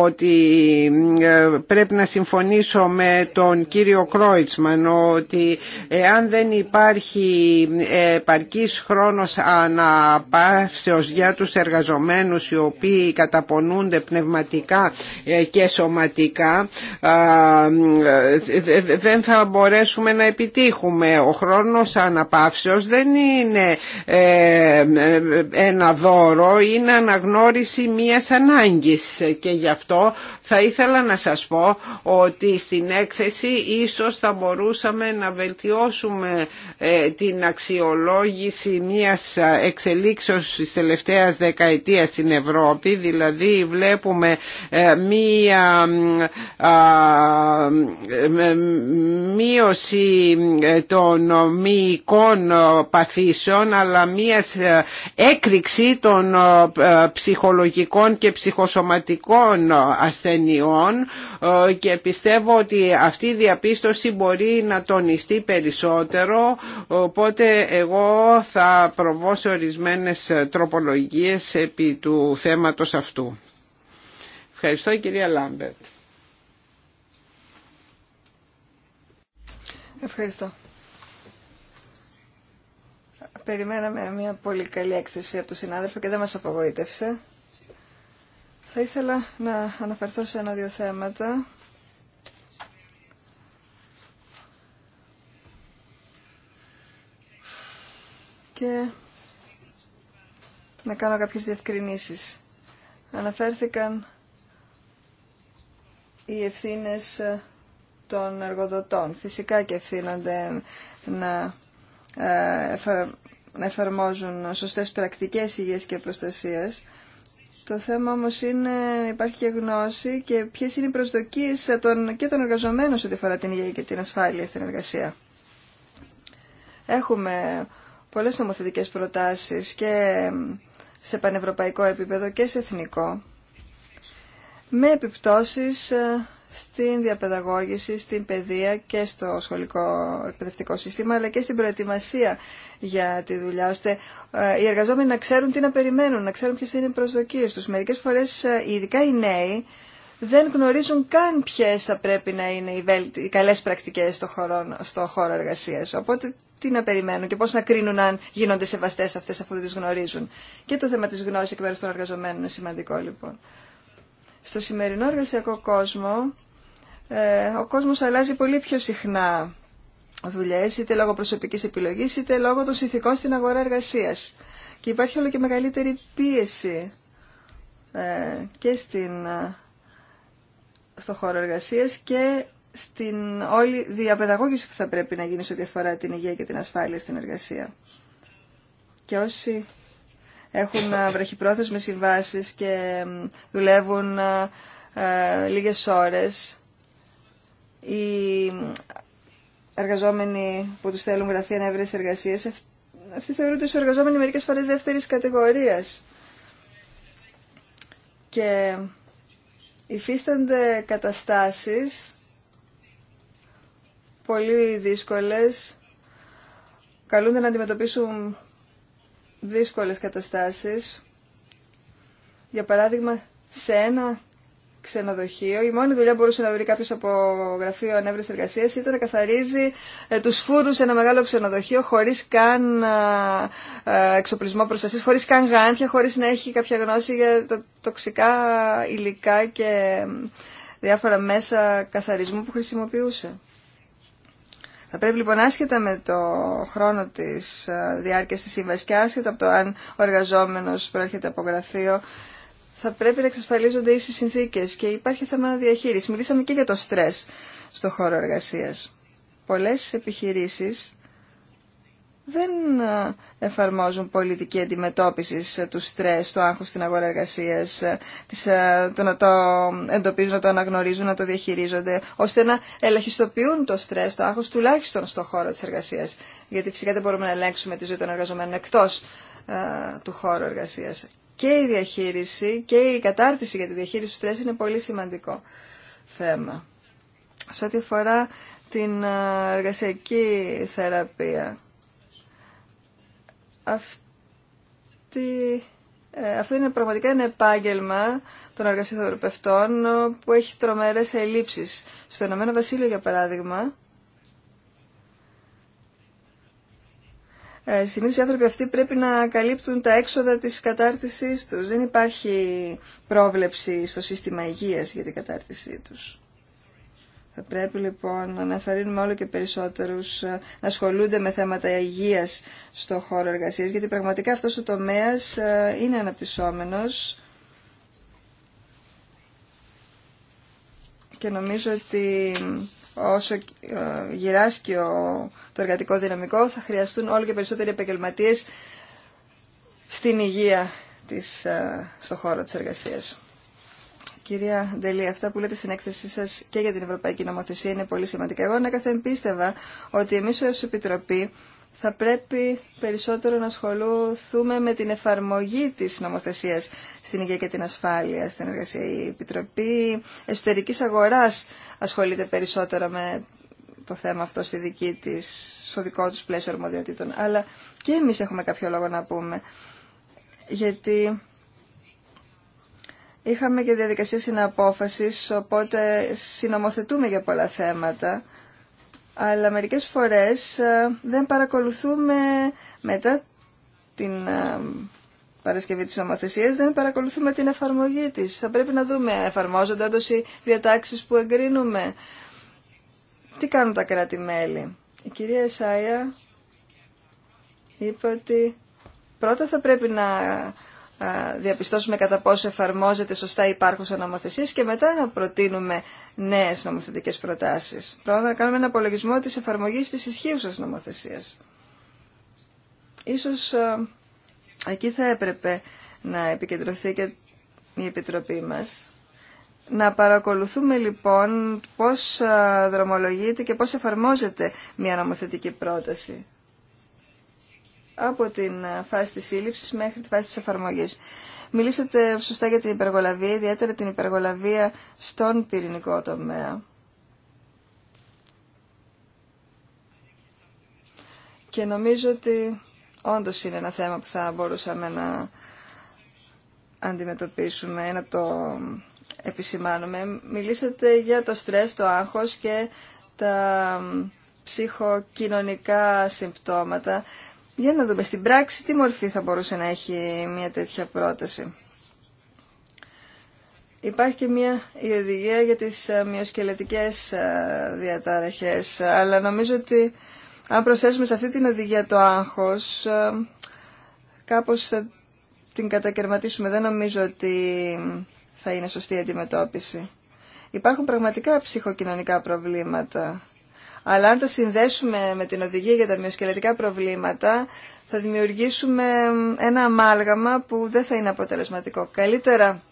ότι ε, πρέπει να συμφωνήσω με τον κύριο Κρόιτσμαν ότι αν δεν υπάρχει επαρκής χρόνος αναπαύσεως για τους εργαζομένους οι οποίοι καταπονούνται πνευματικά ε, και σωματικά δεν θα μπορέσουμε να επιτύχουμε. Ο χρόνος αναπαύσεως δεν είναι ε, ε, ένα δώρο, είναι αναγνώριση μιας ανάγκης και γι' αυτό θα ήθελα να σας πω ότι στην έκθεση ίσως θα μπορούσαμε να βελτιώσουμε την αξιολόγηση μιας εξελίξεως στις τελευταίας δεκαετίας στην Ευρώπη, δηλαδή βλέπουμε ε, μία μείωση ε, των μυϊκών ε, παθήσεων αλλά μία έκρηξη των ψυχολογικών και ψυχοσωματικών ασθενειών και πιστεύω ότι αυτή η διαπίστωση μπορεί να τονιστεί περισσότερο οπότε εγώ θα προβώ σε ορισμένες απολογίες επί του θέματος αυτού. Ευχαριστώ κυρία Λάμπερτ. Ευχαριστώ. Περιμέναμε μια πολύ καλή έκθεση από τον συνάδελφο και δεν μας απογοήτευσε. Θα ήθελα να αναφερθώ σε ένα-δύο θέματα. Και να κάνω κάποιες διευκρινήσεις. Αναφέρθηκαν οι ευθύνες ε, των εργοδοτών. Φυσικά και ευθύνονται να, ε, να εφαρμόζουν σωστές πρακτικές υγείας και προστασίας. Το θέμα όμως είναι υπάρχει και γνώση και ποιες είναι οι προσδοκίες και των εργαζομένων σε ό,τι αφορά την υγεία και την ασφάλεια στην εργασία. Έχουμε πολλές νομοθετικές προτάσεις και σε πανευρωπαϊκό επίπεδο και σε εθνικό με επιπτώσεις ε, στην διαπαιδαγώγηση, στην παιδεία και στο σχολικό εκπαιδευτικό σύστημα, αλλά και στην προετοιμασία για τη δουλειά, ώστε ε, οι εργαζόμενοι να ξέρουν τι να περιμένουν, να ξέρουν ποιες θα είναι οι προσδοκίες τους. Μερικές φορές, ε, ειδικά οι νέοι, δεν γνωρίζουν καν ποιε θα πρέπει να είναι οι καλές πρακτικές στο χώρο, στο χώρο εργασίας. Οπότε τι να περιμένουν και πώς να κρίνουν αν γίνονται σεβαστές αυτές αφού δεν τις γνωρίζουν. Και το θέμα της γνώσης εκ μέρου των εργαζομένων είναι σημαντικό λοιπόν. Στο σημερινό εργασιακό κόσμο, ε, ο κόσμος αλλάζει πολύ πιο συχνά δουλειέ, είτε λόγω προσωπική επιλογή, είτε λόγω των συνθηκών στην αγορά εργασίας. Και υπάρχει όλο και μεγαλύτερη πίεση ε, και στην, ε, στο χώρο εργασίας και στην όλη διαπαιδαγώγηση που θα πρέπει να γίνει σε ό,τι αφορά την υγεία και την ασφάλεια στην εργασία. Και όσοι έχουν ε, βραχυπρόθεσμες συμβάσεις και δουλεύουν ε, ε, λίγες ώρες, οι εργαζόμενοι που τους θέλουν γραφεία νεύρες εργασίες, αυτοί θεωρούνται ως εργαζόμενοι μερικές φορές δεύτερης κατηγορίας. Και υφίστανται καταστάσεις πολύ δύσκολες, καλούνται να αντιμετωπίσουν δύσκολες καταστάσεις. Για παράδειγμα, σε ένα ξενοδοχείο. Η μόνη δουλειά που μπορούσε να βρει κάποιο από γραφείο ανέβρε εργασία ήταν να καθαρίζει ε, του σε ένα μεγάλο ξενοδοχείο χωρί καν εξοπλισμό προστασία, χωρί καν γάντια, χωρί να έχει κάποια γνώση για τα τοξικά υλικά και διάφορα μέσα καθαρισμού που χρησιμοποιούσε. Θα πρέπει λοιπόν άσχετα με το χρόνο της ε, διάρκεια της σύμβαση και άσχετα από το αν ο εργαζόμενο προέρχεται από γραφείο, θα πρέπει να εξασφαλίζονται ίσε συνθήκες και υπάρχει θέμα διαχείριση. Μιλήσαμε και για το στρε στο χώρο εργασία. Πολλές επιχειρήσεις δεν ε, εφαρμόζουν πολιτική αντιμετώπιση ε, του στρες, του άγχου στην αγορά εργασία, ε, το να το εντοπίζουν, να το αναγνωρίζουν, να το διαχειρίζονται, ώστε να ελαχιστοποιούν το στρες, το άγχο τουλάχιστον στον χώρο τη εργασία. Γιατί φυσικά δεν μπορούμε να ελέγξουμε τη ζωή των εργαζομένων εκτό του χώρου εργασία. Και η διαχείριση και η κατάρτιση για τη διαχείριση του στρες είναι πολύ σημαντικό θέμα. Σε ό,τι αφορά την εργασιακή θεραπεία. Αυτή, ε, αυτό είναι πραγματικά ένα επάγγελμα των εργασιοθεραπευτών ε, που έχει τρομερές ελλείψεις. Στο Ηνωμένο Βασίλειο, για παράδειγμα, ε, συνήθως οι άνθρωποι αυτοί πρέπει να καλύπτουν τα έξοδα της κατάρτισής τους. Δεν υπάρχει πρόβλεψη στο σύστημα υγείας για την κατάρτισή τους. Θα πρέπει λοιπόν να ενθαρρύνουμε όλο και περισσότερους ε, να ασχολούνται με θέματα υγείας στο χώρο εργασίας, γιατί πραγματικά αυτός ο τομέας ε, είναι αναπτυσσόμενος και νομίζω ότι όσο ε, γυράσκει το εργατικό δυναμικό θα χρειαστούν όλο και περισσότεροι επαγγελματίες στην υγεία της, στο χώρο της εργασίας. Κυρία Ντελή, αυτά που λέτε στην έκθεσή σα και για την Ευρωπαϊκή Νομοθεσία είναι πολύ σημαντικά. Εγώ ανέκαθεν πίστευα ότι εμεί ω Επιτροπή θα πρέπει περισσότερο να ασχολούθουμε με την εφαρμογή τη νομοθεσία στην υγεία και την ασφάλεια στην εργασία. Η Επιτροπή εσωτερική αγορά ασχολείται περισσότερο με το θέμα αυτό στη δική της, στο δικό του πλαίσιο αρμοδιοτήτων. Αλλά και εμεί έχουμε κάποιο λόγο να πούμε. Γιατί Είχαμε και διαδικασία συναπόφασης, οπότε συνομοθετούμε για πολλά θέματα, αλλά μερικέ φορές ε, δεν παρακολουθούμε μετά την ε, Παρασκευή της νομοθεσία, δεν παρακολουθούμε την εφαρμογή της. Θα πρέπει να δούμε, εφαρμόζονται όντω οι διατάξεις που εγκρίνουμε. Τι κάνουν τα κράτη-μέλη. Η κυρία Εσάια είπε ότι πρώτα θα πρέπει να διαπιστώσουμε κατά πόσο εφαρμόζεται σωστά η υπάρχουσα νομοθεσία και μετά να προτείνουμε νέε νομοθετικέ προτάσει. Πρώτα να κάνουμε ένα απολογισμό τη εφαρμογή τη ισχύουσα νομοθεσία. Ίσως εκεί θα έπρεπε να επικεντρωθεί και η Επιτροπή μας. Να παρακολουθούμε λοιπόν πώς δρομολογείται και πώς εφαρμόζεται μια νομοθετική πρόταση από την φάση της σύλληψης μέχρι τη φάση της εφαρμογής. Μιλήσατε σωστά για την υπεργολαβία, ιδιαίτερα την υπεργολαβία στον πυρηνικό τομέα. Και νομίζω ότι όντως είναι ένα θέμα που θα μπορούσαμε να αντιμετωπίσουμε, να το επισημάνουμε. Μιλήσατε για το στρες, το άγχος και τα ψυχοκοινωνικά συμπτώματα. Για να δούμε στην πράξη τι μορφή θα μπορούσε να έχει μια τέτοια πρόταση. Υπάρχει και μια οδηγία για τις ε, μειοσκελετικές ε, διαταραχές, ε, αλλά νομίζω ότι αν προσθέσουμε σε αυτή την οδηγία το άγχος, κάπως θα την κατακαιρματίσουμε. Δεν νομίζω ότι θα είναι σωστή η αντιμετώπιση. Υπάρχουν πραγματικά ψυχοκοινωνικά προβλήματα αλλά αν τα συνδέσουμε με την οδηγία για τα μυοσκελετικά προβλήματα, θα δημιουργήσουμε ένα αμάλγαμα που δεν θα είναι αποτελεσματικό. Καλύτερα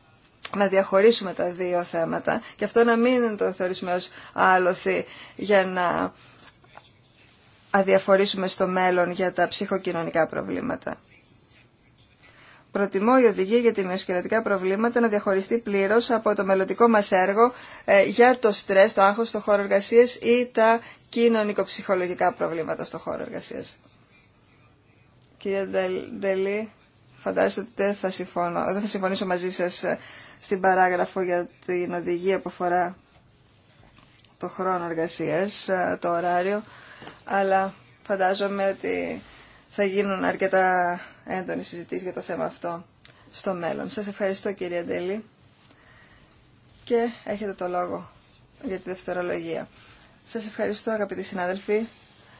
να διαχωρίσουμε τα δύο θέματα και αυτό να μην το θεωρήσουμε ως άλοθη για να αδιαφορήσουμε στο μέλλον για τα ψυχοκοινωνικά προβλήματα προτιμώ η οδηγία για τη μειοσκελετικά προβλήματα να διαχωριστεί πλήρω από το μελλοντικό μα έργο ε, για το στρες, το άγχος στο χώρο εργασία ή τα κοινωνικοψυχολογικά προβλήματα στο χώρο εργασία. Κύριε Ντελή, φαντάζομαι ότι δεν θα, συμφωνώ, δεν θα συμφωνήσω μαζί σα ε, στην παράγραφο για την οδηγία που αφορά το χρόνο εργασία, ε, το ωράριο, αλλά φαντάζομαι ότι θα γίνουν αρκετά έντονη συζητήση για το θέμα αυτό στο μέλλον. Σας ευχαριστώ κύριε Ντέλη και έχετε το λόγο για τη δευτερολογία. Σας ευχαριστώ αγαπητοί συνάδελφοι.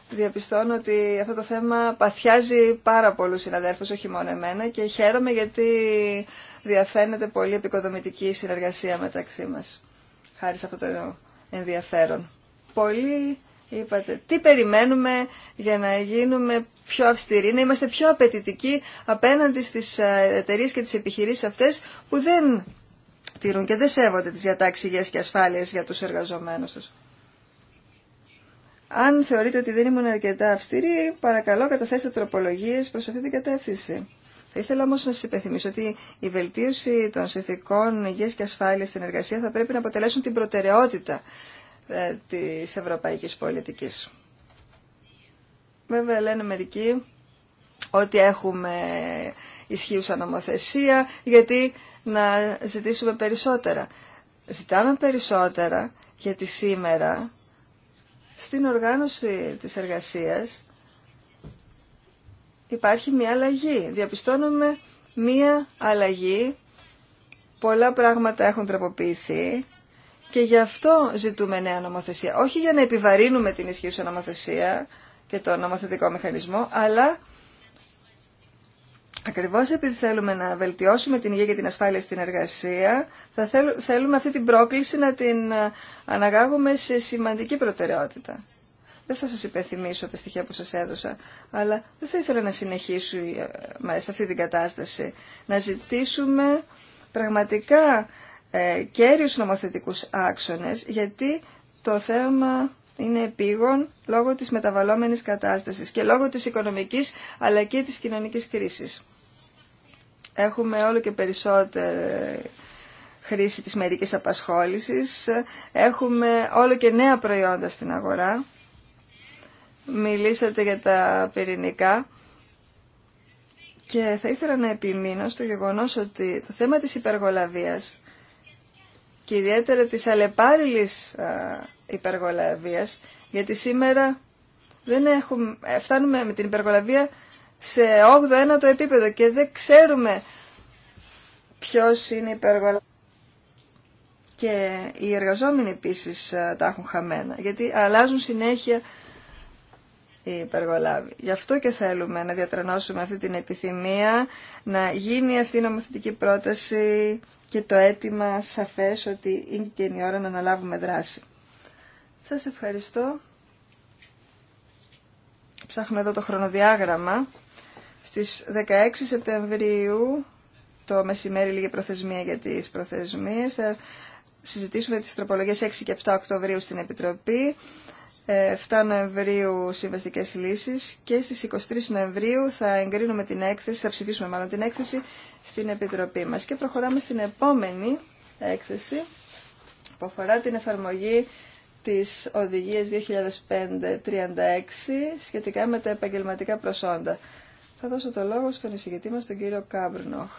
Διαπιστώνω ότι αυτό το θέμα παθιάζει πάρα πολλούς συναδέλφους, όχι μόνο εμένα, και χαίρομαι γιατί διαφαίνεται πολύ επικοδομητική συνεργασία μεταξύ μας, χάρη σε αυτό το ενδιαφέρον. Πολλοί είπατε, τι περιμένουμε για να γίνουμε πιο αυστηροί, να είμαστε πιο απαιτητικοί απέναντι στις ε, εταιρείε και τις επιχειρήσεις αυτές που δεν τηρούν και δεν σέβονται τις διατάξεις υγείας και ασφάλειας για τους εργαζομένους τους. Αν θεωρείτε ότι δεν ήμουν αρκετά αυστηρή, παρακαλώ καταθέστε τροπολογίες προς αυτή την κατεύθυνση. Θα ήθελα όμως να σα υπενθυμίσω ότι η βελτίωση των συνθηκών υγείας και ασφάλειας στην εργασία θα πρέπει να αποτελέσουν την προτεραιότητα ε, τη ευρωπαϊκή πολιτική. Βέβαια λένε μερικοί ότι έχουμε ισχύουσα νομοθεσία, γιατί να ζητήσουμε περισσότερα. Ζητάμε περισσότερα γιατί σήμερα στην οργάνωση της εργασίας υπάρχει μια αλλαγή. Διαπιστώνουμε μια αλλαγή, πολλά πράγματα έχουν τραποποιηθεί και γι' αυτό ζητούμε νέα νομοθεσία. Όχι για να επιβαρύνουμε την ισχύουσα νομοθεσία, και το νομοθετικό μηχανισμό, αλλά ακριβώς επειδή θέλουμε να βελτιώσουμε την υγεία και την ασφάλεια στην εργασία, θα θέλουμε αυτή την πρόκληση να την ε, αναγάγουμε σε σημαντική προτεραιότητα. Δεν θα σας υπενθυμίσω τα στοιχεία που σας έδωσα, αλλά δεν θα ήθελα να συνεχίσουμε ε, σε αυτή την κατάσταση. Να ζητήσουμε πραγματικά ε, κέριους νομοθετικούς άξονες, γιατί το θέμα είναι επίγον λόγω της μεταβαλλόμενης κατάστασης και λόγω της οικονομικής αλλά και της κοινωνικής κρίσης. Έχουμε όλο και περισσότερη χρήση της μερικής απασχόλησης, έχουμε όλο και νέα προϊόντα στην αγορά. Μιλήσατε για τα πυρηνικά και θα ήθελα να επιμείνω στο γεγονός ότι το θέμα της υπεργολαβίας και ιδιαίτερα της αλλεπάλληλης υπεργολαβίας, γιατί σήμερα δεν έχουμε, ε, φτάνουμε με την υπεργολαβία σε 8 ο το επιπεδο και δεν ξέρουμε ποιος είναι υπεργολαβία. Και οι εργαζόμενοι επίσης ε, τα έχουν χαμένα, γιατί αλλάζουν συνέχεια οι υπεργολάβοι. Γι' αυτό και θέλουμε να διατρανώσουμε αυτή την επιθυμία, να γίνει αυτή η νομοθετική πρόταση και το αίτημα σαφές ότι είναι και η ώρα να αναλάβουμε δράση. Σας ευχαριστώ. Ψάχνω εδώ το χρονοδιάγραμμα. Στις 16 Σεπτεμβρίου το μεσημέρι λίγη προθεσμία για τις προθεσμίες. Θα συζητήσουμε τις τροπολογίες 6 και 7 Οκτωβρίου στην Επιτροπή. 7 Νοεμβρίου συμβαστικές λύσεις και στις 23 Νοεμβρίου θα εγκρίνουμε την έκθεση, θα ψηφίσουμε μάλλον την έκθεση στην Επιτροπή μας. Και προχωράμε στην επόμενη έκθεση που αφορά την εφαρμογή της Οδηγίας 2005-36 σχετικά με τα επαγγελματικά προσόντα. Θα δώσω το λόγο στον εισηγητή μας, τον κύριο Κάμπρνοχ.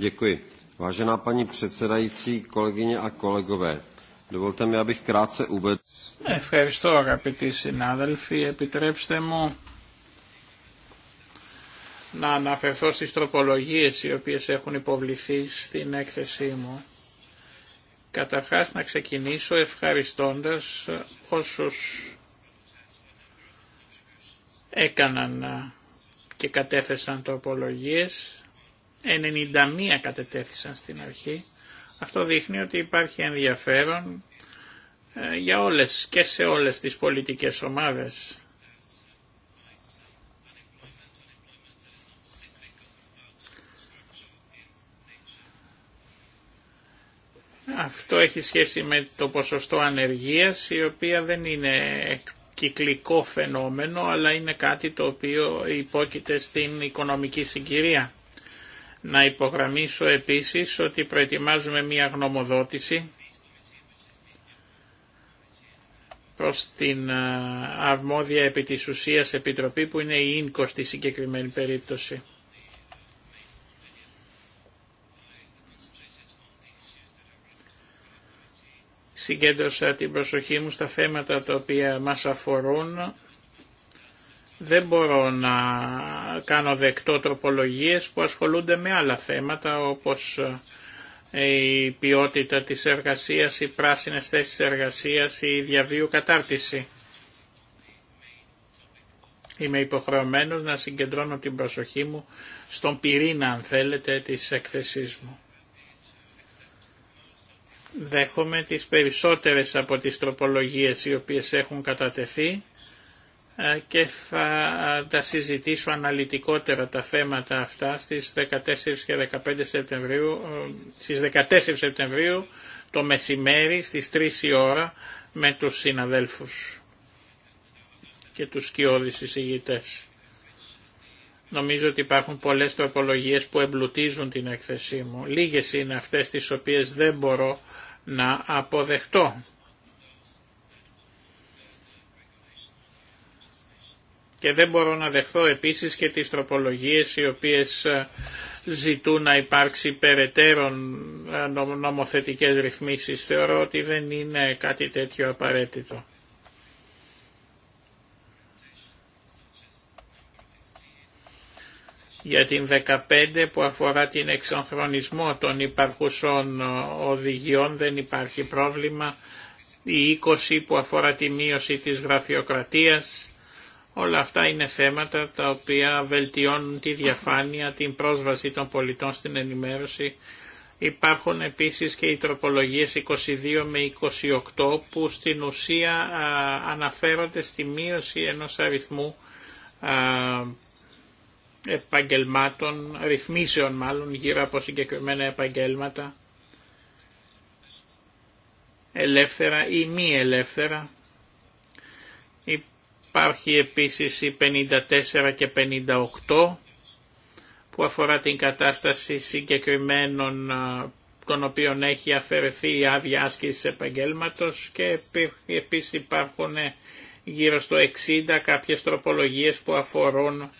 Děkuji. Vážená paní předsedající, kolegyně a kolegové, dovolte mi, abych krátce uvedl. Ευχαριστώ αγαπητοί συνάδελφοι, επιτρέψτε μου να αναφερθώ στις τροπολογίες οι οποίες έχουν υποβληθεί στην έκθεσή μου. Καταρχάς να ξεκινήσω ευχαριστώντας όσους έκαναν και κατέθεσαν τροπολογίες. 91 κατετέθησαν στην αρχή. Αυτό δείχνει ότι υπάρχει ενδιαφέρον ε, για όλες και σε όλες τις πολιτικές ομάδες. Αυτό έχει σχέση με το ποσοστό ανεργίας, η οποία δεν είναι κυκλικό φαινόμενο, αλλά είναι κάτι το οποίο υπόκειται στην οικονομική συγκυρία. Να υπογραμμίσω επίσης ότι προετοιμάζουμε μία γνωμοδότηση προς την αρμόδια επί της ουσίας επιτροπή που είναι η ίνκο στη συγκεκριμένη περίπτωση. συγκέντρωσα την προσοχή μου στα θέματα τα οποία μας αφορούν. Δεν μπορώ να κάνω δεκτό τροπολογίες που ασχολούνται με άλλα θέματα όπως ε, η ποιότητα της εργασίας, οι πράσινες θέσεις εργασίας, η διαβίου κατάρτιση. Είμαι υποχρεωμένος να συγκεντρώνω την προσοχή μου στον πυρήνα, αν θέλετε, της έκθεσής μου. Δέχομαι τις περισσότερες από τις τροπολογίες οι οποίες έχουν κατατεθεί ε, και θα ε, τα συζητήσω αναλυτικότερα τα θέματα αυτά στις 14 και 15 Σεπτεμβρίου, ε, στις 14 Σεπτεμβρίου το μεσημέρι στις 3 η ώρα με τους συναδέλφους και τους σκιώδεις εισηγητές. Νομίζω ότι υπάρχουν πολλές τροπολογίες που εμπλουτίζουν την έκθεσή μου. Λίγες είναι αυτές τις οποίες δεν μπορώ να αποδεχτώ και δεν μπορώ να δεχθώ επίσης και τις τροπολογίες οι οποίες ε, ζητούν να υπάρξει περαιτέρω ε, νομοθετικές ρυθμίσεις. Θεωρώ ότι δεν είναι κάτι τέτοιο απαραίτητο. για την 15 που αφορά την εξοχρονισμό των υπαρχουσών οδηγιών δεν υπάρχει πρόβλημα, η 20 που αφορά τη μείωση της γραφειοκρατίας, όλα αυτά είναι θέματα τα οποία βελτιώνουν τη διαφάνεια, την πρόσβαση των πολιτών στην ενημέρωση. Υπάρχουν επίσης και οι τροπολογίες 22 με 28 που στην ουσία αναφέρονται στη μείωση ενός αριθμού επαγγελμάτων, ρυθμίσεων μάλλον γύρω από συγκεκριμένα επαγγέλματα, ελεύθερα ή μη ελεύθερα. Υπάρχει επίσης η 54 και 58 που αφορά την κατάσταση συγκεκριμένων των οποίων έχει αφαιρεθεί η άδεια άσκησης επαγγέλματος και επίσης υπάρχουν γύρω στο 60 κάποιες τροπολογίες που αφορούν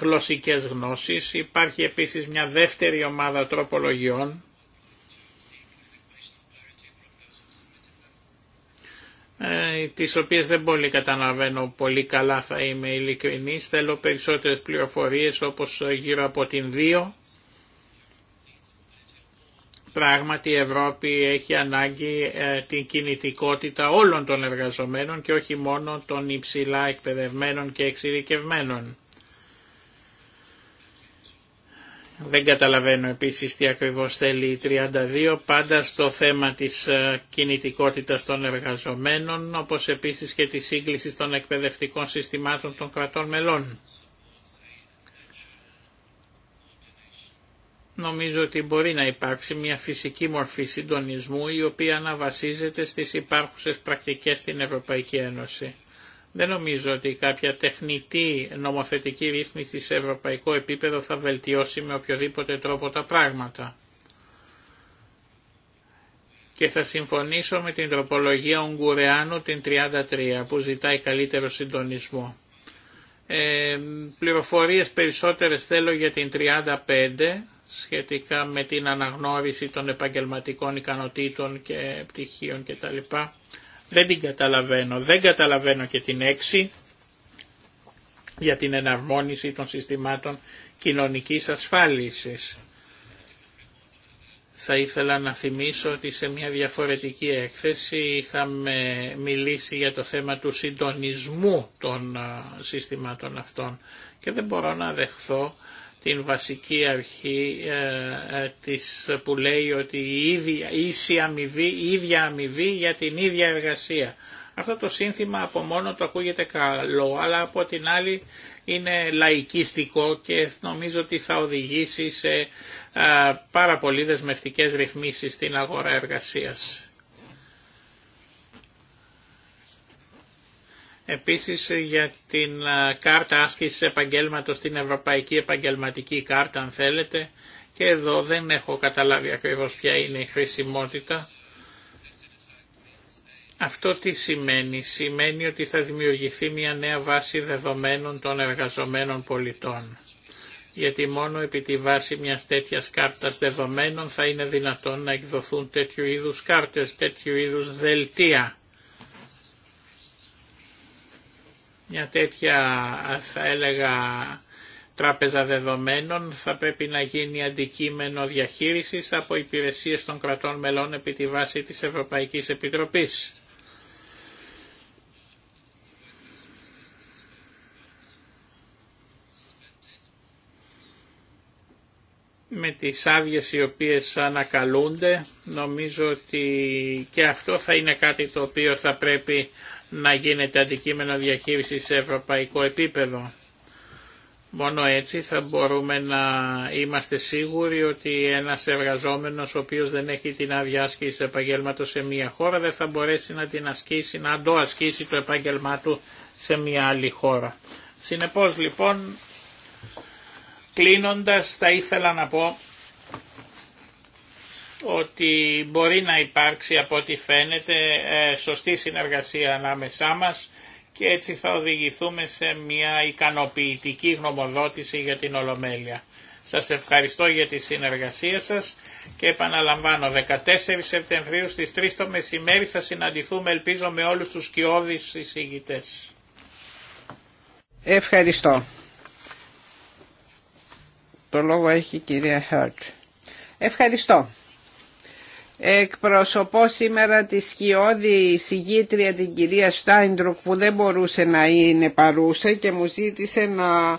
γλωσσικές γνώσεις. Υπάρχει επίσης μια δεύτερη ομάδα τροπολογιών ε, τις οποίες δεν πολύ καταλαβαίνω πολύ καλά θα είμαι ειλικρινής. Θέλω περισσότερες πληροφορίες όπως ε, γύρω από την 2. Πράγματι η Ευρώπη έχει ανάγκη ε, την κινητικότητα όλων των εργαζομένων και όχι μόνο των υψηλά εκπαιδευμένων και εξειδικευμένων. Δεν καταλαβαίνω επίσης τι ακριβώς θέλει η 32, πάντα στο θέμα της ε, κινητικότητας των εργαζομένων, όπως επίσης και της σύγκλησης των εκπαιδευτικών συστημάτων των κρατών μελών. Νομίζω ότι μπορεί να υπάρξει μια φυσική μορφή συντονισμού η οποία να βασίζεται στις υπάρχουσες πρακτικές στην Ευρωπαϊκή Ένωση. Δεν νομίζω ότι κάποια τεχνητή νομοθετική ρύθμιση σε ευρωπαϊκό επίπεδο θα βελτιώσει με οποιοδήποτε τρόπο τα πράγματα. Και θα συμφωνήσω με την τροπολογία Ουγγουρεάνου την 33 που ζητάει καλύτερο συντονισμό. Ε, πληροφορίες περισσότερες θέλω για την 35 σχετικά με την αναγνώριση των επαγγελματικών ικανοτήτων και πτυχίων κτλ. Δεν την καταλαβαίνω. Δεν καταλαβαίνω και την έξι για την εναρμόνιση των συστημάτων κοινωνικής ασφάλισης. Θα ήθελα να θυμίσω ότι σε μια διαφορετική έκθεση είχαμε μιλήσει για το θέμα του συντονισμού των ε, συστημάτων αυτών και δεν μπορώ να δεχθώ την βασική αρχή ε, ε, της, που λέει ότι η ίδια, ίση αμοιβή, η ίδια αμοιβή για την ίδια εργασία. Αυτό το σύνθημα από μόνο το ακούγεται καλό, αλλά από την άλλη είναι λαϊκιστικό και νομίζω ότι θα οδηγήσει σε ε, πάρα πολύ δεσμευτικές ρυθμίσεις στην αγορά εργασίας. Επίσης ε, για την ε, κάρτα άσκησης επαγγέλματος, την Ευρωπαϊκή Επαγγελματική Κάρτα αν θέλετε, και εδώ δεν έχω καταλάβει ακριβώς ποια είναι η χρησιμότητα. Αυτό τι σημαίνει. Σημαίνει ότι θα δημιουργηθεί μια νέα βάση δεδομένων των εργαζομένων πολιτών. Γιατί μόνο επί τη βάση μιας τέτοιας κάρτας δεδομένων θα είναι δυνατόν να εκδοθούν τέτοιου είδους κάρτες, τέτοιου είδους δελτία Μια τέτοια θα έλεγα τράπεζα δεδομένων θα πρέπει να γίνει αντικείμενο διαχείρισης από υπηρεσίες των κρατών μελών επί τη βάση της Ευρωπαϊκής Επιτροπής. με τις άδειε οι οποίες ανακαλούνται νομίζω ότι και αυτό θα είναι κάτι το οποίο θα πρέπει να γίνεται αντικείμενο διαχείρισης σε ευρωπαϊκό επίπεδο. Μόνο έτσι θα μπορούμε να είμαστε σίγουροι ότι ένας εργαζόμενος ο οποίος δεν έχει την άδεια άσκηση επαγγέλματο σε μια χώρα δεν θα μπορέσει να την ασκήσει, να το ασκήσει το επάγγελμά του σε μια άλλη χώρα. Συνεπώς λοιπόν, κλείνοντας θα ήθελα να πω ότι μπορεί να υπάρξει από ό,τι φαίνεται ε, σωστή συνεργασία ανάμεσά μας και έτσι θα οδηγηθούμε σε μια ικανοποιητική γνωμοδότηση για την Ολομέλεια. Σας ευχαριστώ για τη συνεργασία σας και επαναλαμβάνω 14 Σεπτεμβρίου στις 3 το μεσημέρι θα συναντηθούμε ελπίζω με όλους τους σκιώδεις εισηγητές. Ευχαριστώ. Το λόγο έχει η κυρία Χαρτ. Ευχαριστώ. Εκπροσωπώ σήμερα τη σκιώδη συγγήτρια την κυρία Στάιντρουκ που δεν μπορούσε να είναι παρούσα και μου ζήτησε να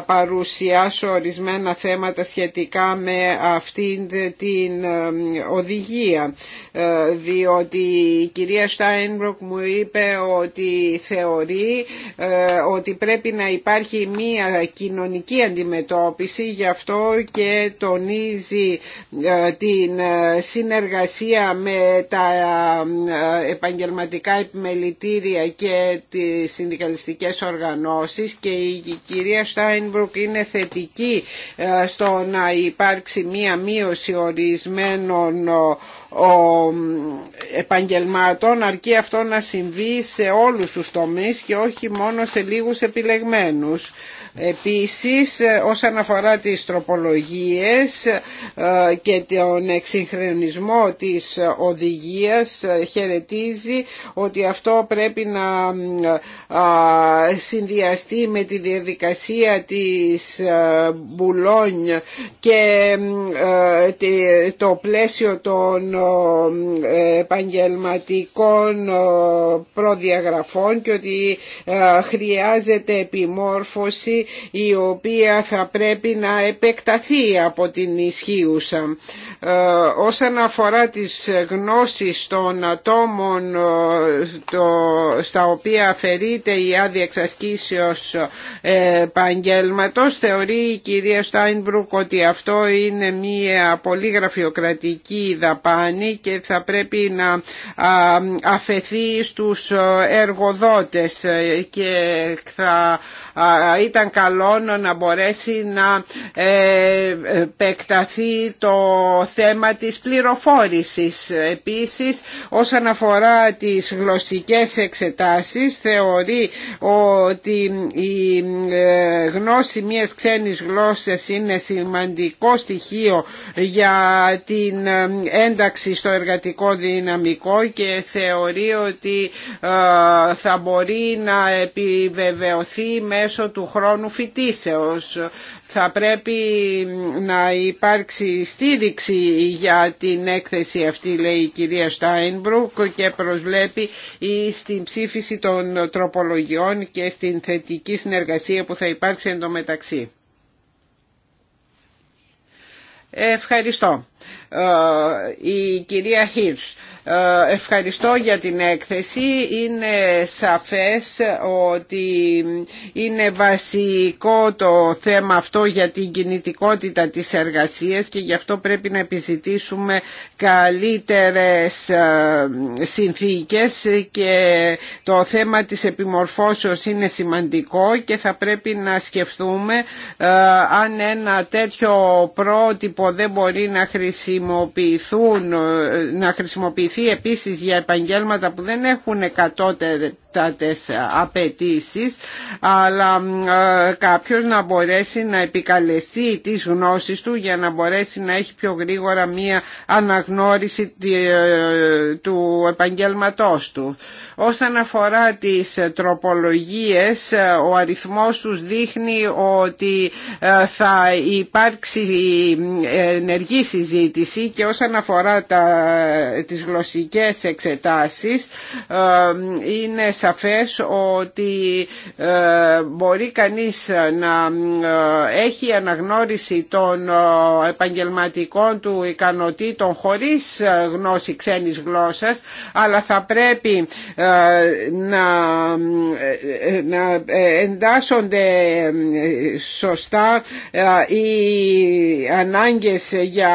παρουσιάσω ορισμένα θέματα σχετικά με αυτήν την οδηγία ε, διότι η κυρία Στάιντρουκ μου είπε ότι θεωρεί ε, ότι πρέπει να υπάρχει μία κοινωνική αντιμετώπιση γι' αυτό και τονίζει ε, την συνεργασία συνεργασία με τα ε, επαγγελματικά επιμελητήρια και τις συνδικαλιστικές οργανώσεις και η κυρία Στάινμπρουκ είναι θετική ε, στο να υπάρξει μία μείωση ορισμένων επαγγελμάτων αρκεί αυτό να συμβεί σε όλους τους τομείς και όχι μόνο σε λίγους επιλεγμένους. Επίσης ε, όσον αφορά τις τροπολογίες ε, και τον εξυγχρονισμό της οδηγίας ε, χαιρετίζει ότι αυτό πρέπει να συνδυαστεί με τη διαδικασία της Μπουλόνια και το πλαίσιο των επαγγελματικών ε, προδιαγραφών και ότι ε, χρειάζεται επιμόρφωση η οποία θα πρέπει να επεκταθεί από την ισχύουσα. Ε, όσον αφορά τις γνώσεις των ατόμων στα οποία αφαιρείται η άδεια εξασκήσεως επαγγέλματος θεωρεί η κυρία Στάινμπρουκ ότι αυτό είναι μια πολύ γραφειοκρατική δαπάνη και θα πρέπει να αφαιθεί στους εργοδότες και θα ήταν καλό να μπορέσει να ε, επεκταθεί το θέμα της πληροφόρησης. Επίσης όσον αφορά τις γλωσσικές εξετάσεις θεωρεί ότι η ε, γνώση μιας ξένης γλώσσας είναι σημαντικό στοιχείο για την ε, ένταξη στο εργατικό δυναμικό και θεωρεί ότι ε, θα μπορεί να επιβεβαιωθεί μέσω του χρόνου φοιτήσεως. Θα πρέπει να υπάρξει στήριξη για την έκθεση αυτή, λέει η κυρία Στάινμπρουκ και προσβλέπει στην ψήφιση των τροπολογιών και στην θετική συνεργασία που θα υπάρξει εντωμεταξύ. Ευχαριστώ. Ε, η κυρία Χίρς. Ε, ευχαριστώ για την έκθεση. Είναι σαφές ότι είναι βασικό το θέμα αυτό για την κινητικότητα της εργασίας και γι' αυτό πρέπει να επιζητήσουμε καλύτερες ε, συνθήκες και το θέμα της επιμορφώσεως είναι σημαντικό και θα πρέπει να σκεφτούμε ε, αν ένα τέτοιο πρότυπο δεν μπορεί να χρησιμοποιηθούν να χρησιμοποιηθεί ρυθμιστεί επίσης για επαγγέλματα που δεν έχουν εκατότατες απαιτήσει, αλλά ε, κάποιος να μπορέσει να επικαλεστεί τις γνώσεις του για να μπορέσει να έχει πιο γρήγορα μία αναγνώριση ε, του επαγγέλματός του. Όσον αφορά τις τροπολογίες, ο αριθμός τους δείχνει ότι ε, θα υπάρξει ενεργή συζήτηση και όσον αφορά τα, τις γλωσσικές εξετάσεις είναι σαφές ότι ε, μπορεί κανείς να ε, έχει αναγνώριση των ε, επαγγελματικών του ικανοτήτων χωρίς γνώση ξένης γλώσσας αλλά θα πρέπει να, να εντάσσονται σωστά οι ανάγκες για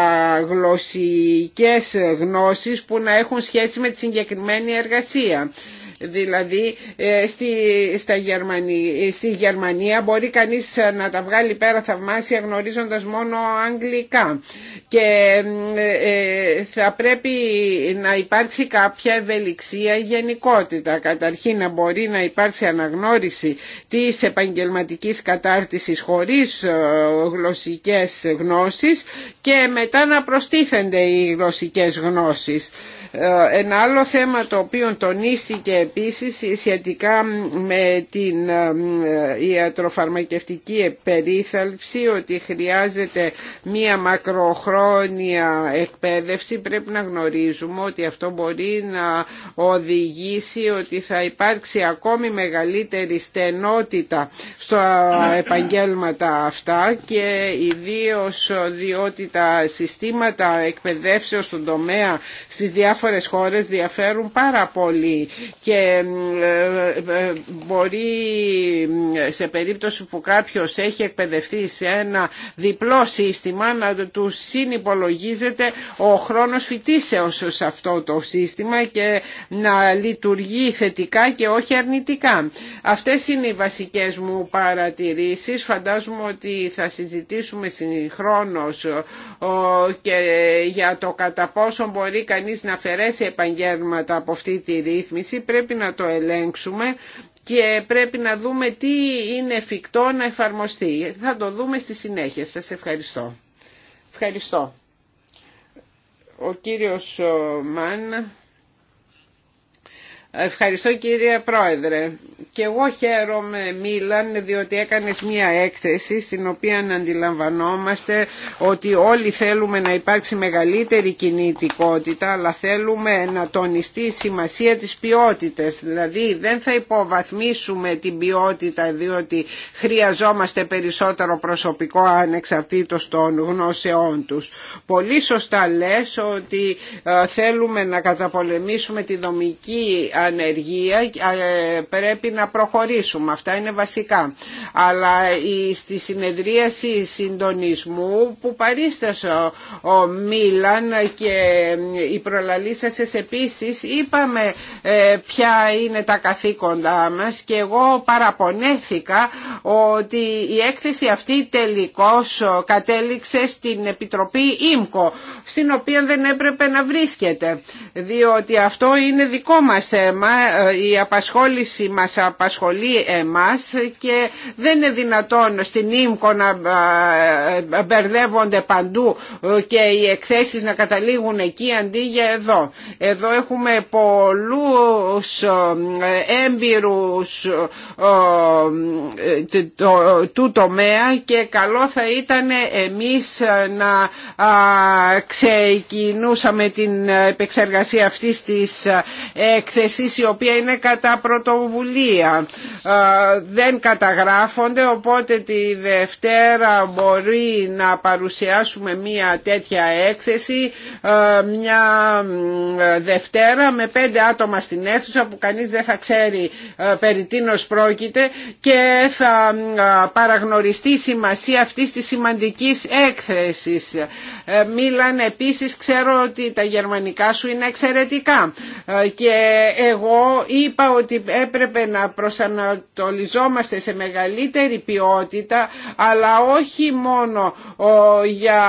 γλωσσικές γνώσεις που να έχουν σχέση με τη συγκεκριμένη εργασία. Δηλαδή ε, στη, Γερμανία, στη Γερμανία μπορεί κανείς ε, να τα βγάλει πέρα θαυμάσια γνωρίζοντας μόνο αγγλικά και ε, θα πρέπει να υπάρξει κάποια ευελιξία γενικότητα. Καταρχήν να μπορεί να υπάρξει αναγνώριση της επαγγελματικής κατάρτισης χωρίς γλωσσικές γνώσεις και μετά να προστίθενται οι γλωσσικές γνώσεις. Ε, ένα άλλο θέμα το οποίο τονίστηκε επίσης σχετικά με την ε, ε, ιατροφαρμακευτική περίθαλψη ότι χρειάζεται μία μακροχρόνια εκπαίδευση πρέπει να γνωρίζουμε ότι αυτό μπορεί να οδηγήσει ότι θα υπάρξει ακόμη μεγαλύτερη στενότητα στα επαγγέλματα αυτά και ιδίως διότι τα συστήματα εκπαιδεύσεως στον τομέα στις διάφορες διάφορες χώρες διαφέρουν πάρα πολύ και ε, ε, ε, μπορεί σε περίπτωση που κάποιος έχει εκπαιδευτεί σε ένα διπλό σύστημα να του συνυπολογίζεται ο χρόνος φοιτήσεως σε αυτό το σύστημα και να λειτουργεί θετικά και όχι αρνητικά. Αυτές είναι οι βασικές μου παρατηρήσεις. Φαντάζομαι ότι θα συζητήσουμε συγχρόνως και για το κατά πόσο μπορεί κανείς να αφαιρέσει επαγγέλματα από αυτή τη ρύθμιση πρέπει να το ελέγξουμε και πρέπει να δούμε τι είναι εφικτό να εφαρμοστεί. Θα το δούμε στη συνέχεια. Σας ευχαριστώ. Ευχαριστώ. Ο κύριος Μαν Ευχαριστώ κύριε Πρόεδρε. Και εγώ χαίρομαι Μίλαν διότι έκανες μία έκθεση στην οποία αντιλαμβανόμαστε ότι όλοι θέλουμε να υπάρξει μεγαλύτερη κινητικότητα αλλά θέλουμε να τονιστεί η σημασία της ποιότητας. Δηλαδή δεν θα υποβαθμίσουμε την ποιότητα διότι χρειαζόμαστε περισσότερο προσωπικό ανεξαρτήτως των γνώσεών τους. Πολύ σωστά λες ότι ε, θέλουμε να καταπολεμήσουμε τη δομική ανεργία ε, πρέπει να προχωρήσουμε. Αυτά είναι βασικά. Αλλά στη συνεδρίαση συντονισμού που παρίστασε ο Μίλαν και οι προλαλήσασες επίσης είπαμε ε, ποια είναι τα καθήκοντά μας και εγώ παραπονέθηκα ότι η έκθεση αυτή τελικώς ε, κατέληξε στην Επιτροπή ΙΜΚΟ στην οποία δεν έπρεπε να βρίσκεται διότι αυτό είναι δικό μας θέμα ε, η απασχόληση μας απασχολεί εμάς και δεν είναι δυνατόν στην ΙΜΚΟ να ε, ε, μπερδεύονται παντού και οι εκθέσεις να καταλήγουν εκεί αντί για εδώ. Εδώ έχουμε πολλούς έμπειρους του τομέα και καλό θα ήταν εμείς να ξεκινούσαμε την επεξεργασία αυτής της έκθεσης η οποία είναι κατά πρωτοβουλία. Δεν καταγράφονται οπότε τη Δευτέρα μπορεί να παρουσιάσουμε μία τέτοια έκθεση μια Δευτέρα με πέντε άτομα στην αίθουσα που κανείς δεν θα ξέρει περί τίνος πρόκειται και θα παραγνωριστεί η σημασία αυτής της σημαντικής έκθεσης. Ε, Μίλαν επίσης ξέρω ότι τα γερμανικά σου είναι εξαιρετικά ε, και εγώ είπα ότι έπρεπε να προσανατολιζόμαστε σε μεγαλύτερη ποιότητα αλλά όχι μόνο για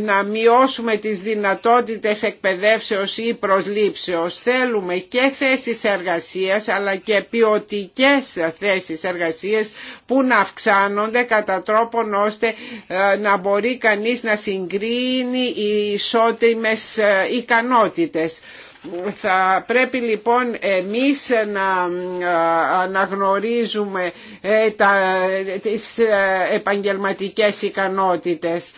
να μειώσουμε τις δυνατότητες εκπαιδεύσεως ή προσλήψεως. Θέλουμε και θέσεις εργασίας αλλά και ποιοτικές θέσεις εργασίας που να αυξάνονται κατά τρόπον ώστε ε, να μπορεί κανείς να συγκεντρώσει συγκρίνει οι ισότιμες ε, ικανότητες. Θα πρέπει λοιπόν εμείς να ε, αναγνωρίζουμε ε, τα, τις επαγγελματικές ικανότητες.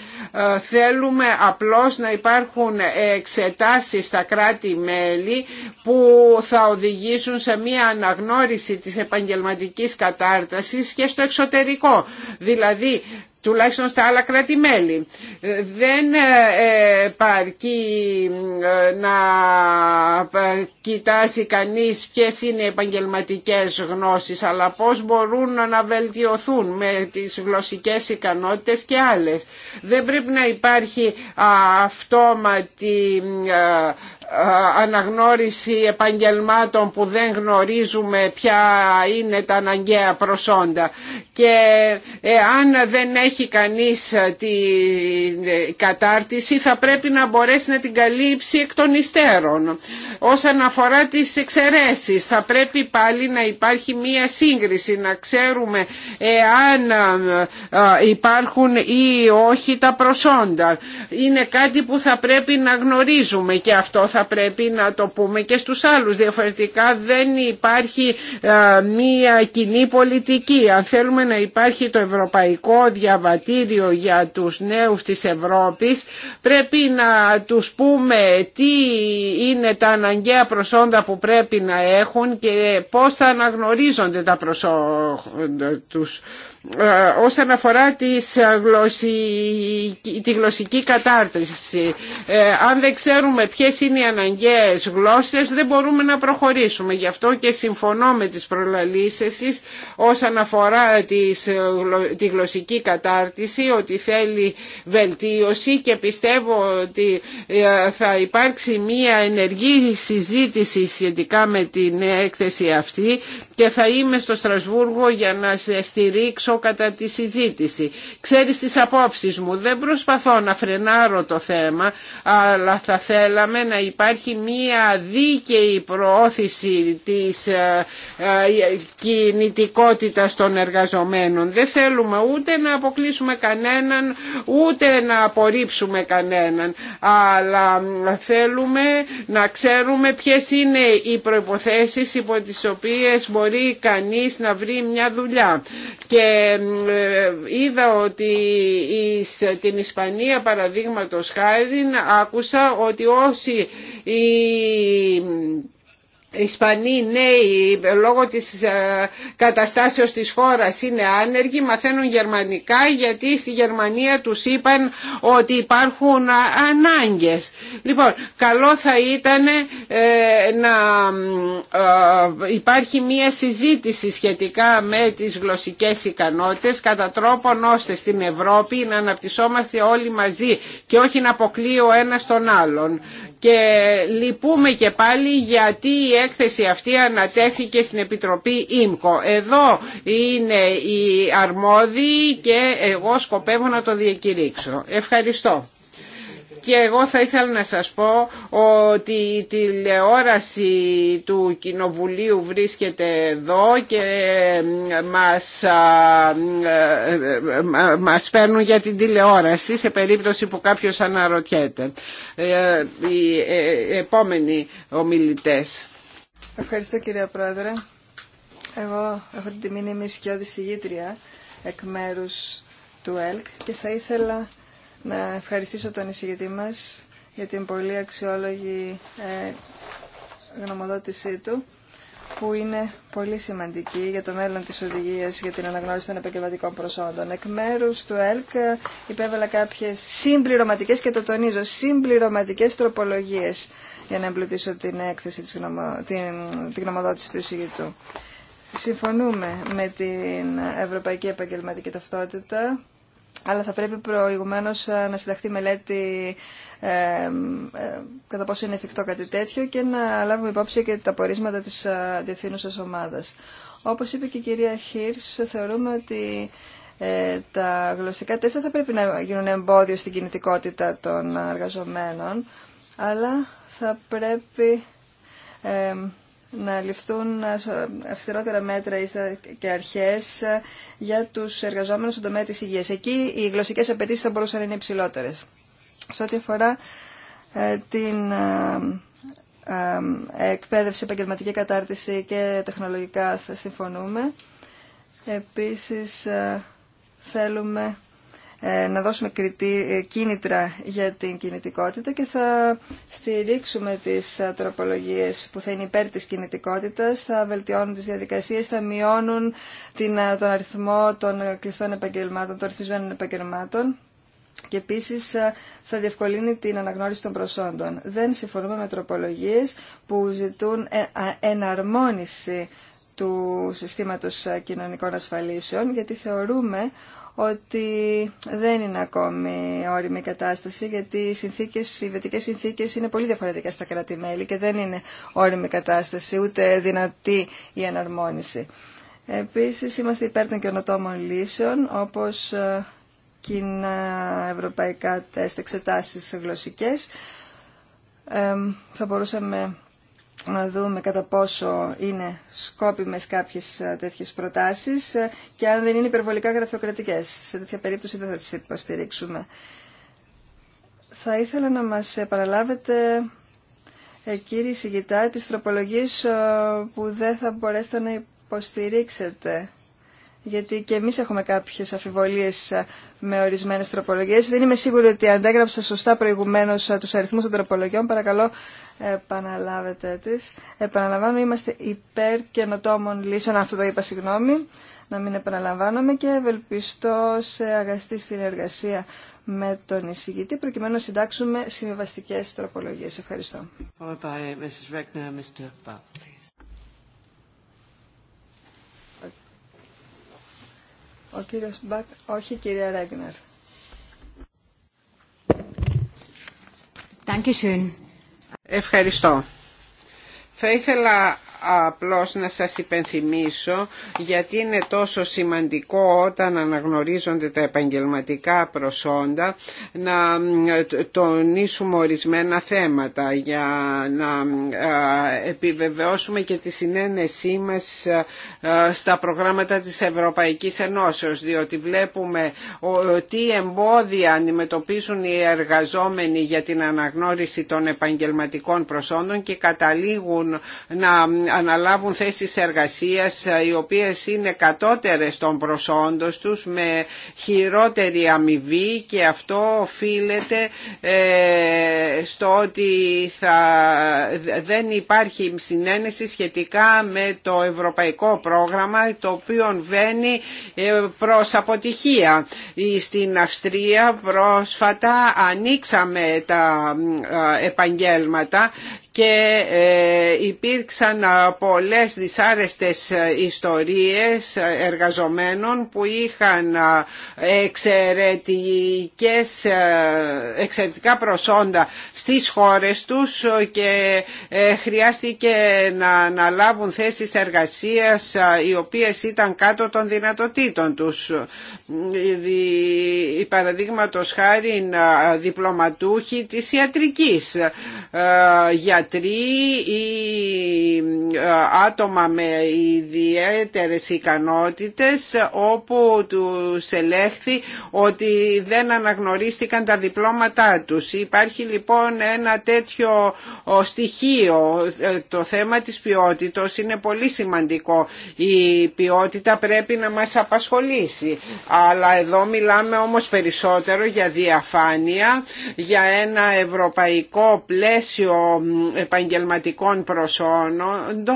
Θέλουμε απλώς να υπάρχουν εξετάσεις στα κράτη-μέλη που θα οδηγήσουν σε μια αναγνώριση της επαγγελματικής κατάρτασης και στο εξωτερικό. Δηλαδή τουλάχιστον στα άλλα κράτη-μέλη. Δεν ε, ε, παρκεί ε, να κοιτάζει κανείς ποιες είναι οι επαγγελματικές γνώσεις, αλλά πώς μπορούν να βελτιωθούν με τις γλωσσικές ικανότητες και άλλες. Δεν πρέπει να υπάρχει αυτόματη αναγνώριση επαγγελμάτων που δεν γνωρίζουμε ποια είναι τα αναγκαία προσόντα και ε, αν δεν έχει κανείς ε, την ε, κατάρτιση θα πρέπει να μπορέσει να την καλύψει εκ των υστέρων. Όσον αφορά τις εξαιρεσει, θα πρέπει πάλι να υπάρχει μία σύγκριση να ξέρουμε εάν υπάρχουν ή όχι τα προσόντα. Είναι κάτι που θα πρέπει να γνωρίζουμε και αυτό θα πρέπει να το πούμε και στους άλλους. Διαφορετικά δεν υπάρχει ε, μία κοινή πολιτική. Αν θέλουμε να υπάρχει το ευρωπαϊκό διαβατήριο για τους νέους της Ευρώπης πρέπει να τους πούμε τι είναι τα αναγκαία προσόντα που πρέπει να έχουν και πώς θα αναγνωρίζονται τα προσόντα τους. Ε, όσον αφορά τις ε, τη γλωσσική κατάρτιση. Ε, αν δεν ξέρουμε ποιες είναι οι αναγκαίες γλώσσες δεν μπορούμε να προχωρήσουμε. Γι' αυτό και συμφωνώ με τις προλαλήσεις όσον αφορά τις, τη γλωσσική κατάρτιση ότι θέλει βελτίωση και πιστεύω ότι θα υπάρξει μία ενεργή συζήτηση σχετικά με την έκθεση αυτή και θα είμαι στο Στρασβούργο για να στηρίξω κατά τη συζήτηση. Ξέρεις τις απόψεις μου, δεν προσπαθώ να φρενάρω το θέμα, αλλά θα θέλαμε να υπάρχει μία δίκαιη προώθηση της ε, ε, κινητικότητας των εργαζομένων. Δεν θέλουμε ούτε να αποκλείσουμε κανέναν, ούτε να απορρίψουμε κανέναν, αλλά θέλουμε να ξέρουμε ποιες είναι οι προϋποθέσεις υπό τις οποίες μπορεί κανείς να βρει μια δουλειά. Και ε, είδα ότι στην Ισπανία παραδείγματος χάρη άκουσα ότι όσοι οι Ισπανοί νέοι λόγω της ε, καταστάσεως της χώρας είναι άνεργοι, μαθαίνουν γερμανικά γιατί στη Γερμανία τους είπαν ότι υπάρχουν ε, ανάγκες. Λοιπόν, καλό θα ήταν ε, να υπάρχει μία συζήτηση σχετικά με τις γλωσσικές ικανότητες κατά τρόπον ώστε στην Ευρώπη να αναπτυσσόμαστε όλοι μαζί και όχι να αποκλείω ένα τον άλλον. Και λυπούμε και πάλι γιατί η έκθεση αυτή ανατέθηκε στην Επιτροπή ΙΜΚΟ. Εδώ είναι οι αρμόδιοι και εγώ σκοπεύω να το διακηρύξω. Ευχαριστώ και εγώ θα ήθελα να σας πω ότι η τηλεόραση του Κοινοβουλίου βρίσκεται εδώ και μας, ε, μας παίρνουν για την τηλεόραση σε περίπτωση που κάποιος αναρωτιέται. Ε, οι ε, επόμενοι ομιλητές. Ευχαριστώ κυρία Πρόεδρε. Εγώ έχω την τιμή να είμαι σκιώδη εκ μέρους του ΕΛΚ και θα ήθελα να ευχαριστήσω τον εισηγητή μας για την πολύ αξιόλογη ε, γνωμοδότησή του που είναι πολύ σημαντική για το μέλλον της οδηγίας για την αναγνώριση των επαγγελματικών προσόντων. Εκ μέρους του ΕΛΚ ε, υπέβαλα κάποιες συμπληρωματικές και το τονίζω, συμπληρωματικές τροπολογίες για να εμπλουτίσω την έκθεση, της την... την γνωμοδότηση του εισηγητού. Συμφωνούμε με την Ευρωπαϊκή Επαγγελματική Ταυτότητα αλλά θα πρέπει προηγουμένως ε, να συνταχθεί μελέτη ε, ε, κατά πόσο είναι εφικτό κάτι τέτοιο και να λάβουμε υπόψη και τα πορίσματα της διευθύνουσας ομάδας. Όπως είπε και η κυρία Χίρς, θεωρούμε ότι τα γλωσσικά τέστα θα πρέπει να γίνουν εμπόδιο στην κινητικότητα των εργαζομένων, αλλά θα πρέπει να ληφθούν ε, αυστηρότερα μέτρα και αρχές ε, για τους εργαζόμενους στον τομέα της υγείας. Εκεί οι γλωσσικέ απαιτήσει θα μπορούσαν να είναι υψηλότερε. Σε ό,τι αφορά ε, την εκπαίδευση, επαγγελματική κατάρτιση και τεχνολογικά θα συμφωνούμε. Επίσης θέλουμε ε, να δώσουμε ε, κίνητρα για την κινητικότητα και θα στηρίξουμε τις ε, τροπολογίες που θα είναι υπέρ της κινητικότητας, θα βελτιώνουν τις διαδικασίες, θα μειώνουν την, τον αριθμό των κλειστών επαγγελμάτων, των ρυθμισμένων επαγγελμάτων και επίση θα διευκολύνει την αναγνώριση των προσόντων. Δεν συμφωνούμε με τροπολογίε που ζητούν εναρμόνιση του συστήματος κοινωνικών ασφαλίσεων, γιατί θεωρούμε ότι δεν είναι ακόμη όριμη η κατάσταση, γιατί οι, συνθήκες, οι συνθήκες είναι πολύ διαφορετικές στα κράτη-μέλη και δεν είναι όριμη η κατάσταση, ούτε δυνατή η εναρμόνιση. Επίσης, είμαστε υπέρ των καινοτόμων λύσεων, όπως ε, κοινά ευρωπαϊκά τεστ εξετάσεις γλωσσικές. θα μπορούσαμε να δούμε κατά πόσο είναι σκόπιμες κάποιες ε, τέτοιες προτάσεις ε, και αν δεν είναι υπερβολικά γραφειοκρατικές. Σε τέτοια περίπτωση δεν θα τις υποστηρίξουμε. Θα ήθελα να μας παραλάβετε, ε, κύριε Σιγητά, τις τροπολογίες που δεν θα μπορέσετε να υποστηρίξετε. Γιατί και εμείς έχουμε κάποιες αφιβολίες με ορισμένες τροπολογίες. Δεν είμαι σίγουρη ότι αντέγραψα σωστά προηγουμένως τους αριθμούς των τροπολογιών. Παρακαλώ επαναλάβετε τις. Επαναλαμβάνουμε, είμαστε υπέρ καινοτόμων λύσεων, αυτό το είπα συγγνώμη, να μην επαναλαμβάνομαι και ευελπιστώ σε αγαστή συνεργασία με τον εισηγητή, προκειμένου να συντάξουμε συμβιβαστικέ τροπολογίε. Ευχαριστώ. Ο κύριος Μπακ, όχι κυρία Ρέγνερ. Ευχαριστώ. Θα ήθελα απλώς να σας υπενθυμίσω γιατί είναι τόσο σημαντικό όταν αναγνωρίζονται τα επαγγελματικά προσόντα να τονίσουμε ορισμένα θέματα για να επιβεβαιώσουμε και τη συνένεσή μας στα προγράμματα της Ευρωπαϊκής Ενώσεως διότι βλέπουμε τι εμπόδια αντιμετωπίζουν οι εργαζόμενοι για την αναγνώριση των επαγγελματικών προσόντων και καταλήγουν να αναλάβουν θέσεις εργασίας ε, οι οποίες είναι κατώτερες των προσόντων τους με χειρότερη αμοιβή και αυτό οφείλεται ε, στο ότι θα, δεν υπάρχει συνένεση σχετικά με το ευρωπαϊκό πρόγραμμα το οποίο βαίνει ε, προς αποτυχία. Στην Αυστρία πρόσφατα ανοίξαμε τα επαγγέλματα και ε, υπήρξαν πολλές δυσάρεστες ε, ιστορίες ε, εργαζομένων που είχαν εξαιρετικές, εξαιρετικά προσόντα στις χώρες τους και χρειάστηκε να λάβουν θέσεις εργασίας οι οποίες ήταν κάτω των δυνατοτήτων τους. Η παραδείγματος χάρη διπλωματούχοι της ιατρικής για γιατροί ή ε, άτομα με ιδιαίτερες ικανότητες όπου τους ελέγχθη ότι δεν αναγνωρίστηκαν τα διπλώματά τους. Υπάρχει λοιπόν ένα τέτοιο στοιχείο. Ε, το θέμα της ποιότητος είναι πολύ σημαντικό. Η ποιότητα πρέπει να μας απασχολήσει. Αλλά εδώ μιλάμε όμως περισσότερο για διαφάνεια, για ένα ευρωπαϊκό πλαίσιο επαγγελματικών προσώνων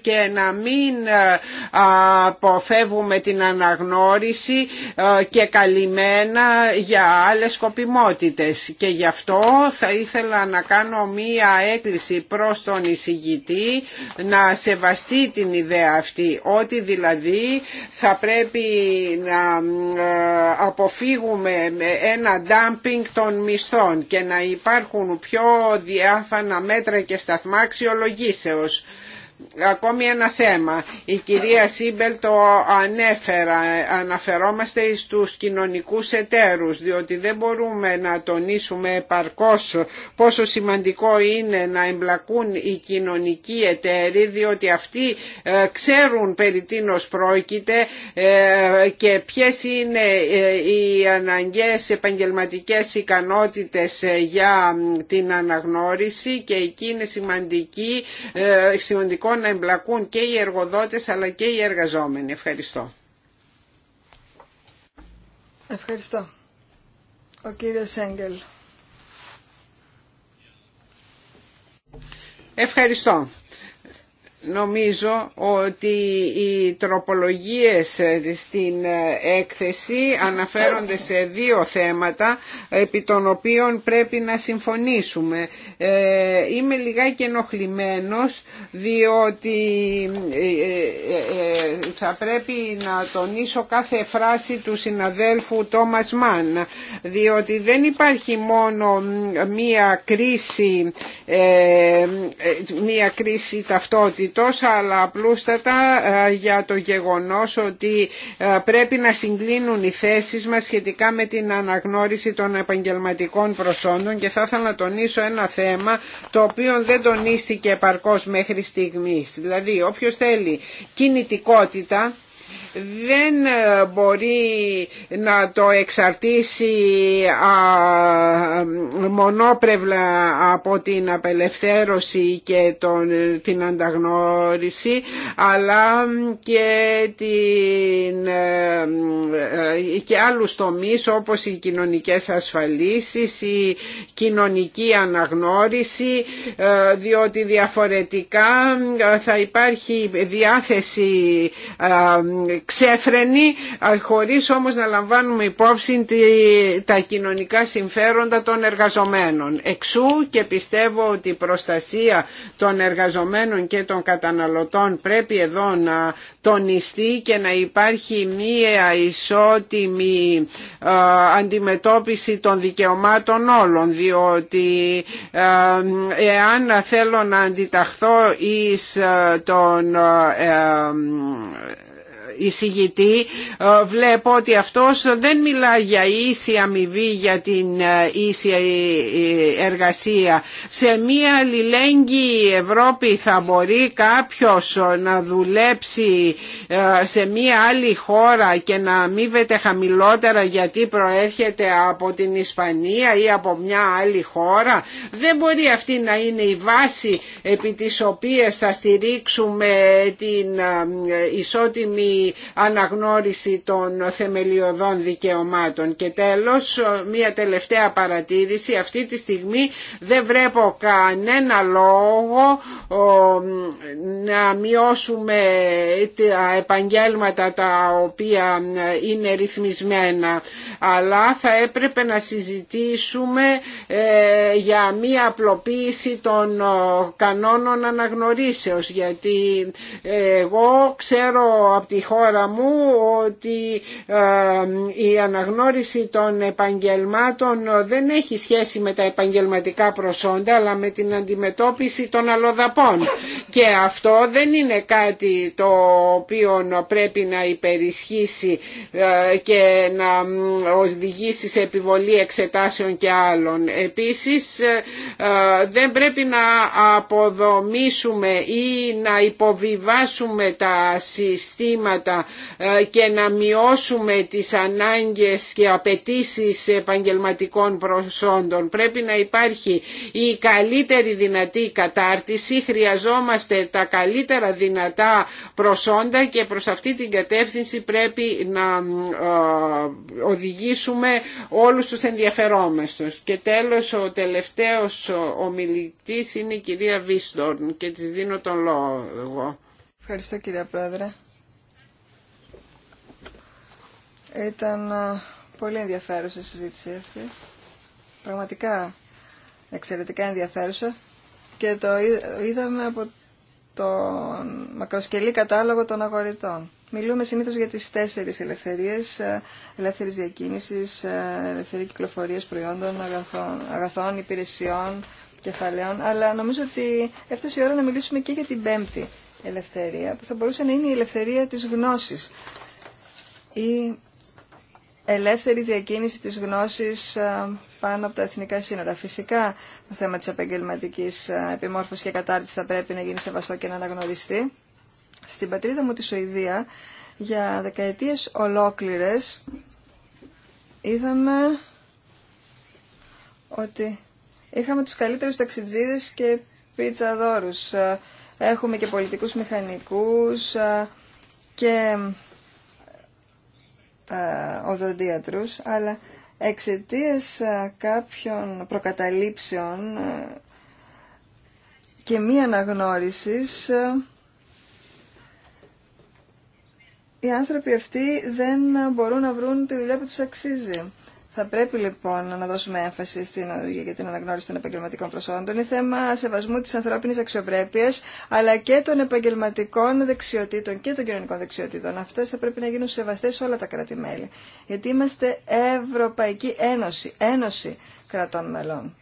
και να μην ε, αποφεύγουμε την αναγνώριση ε, και καλυμμένα για άλλες σκοπιμότητες. Και γι' αυτό θα ήθελα να κάνω μία έκκληση προς τον εισηγητή να σεβαστεί την ιδέα αυτή, ότι δηλαδή θα πρέπει να ε, αποφύγουμε ένα dumping των μισθών και να υπάρχουν πιο διάφανα μέτρα και σταθμά αξιολογήσεως ακόμη ένα θέμα. Η κυρία Σίμπελ το ανέφερα, αναφερόμαστε στους κοινωνικούς εταίρους, διότι δεν μπορούμε να τονίσουμε επαρκώς πόσο σημαντικό είναι να εμπλακούν οι κοινωνικοί εταίροι, διότι αυτοί ε, ξέρουν περί τίνος πρόκειται ε, και ποιες είναι ε, οι αναγκαίες επαγγελματικές ικανότητες για την αναγνώριση και εκεί είναι σημαντική, σημαντικό σημαντικό να εμπλακούν και οι εργοδότες αλλά και οι εργαζόμενοι. Ευχαριστώ. Ευχαριστώ. Ο κύριος Έγγελ. Ευχαριστώ. Νομίζω ότι οι τροπολογίες στην έκθεση αναφέρονται σε δύο θέματα επί των οποίων πρέπει να συμφωνήσουμε. Ε, είμαι λιγάκι ενοχλημένος διότι ε, ε, θα πρέπει να τονίσω κάθε φράση του συναδέλφου Τόμας Μαν διότι δεν υπάρχει μόνο μία κρίση, μία κρίση ταυτότητα τόσα αλλά απλούστατα ε, για το γεγονός ότι ε, πρέπει να συγκλίνουν οι θέσεις μας σχετικά με την αναγνώριση των επαγγελματικών προσόντων και θα ήθελα να τονίσω ένα θέμα το οποίο δεν τονίστηκε επαρκώς μέχρι στιγμής. Δηλαδή όποιος θέλει κινητικότητα δεν ε, μπορεί να το εξαρτήσει μονόπρευλα από την απελευθέρωση και τον, την ανταγνώριση αλλά και, την, ε, ε, και άλλους τομείς όπως οι κοινωνικές ασφαλίσεις, η κοινωνική αναγνώριση διότι διαφορετικά θα υπάρχει διάθεση ξέφρενη χωρίς όμως να λαμβάνουμε υπόψη τα κοινωνικά συμφέροντα των εργαζομένων. Εξού και πιστεύω ότι η προστασία των εργαζομένων και των καταναλωτών πρέπει εδώ να τονιστεί και να υπάρχει μία ισότιμη αντιμετώπιση των δικαιωμάτων όλων διότι εάν θέλω να αντιταχθώ εις τον εισηγητή ε, βλέπω ότι αυτός δεν μιλά για ίση αμοιβή για την ε, ίση ε, εργασία. Σε μια αλληλέγγυη Ευρώπη θα μπορεί κάποιος να δουλέψει σε μια άλλη χώρα και να αμοιβεται χαμηλότερα γιατί προέρχεται από την Ισπανία ή από μια άλλη χώρα. Δεν μπορεί αυτή να είναι η βάση επί της οποίας θα στηρίξουμε την ισότιμη αναγνώριση των θεμελιωδών δικαιωμάτων. Και τέλος, μία τελευταία παρατήρηση. Αυτή τη στιγμή δεν βρέπω κανένα λόγο να μειώσουμε τα επαγγέλματα τα οποία είναι ρυθμισμένα. Αλλά θα έπρεπε να συζητήσουμε ε, για μία απλοποίηση των κανόνων αναγνωρίσεως. Γιατί ε, εγώ ξέρω από τη χώρα χώρα ότι ε, η αναγνώριση των επαγγελμάτων δεν έχει σχέση με τα επαγγελματικά προσόντα αλλά με την αντιμετώπιση των αλλοδαπών και αυτό δεν είναι κάτι το οποίο πρέπει να υπερισχύσει ε, και να οδηγήσει σε επιβολή εξετάσεων και άλλων. Επίσης ε, δεν πρέπει να αποδομήσουμε ή να υποβιβάσουμε τα συστήματα ε, και να μειώσουμε τις ανάγκες και απαιτήσει επαγγελματικών προσόντων. Πρέπει να υπάρχει η καλύτερη δυνατή κατάρτιση, χρειαζόμαστε τα καλύτερα δυνατά προσόντα και προς αυτή την κατεύθυνση πρέπει να ε, οδηγήσουμε όλους τους ενδιαφερόμενους. Και τέλος ο τελευταίος ομιλητής είναι η κυρία Βίστορν και της δίνω τον λόγο. Ευχαριστώ κυρία Πρόεδρε. Ήταν ε, πολύ ενδιαφέρουσα η συζήτηση αυτή. Πραγματικά εξαιρετικά ενδιαφέρουσα και το είδαμε από τον μακροσκελή κατάλογο των αγορητών. Μιλούμε συνήθως για τις τέσσερις ελευθερίες, ε, ελεύθερης διακίνησης, ε, ελευθερή κυκλοφορίας προϊόντων, αγαθών, αγαθών υπηρεσιών, κεφαλαίων, αλλά νομίζω ότι έφτασε η ώρα να μιλήσουμε και για την πέμπτη ελευθερία, που θα μπορούσε να είναι η ελευθερία της γνώσης ή ελεύθερη διακίνηση της γνώσης ε, πάνω από τα εθνικά σύνορα. Φυσικά το θέμα της επαγγελματική ε, επιμόρφωσης και κατάρτισης θα πρέπει να γίνει σεβαστό και να αναγνωριστεί. Στην πατρίδα μου τη Σουηδία για δεκαετίες ολόκληρες είδαμε ότι είχαμε τους καλύτερους ταξιτζίδες και πιτσαδόρους. Ε, έχουμε και πολιτικούς μηχανικούς και ε, οδοντίατρους, αλλά εξαιτίας ε, κάποιων προκαταλήψεων ε, και μη αναγνώρισης οι άνθρωποι αυτοί δεν μπορούν να βρουν τη δουλειά που τους αξίζει. Θα πρέπει λοιπόν να δώσουμε έμφαση στην για την αναγνώριση των επαγγελματικών προσόντων. Είναι θέμα σεβασμού τη ανθρώπινη αξιοπρέπεια αλλά και των επαγγελματικών δεξιοτήτων και των κοινωνικών δεξιοτήτων. Αυτέ θα πρέπει να γίνουν σεβαστέ σε όλα τα κράτη-μέλη. Γιατί είμαστε Ευρωπαϊκή Ένωση, Ένωση κρατών μελών.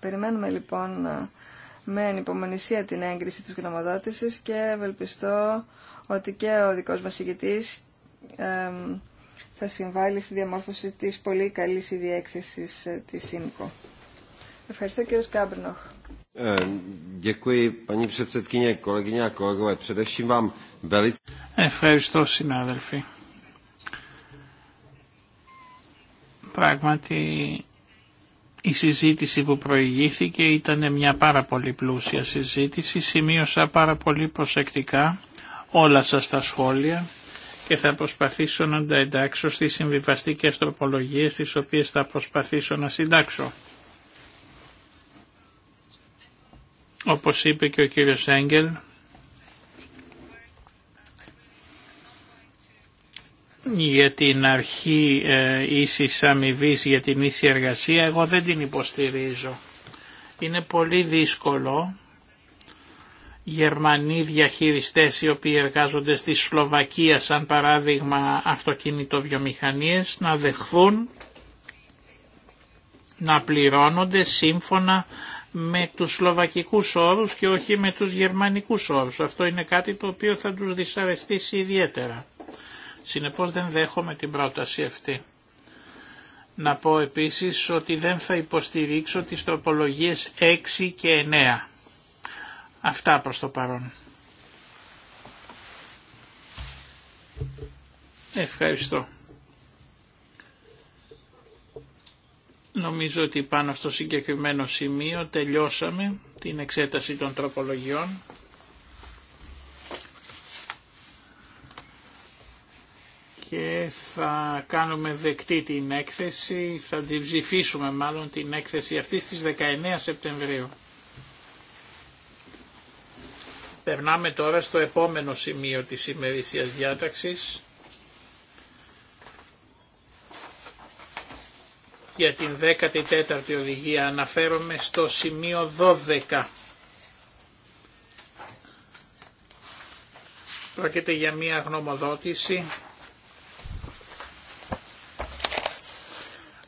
Περιμένουμε λοιπόν με ανυπομονησία την έγκριση της γνωμοδότησης και ευελπιστώ ότι και ο δικός μας ηγητής θα συμβάλλει στη διαμόρφωση της πολύ καλής ιδιέκθεσης ε, της ΣΥΜΚΟ. Ευχαριστώ κύριο Σκάμπρνοχ. Ε, Ευχαριστώ συνάδελφοι. Πράγματι η συζήτηση που προηγήθηκε ήταν μια πάρα πολύ πλούσια συζήτηση. Σημείωσα πάρα πολύ προσεκτικά όλα σας τα σχόλια και θα προσπαθήσω να τα εντάξω στις συμβιβαστικές τροπολογίες τις οποίες θα προσπαθήσω να συντάξω. Όπως είπε και ο κύριος Έγγελ, για την αρχή ε, ίσης αμοιβή για την ίση εργασία, εγώ δεν την υποστηρίζω. Είναι πολύ δύσκολο Γερμανοί διαχειριστές οι οποίοι εργάζονται στη Σλοβακία σαν παράδειγμα αυτοκινητοβιομηχανίες να δεχθούν να πληρώνονται σύμφωνα με τους σλοβακικούς όρους και όχι με τους γερμανικούς όρους. Αυτό είναι κάτι το οποίο θα τους δυσαρεστήσει ιδιαίτερα. Συνεπώς δεν δέχομαι την πρόταση αυτή. Να πω επίσης ότι δεν θα υποστηρίξω τις τροπολογίες 6 και 9. Αυτά προς το παρόν. Ευχαριστώ. Νομίζω ότι πάνω στο συγκεκριμένο σημείο τελειώσαμε την εξέταση των τροπολογιών. και θα κάνουμε δεκτή την έκθεση, θα την μάλλον την έκθεση αυτή στις 19 Σεπτεμβρίου. Περνάμε τώρα στο επόμενο σημείο της ημερησίας διάταξης για την 14η οδηγία αναφέρομαι στο σημείο 12. Πρόκειται για μία γνωμοδότηση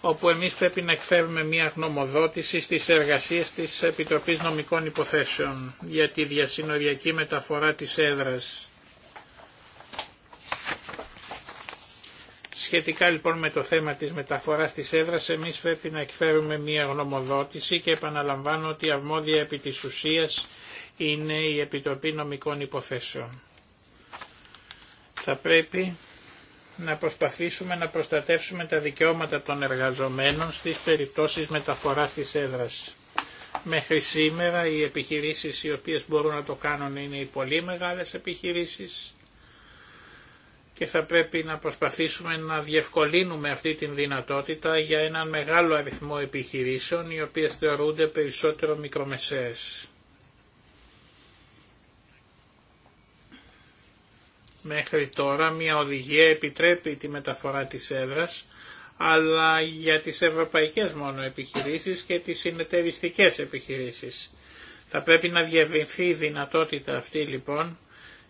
όπου εμείς πρέπει να εκφέρουμε μια γνωμοδότηση στις εργασίες της Επιτροπής Νομικών Υποθέσεων για τη διασυνοριακή μεταφορά της έδρας. Σχετικά λοιπόν με το θέμα της μεταφοράς της έδρας, εμείς πρέπει να εκφέρουμε μια γνωμοδότηση και επαναλαμβάνω ότι η αρμόδια επί της ουσίας είναι η Επιτροπή Νομικών Υποθέσεων. Θα πρέπει να προσπαθήσουμε να προστατεύσουμε τα δικαιώματα των εργαζομένων στις περιπτώσεις μεταφοράς της έδρας. Μέχρι σήμερα οι επιχειρήσεις οι οποίες μπορούν να το κάνουν είναι οι πολύ μεγάλες επιχειρήσεις και θα πρέπει να προσπαθήσουμε να διευκολύνουμε αυτή την δυνατότητα για έναν μεγάλο αριθμό επιχειρήσεων οι οποίες θεωρούνται περισσότερο μικρομεσαίες. Μέχρι τώρα μια οδηγία επιτρέπει τη μεταφορά της έδρας, αλλά για τις ευρωπαϊκές μόνο επιχειρήσεις και τις συνεταιριστικές επιχειρήσεις. Θα πρέπει να διευρυνθεί η δυνατότητα αυτή λοιπόν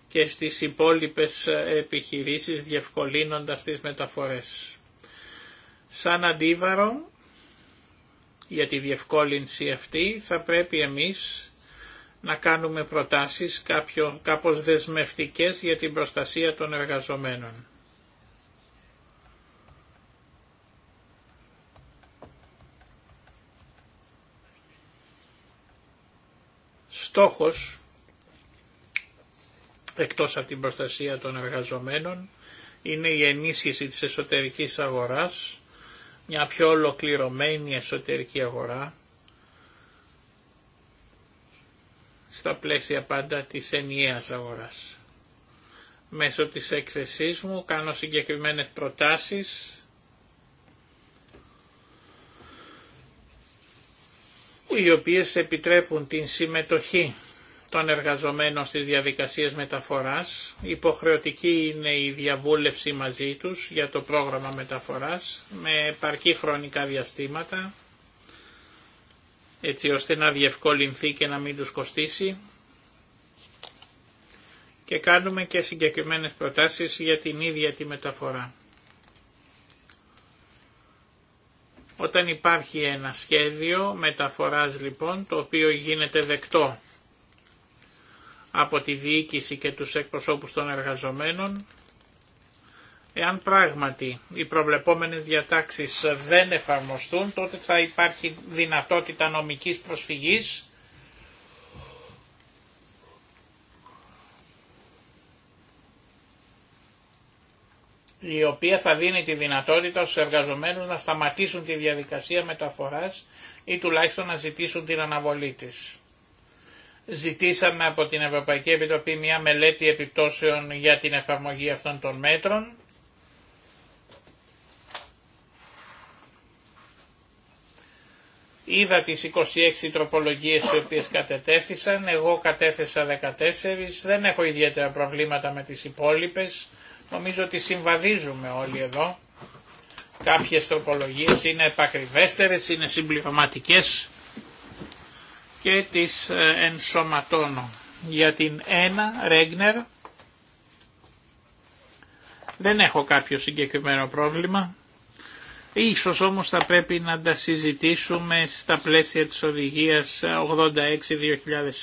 και στις υπόλοιπες επιχειρήσεις διευκολύνοντας τις μεταφορές. Σαν αντίβαρο για τη διευκόλυνση αυτή θα πρέπει εμείς να κάνουμε προτάσεις κάποιο, κάπως δεσμευτικές για την προστασία των εργαζομένων. Στόχος, εκτός από την προστασία των εργαζομένων, είναι η ενίσχυση της εσωτερικής αγοράς, μια πιο ολοκληρωμένη εσωτερική αγορά, στα πλαίσια πάντα της ενιαίας αγοράς. Μέσω της έκθεσής μου κάνω συγκεκριμένες προτάσεις οι οποίες επιτρέπουν την συμμετοχή των εργαζομένων στις διαδικασίες μεταφοράς. Υποχρεωτική είναι η διαβούλευση μαζί τους για το πρόγραμμα μεταφοράς με επαρκή χρονικά διαστήματα έτσι ώστε να διευκολυνθεί και να μην τους κοστίσει και κάνουμε και συγκεκριμένες προτάσεις για την ίδια τη μεταφορά. Όταν υπάρχει ένα σχέδιο μεταφοράς λοιπόν το οποίο γίνεται δεκτό από τη διοίκηση και τους εκπροσώπους των εργαζομένων Εάν πράγματι οι προβλεπόμενες διατάξεις δεν εφαρμοστούν, τότε θα υπάρχει δυνατότητα νομικής προσφυγής η οποία θα δίνει τη δυνατότητα στους εργαζομένους να σταματήσουν τη διαδικασία μεταφοράς ή τουλάχιστον να ζητήσουν την αναβολή της. Ζητήσαμε από την Ευρωπαϊκή Επιτροπή μια μελέτη επιπτώσεων για την εφαρμογή αυτών των μέτρων Είδα τις 26 τροπολογίες οι οποίες κατετέθησαν, εγώ κατέθεσα 14, δεν έχω ιδιαίτερα προβλήματα με τις υπόλοιπες, νομίζω ότι συμβαδίζουμε όλοι εδώ. Κάποιες τροπολογίες είναι επακριβέστερες, είναι συμπληρωματικές και τις ε, ενσωματώνω. Για την 1, Ρέγνερ, δεν έχω κάποιο συγκεκριμένο πρόβλημα. Ίσως όμως θα πρέπει να τα συζητήσουμε στα πλαίσια της οδηγίας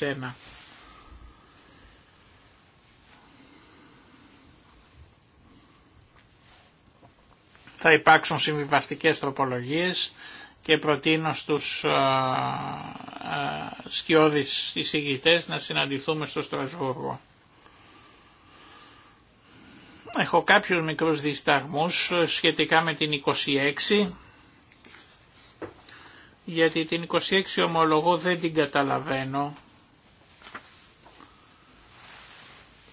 86-2001. Θα υπάρξουν συμβιβαστικές τροπολογίες και προτείνω στους σκιώδεις εισηγητές να συναντηθούμε στο Στρασβούργο. Έχω κάποιους μικρούς δισταγμούς σχετικά με την 26, γιατί την 26 ομολογώ δεν την καταλαβαίνω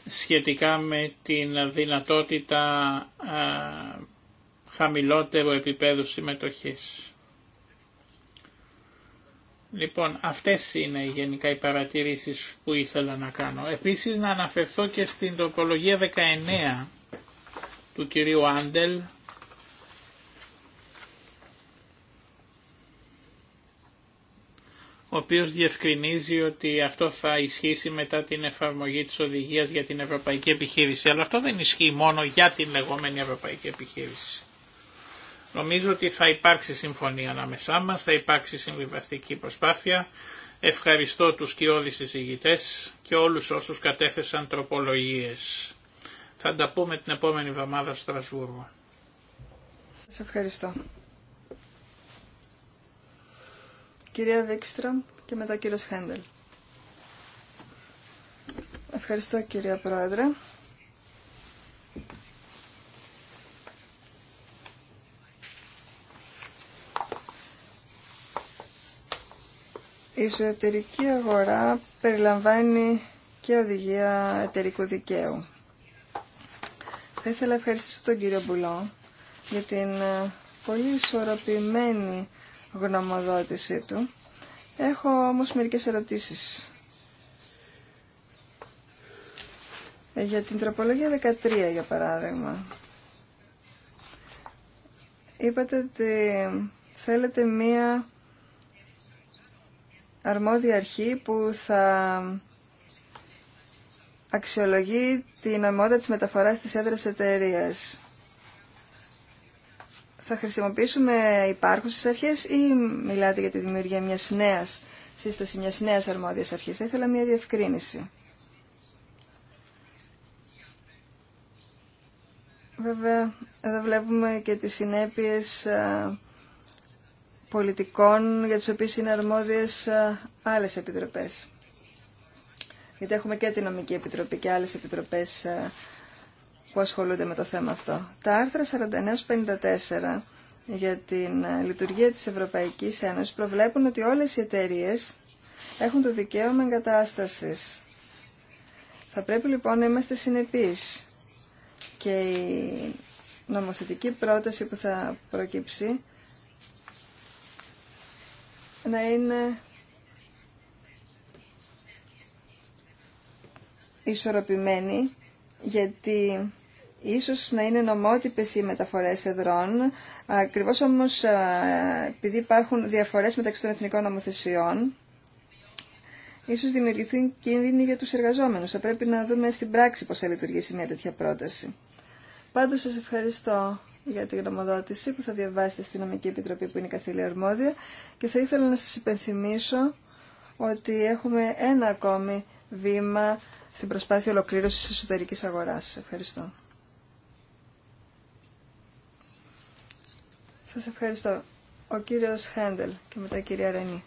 σχετικά με την δυνατότητα α, χαμηλότερου επίπεδου συμμετοχής. Λοιπόν, αυτές είναι γενικά οι παρατηρήσεις που ήθελα να κάνω. Επίσης να αναφερθώ και στην τοπολογία 19 του κυρίου Άντελ ο οποίος διευκρινίζει ότι αυτό θα ισχύσει μετά την εφαρμογή της οδηγίας για την Ευρωπαϊκή Επιχείρηση. Αλλά αυτό δεν ισχύει μόνο για την λεγόμενη Ευρωπαϊκή Επιχείρηση. Νομίζω ότι θα υπάρξει συμφωνία ανάμεσά μας, θα υπάρξει συμβιβαστική προσπάθεια. Ευχαριστώ τους κοιόδης εισηγητές και όλους όσους κατέθεσαν τροπολογίες. Θα τα πούμε την επόμενη εβδομάδα στο Στρασβούργο. Σας ευχαριστώ. Κυρία Βίξτρομ και μετά κύριος Χέντελ. Ευχαριστώ κυρία Πρόεδρε. Η εσωτερική αγορά περιλαμβάνει και οδηγία εταιρικού δικαίου. Θα ήθελα να ευχαριστήσω τον κύριο Μπουλό για την ε, πολύ ισορροπημένη γνωμοδότησή του. Έχω όμως μερικές ερωτήσεις. Ε, για την τροπολογία 13, για παράδειγμα. Είπατε ότι θέλετε μία αρμόδια αρχή που θα αξιολογεί την ομότητα της μεταφοράς της έδρας εταιρεία. Θα χρησιμοποιήσουμε υπάρχουσες αρχές ή μιλάτε για τη δημιουργία μιας νέας σύσταση, μιας νέας αρμόδιας αρχής. Θα ήθελα μια διευκρίνηση. Βέβαια, εδώ βλέπουμε και τις συνέπειες πολιτικών για τις οποίες είναι αρμόδιες άλλες επιτροπές γιατί έχουμε και τη Νομική Επιτροπή και άλλες επιτροπές ε, που ασχολούνται με το θέμα αυτό. Τα άρθρα 49-54 για την ε, λειτουργία της Ευρωπαϊκής Ένωσης προβλέπουν ότι όλες οι εταιρείε έχουν το δικαίωμα εγκατάστασης. Θα πρέπει λοιπόν να είμαστε συνεπείς και η νομοθετική πρόταση που θα προκύψει να είναι ισορροπημένη γιατί ίσως να είναι νομότυπες οι μεταφορές εδρών, ακριβώς όμως επειδή υπάρχουν διαφορές μεταξύ των εθνικών νομοθεσιών, ίσως δημιουργηθούν κίνδυνοι για τους εργαζόμενους. Θα πρέπει να δούμε στην πράξη πώς θα λειτουργήσει μια τέτοια πρόταση. Πάντως σας ευχαριστώ για την γνωμοδότηση που θα διαβάσετε στην Νομική Επιτροπή που είναι η καθήλια αρμόδια και θα ήθελα να σας υπενθυμίσω ότι έχουμε ένα ακόμη βήμα στην προσπάθεια ολοκλήρωσης εσωτερικής αγοράς. Ευχαριστώ. Σας ευχαριστώ. Ο κύριος Χέντελ και μετά η κυρία Ρενή.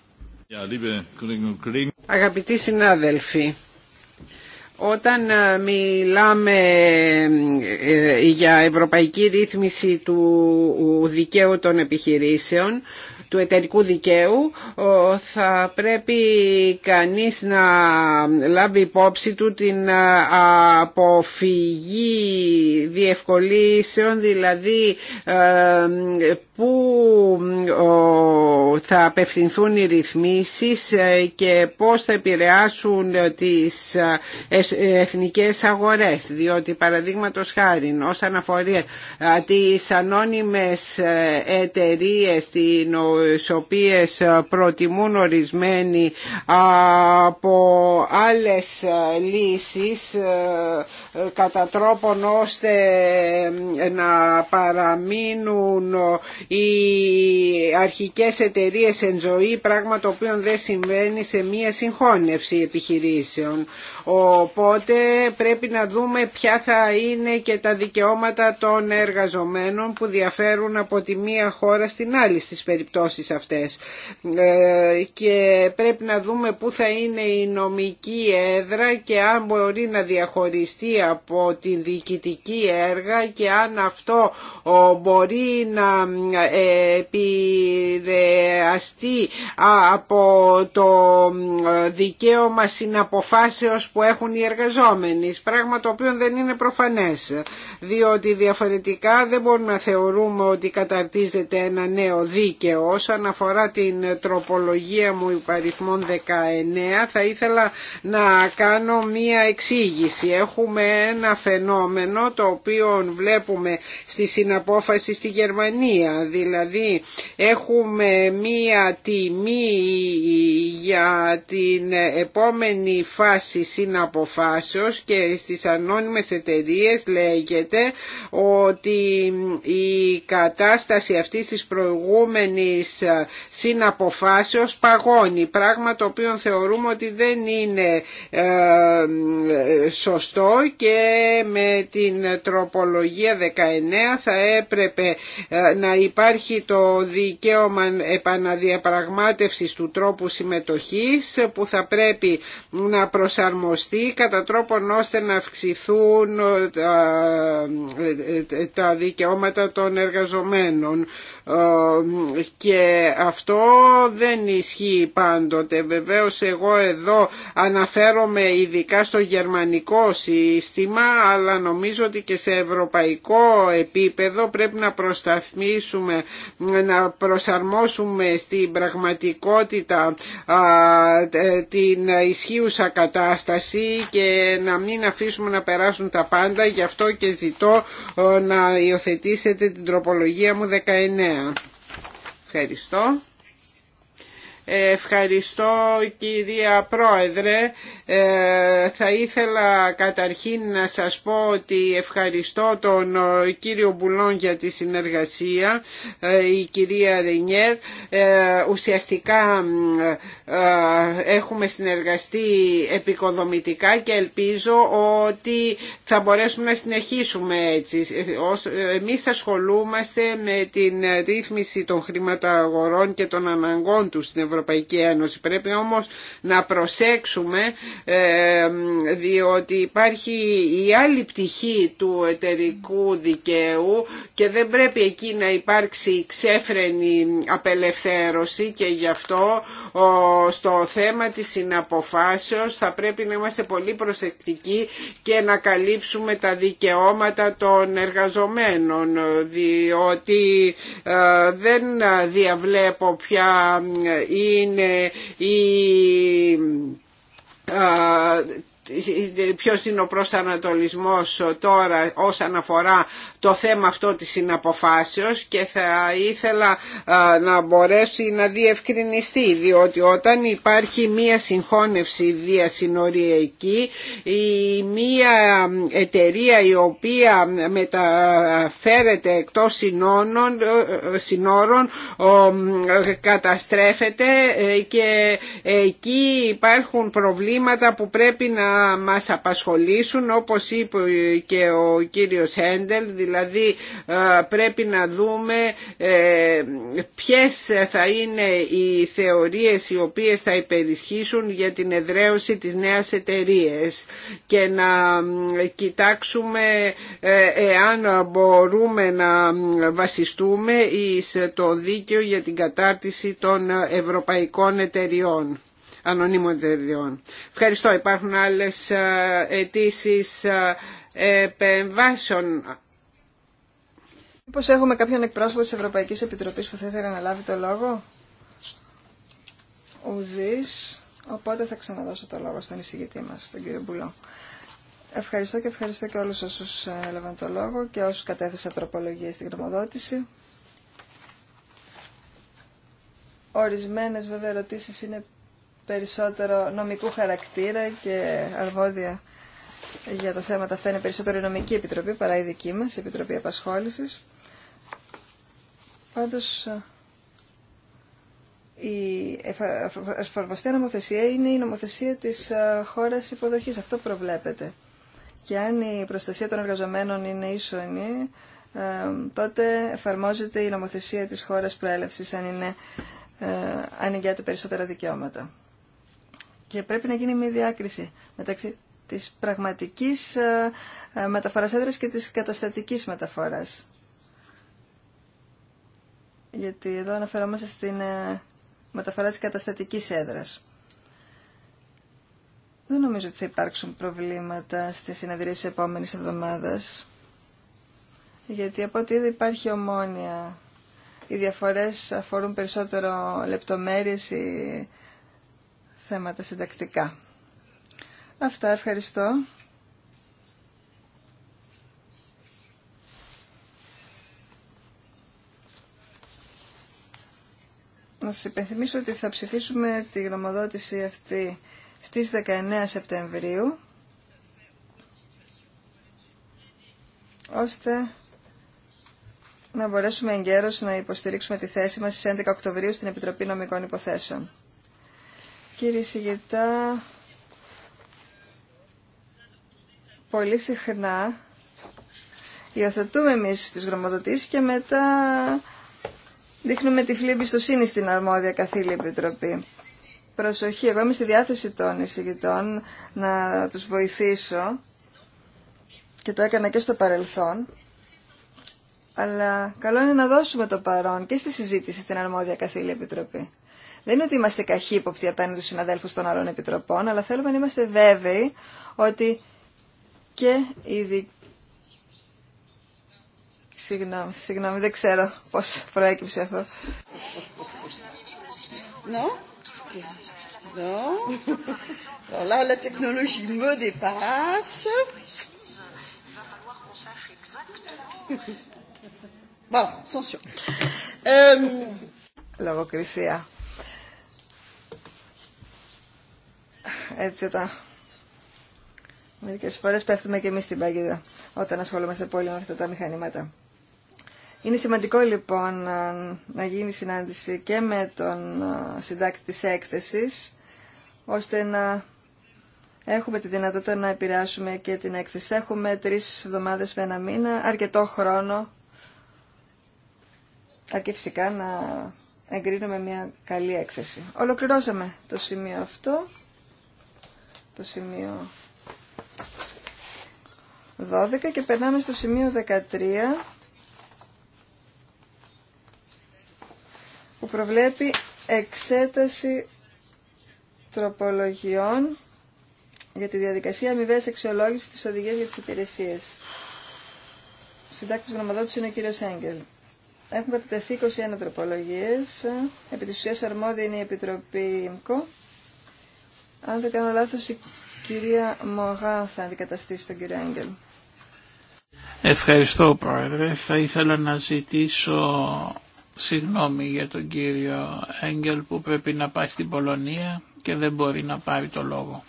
Αγαπητοί συνάδελφοι, όταν ε, μιλάμε ε, ε, για ευρωπαϊκή ρύθμιση του δικαίου των επιχειρήσεων, του εταιρικού δικαίου θα πρέπει κανείς να λάβει υπόψη του την αποφυγή διευκολύσεων δηλαδή ε, που θα απευθυνθούν οι ρυθμίσεις ε, και πώς θα επηρεάσουν ε, τις ε, εθνικές αγορές. Διότι παραδείγματος χάρη όσον αφορά τις ανώνυμες εταιρείες τις οποίες προτιμούν ορισμένοι από άλλες λύσεις κατά τρόπον ώστε να παραμείνουν οι αρχικές εταιρείες εν ζωή, πράγμα το οποίο δεν συμβαίνει σε μία συγχώνευση επιχειρήσεων. Οπότε πρέπει να δούμε ποια θα είναι και τα δικαιώματα των εργαζομένων που διαφέρουν από τη μία χώρα στην άλλη στις περιπτώσεις αυτές. Ε, και πρέπει να δούμε πού θα είναι η νομική έδρα και αν μπορεί να διαχωριστεί από την διοικητική έργα και αν αυτό μπορεί να επηρεαστεί από το δικαίωμα συναποφάσεως που έχουν οι εργαζόμενοι, πράγμα το οποίο δεν είναι προφανές, διότι διαφορετικά δεν μπορούμε να θεωρούμε ότι καταρτίζεται ένα νέο δίκαιο. Όσον αφορά την τροπολογία μου υπαριθμών 19, θα ήθελα να κάνω μία εξήγηση. Έχουμε ένα φαινόμενο το οποίο βλέπουμε στη συναπόφαση στη Γερμανία, δηλαδή έχουμε μία τιμή για την επόμενη φάση συναποφάσεως και στις ανώνυμες εταιρείες λέγεται ότι η κατάσταση αυτή της προηγούμενης συναποφάσεως παγώνει, πράγμα το οποίο θεωρούμε ότι δεν είναι ε, σωστό και με την τροπολογία 19 θα έπρεπε ε, να υπάρχει υπάρχει το δικαίωμα επαναδιαπραγμάτευσης του τρόπου συμμετοχής που θα πρέπει να προσαρμοστεί κατά τρόπον ώστε να αυξηθούν ε, ε, ε, τα δικαιώματα των εργαζομένων. Ε, και αυτό δεν ισχύει πάντοτε. Βεβαίως εγώ εδώ αναφέρομαι ειδικά στο γερμανικό σύστημα αλλά νομίζω ότι και σε ευρωπαϊκό επίπεδο πρέπει να προσταθμίσουμε, να προσαρμόσουμε στην πραγματικότητα την ισχύουσα κατάσταση και να μην αφήσουμε να περάσουν τα πάντα. Γι' αυτό και ζητώ ε, να υιοθετήσετε την τροπολογία μου 19. Ευχαριστώ. Ευχαριστώ κυρία Πρόεδρε. Ε, θα ήθελα καταρχήν να σας πω ότι ευχαριστώ τον ε, κύριο Μπουλόν για τη συνεργασία, ε, η κυρία Ρενιέρ. ουσιαστικά έχουμε συνεργαστεί επικοδομητικά και ελπίζω ότι θα μπορέσουμε να συνεχίσουμε έτσι. Εμείς ασχολούμαστε με την ρύθμιση των χρηματαγορών και των αναγκών τους στην Ευρωπαϊκή Ένωση. Πρέπει όμως να προσέξουμε ε, διότι υπάρχει η άλλη πτυχή του εταιρικού δικαίου και δεν πρέπει εκεί να υπάρξει ξέφρενη απελευθέρωση και γι' αυτό στο θέμα της συναποφάσεως θα πρέπει να είμαστε πολύ προσεκτικοί και να καλύψουμε τα δικαιώματα των εργαζομένων διότι ε, δεν διαβλέπω ποια ε, είναι η ποιος είναι ο προσανατολισμός τώρα όσον αφορά το θέμα αυτό της συναποφάσεως και θα ήθελα να μπορέσει να διευκρινιστεί διότι όταν υπάρχει μία συγχώνευση διασυνοριακή ή μία εταιρεία η οποία μεταφέρεται εκτός συνόνων, συνόρων καταστρέφεται ε, και εκεί υπάρχουν προβλήματα που πρέπει να μας απασχολήσουν όπως είπε και ο κύριος Χέντελ δηλαδή δηλαδή ε, πρέπει να δούμε ε, ποιες θα είναι οι θεωρίες οι οποίες θα υπερισχύσουν για την εδραίωση της νέας εταιρείας και να κοιτάξουμε ε, εάν μπορούμε να βασιστούμε εις το δίκαιο για την κατάρτιση των ευρωπαϊκών εταιριών ανωνύμων εταιριών. Ευχαριστώ. Υπάρχουν άλλες αιτήσει επεμβάσεων. Πώς έχουμε κάποιον εκπρόσωπο τη Ευρωπαϊκή Επιτροπή που θα ήθελε να λάβει το λόγο. Ουδή. Οπότε θα ξαναδώσω το λόγο στον εισηγητή μα τον κύριο Μπουλό. Ευχαριστώ και ευχαριστώ και όλου όσου ε, έλαβαν το λόγο και όσου κατέθεσαν τροπολογία στην γνωμοδότηση. Ορισμένε βέβαια ερωτήσει είναι περισσότερο νομικού χαρακτήρα και αρμόδια για τα θέματα αυτά είναι περισσότερο η νομική επιτροπή παρά η δική μας, η Επιτροπή Απασχόλησης. Πάντως, η εφαρμοστή νομοθεσία είναι η νομοθεσία της ε, χώρας υποδοχής. Αυτό προβλέπεται. Και αν η προστασία των εργαζομένων είναι ίσονη, ε, τότε εφαρμόζεται η νομοθεσία της χώρας προέλευσης, αν, είναι, ε, αν εγγυάται περισσότερα δικαιώματα. Και πρέπει να γίνει μια διάκριση μεταξύ της πραγματικής μεταφοράς και της καταστατικής μεταφοράς γιατί εδώ αναφερόμαστε στην ε, μεταφορά της καταστατικής έδρας. Δεν νομίζω ότι θα υπάρξουν προβλήματα στη συνεδρία της επόμενης εβδομάδας, γιατί από ό,τι είδα υπάρχει ομόνια. Οι διαφορές αφορούν περισσότερο λεπτομέρειες ή θέματα συντακτικά. Αυτά, ευχαριστώ. Να σας υπενθυμίσω ότι θα ψηφίσουμε τη γνωμοδότηση αυτή στις 19 Σεπτεμβρίου ώστε να μπορέσουμε εγκαίρως να υποστηρίξουμε τη θέση μας στις 11 Οκτωβρίου στην Επιτροπή Νομικών Υποθέσεων. Κύριε Σιγητά, πολύ συχνά υιοθετούμε εμείς τις γνωμοδοτήσεις και μετά δείχνουμε τη εμπιστοσύνη στην αρμόδια καθήλη επιτροπή. Προσοχή, εγώ είμαι στη διάθεση των εισηγητών να τους βοηθήσω και το έκανα και στο παρελθόν. Αλλά καλό είναι να δώσουμε το παρόν και στη συζήτηση στην αρμόδια καθήλη επιτροπή. Δεν είναι ότι είμαστε καχύποπτοι απέναντι στους συναδέλφους των άλλων επιτροπών, αλλά θέλουμε να είμαστε βέβαιοι ότι και οι Συγγνώμη, συγγνώμη, δεν ξέρω πώς προέκυψε αυτό. Νό; Νό; là, technologie me dépasse. censure. Euh... Λογοκρισία. Έτσι όταν... Μερικές φορές πέφτουμε και εμείς στην παγίδα όταν ασχολούμαστε πολύ με αυτά τα μηχανήματα. Είναι σημαντικό λοιπόν να γίνει συνάντηση και με τον συντάκτη της έκθεσης, ώστε να έχουμε τη δυνατότητα να επηρεάσουμε και την έκθεση. Θα έχουμε τρεις εβδομάδες με ένα μήνα, αρκετό χρόνο, αρκεί φυσικά να εγκρίνουμε μια καλή έκθεση. Ολοκληρώσαμε το σημείο αυτό, το σημείο 12 και περνάμε στο σημείο 13 που προβλέπει εξέταση τροπολογιών για τη διαδικασία αμοιβέ αξιολόγηση τη οδηγία για τι υπηρεσίε. Συντάκτη γνωμοδότηση είναι ο κύριο Έγκελ. Έχουν κατατεθεί 21 τροπολογίε. Επί τη ουσία αρμόδια είναι η Επιτροπή ΙΜΚΟ. Αν δεν κάνω λάθο, η κυρία Μογά θα αντικαταστήσει τον κύριο Έγκελ. Ευχαριστώ Πρόεδρε. Θα ήθελα να ζητήσω Συγγνώμη για τον κύριο Έγγελ που πρέπει να πάει στην Πολωνία και δεν μπορεί να πάρει το λόγο.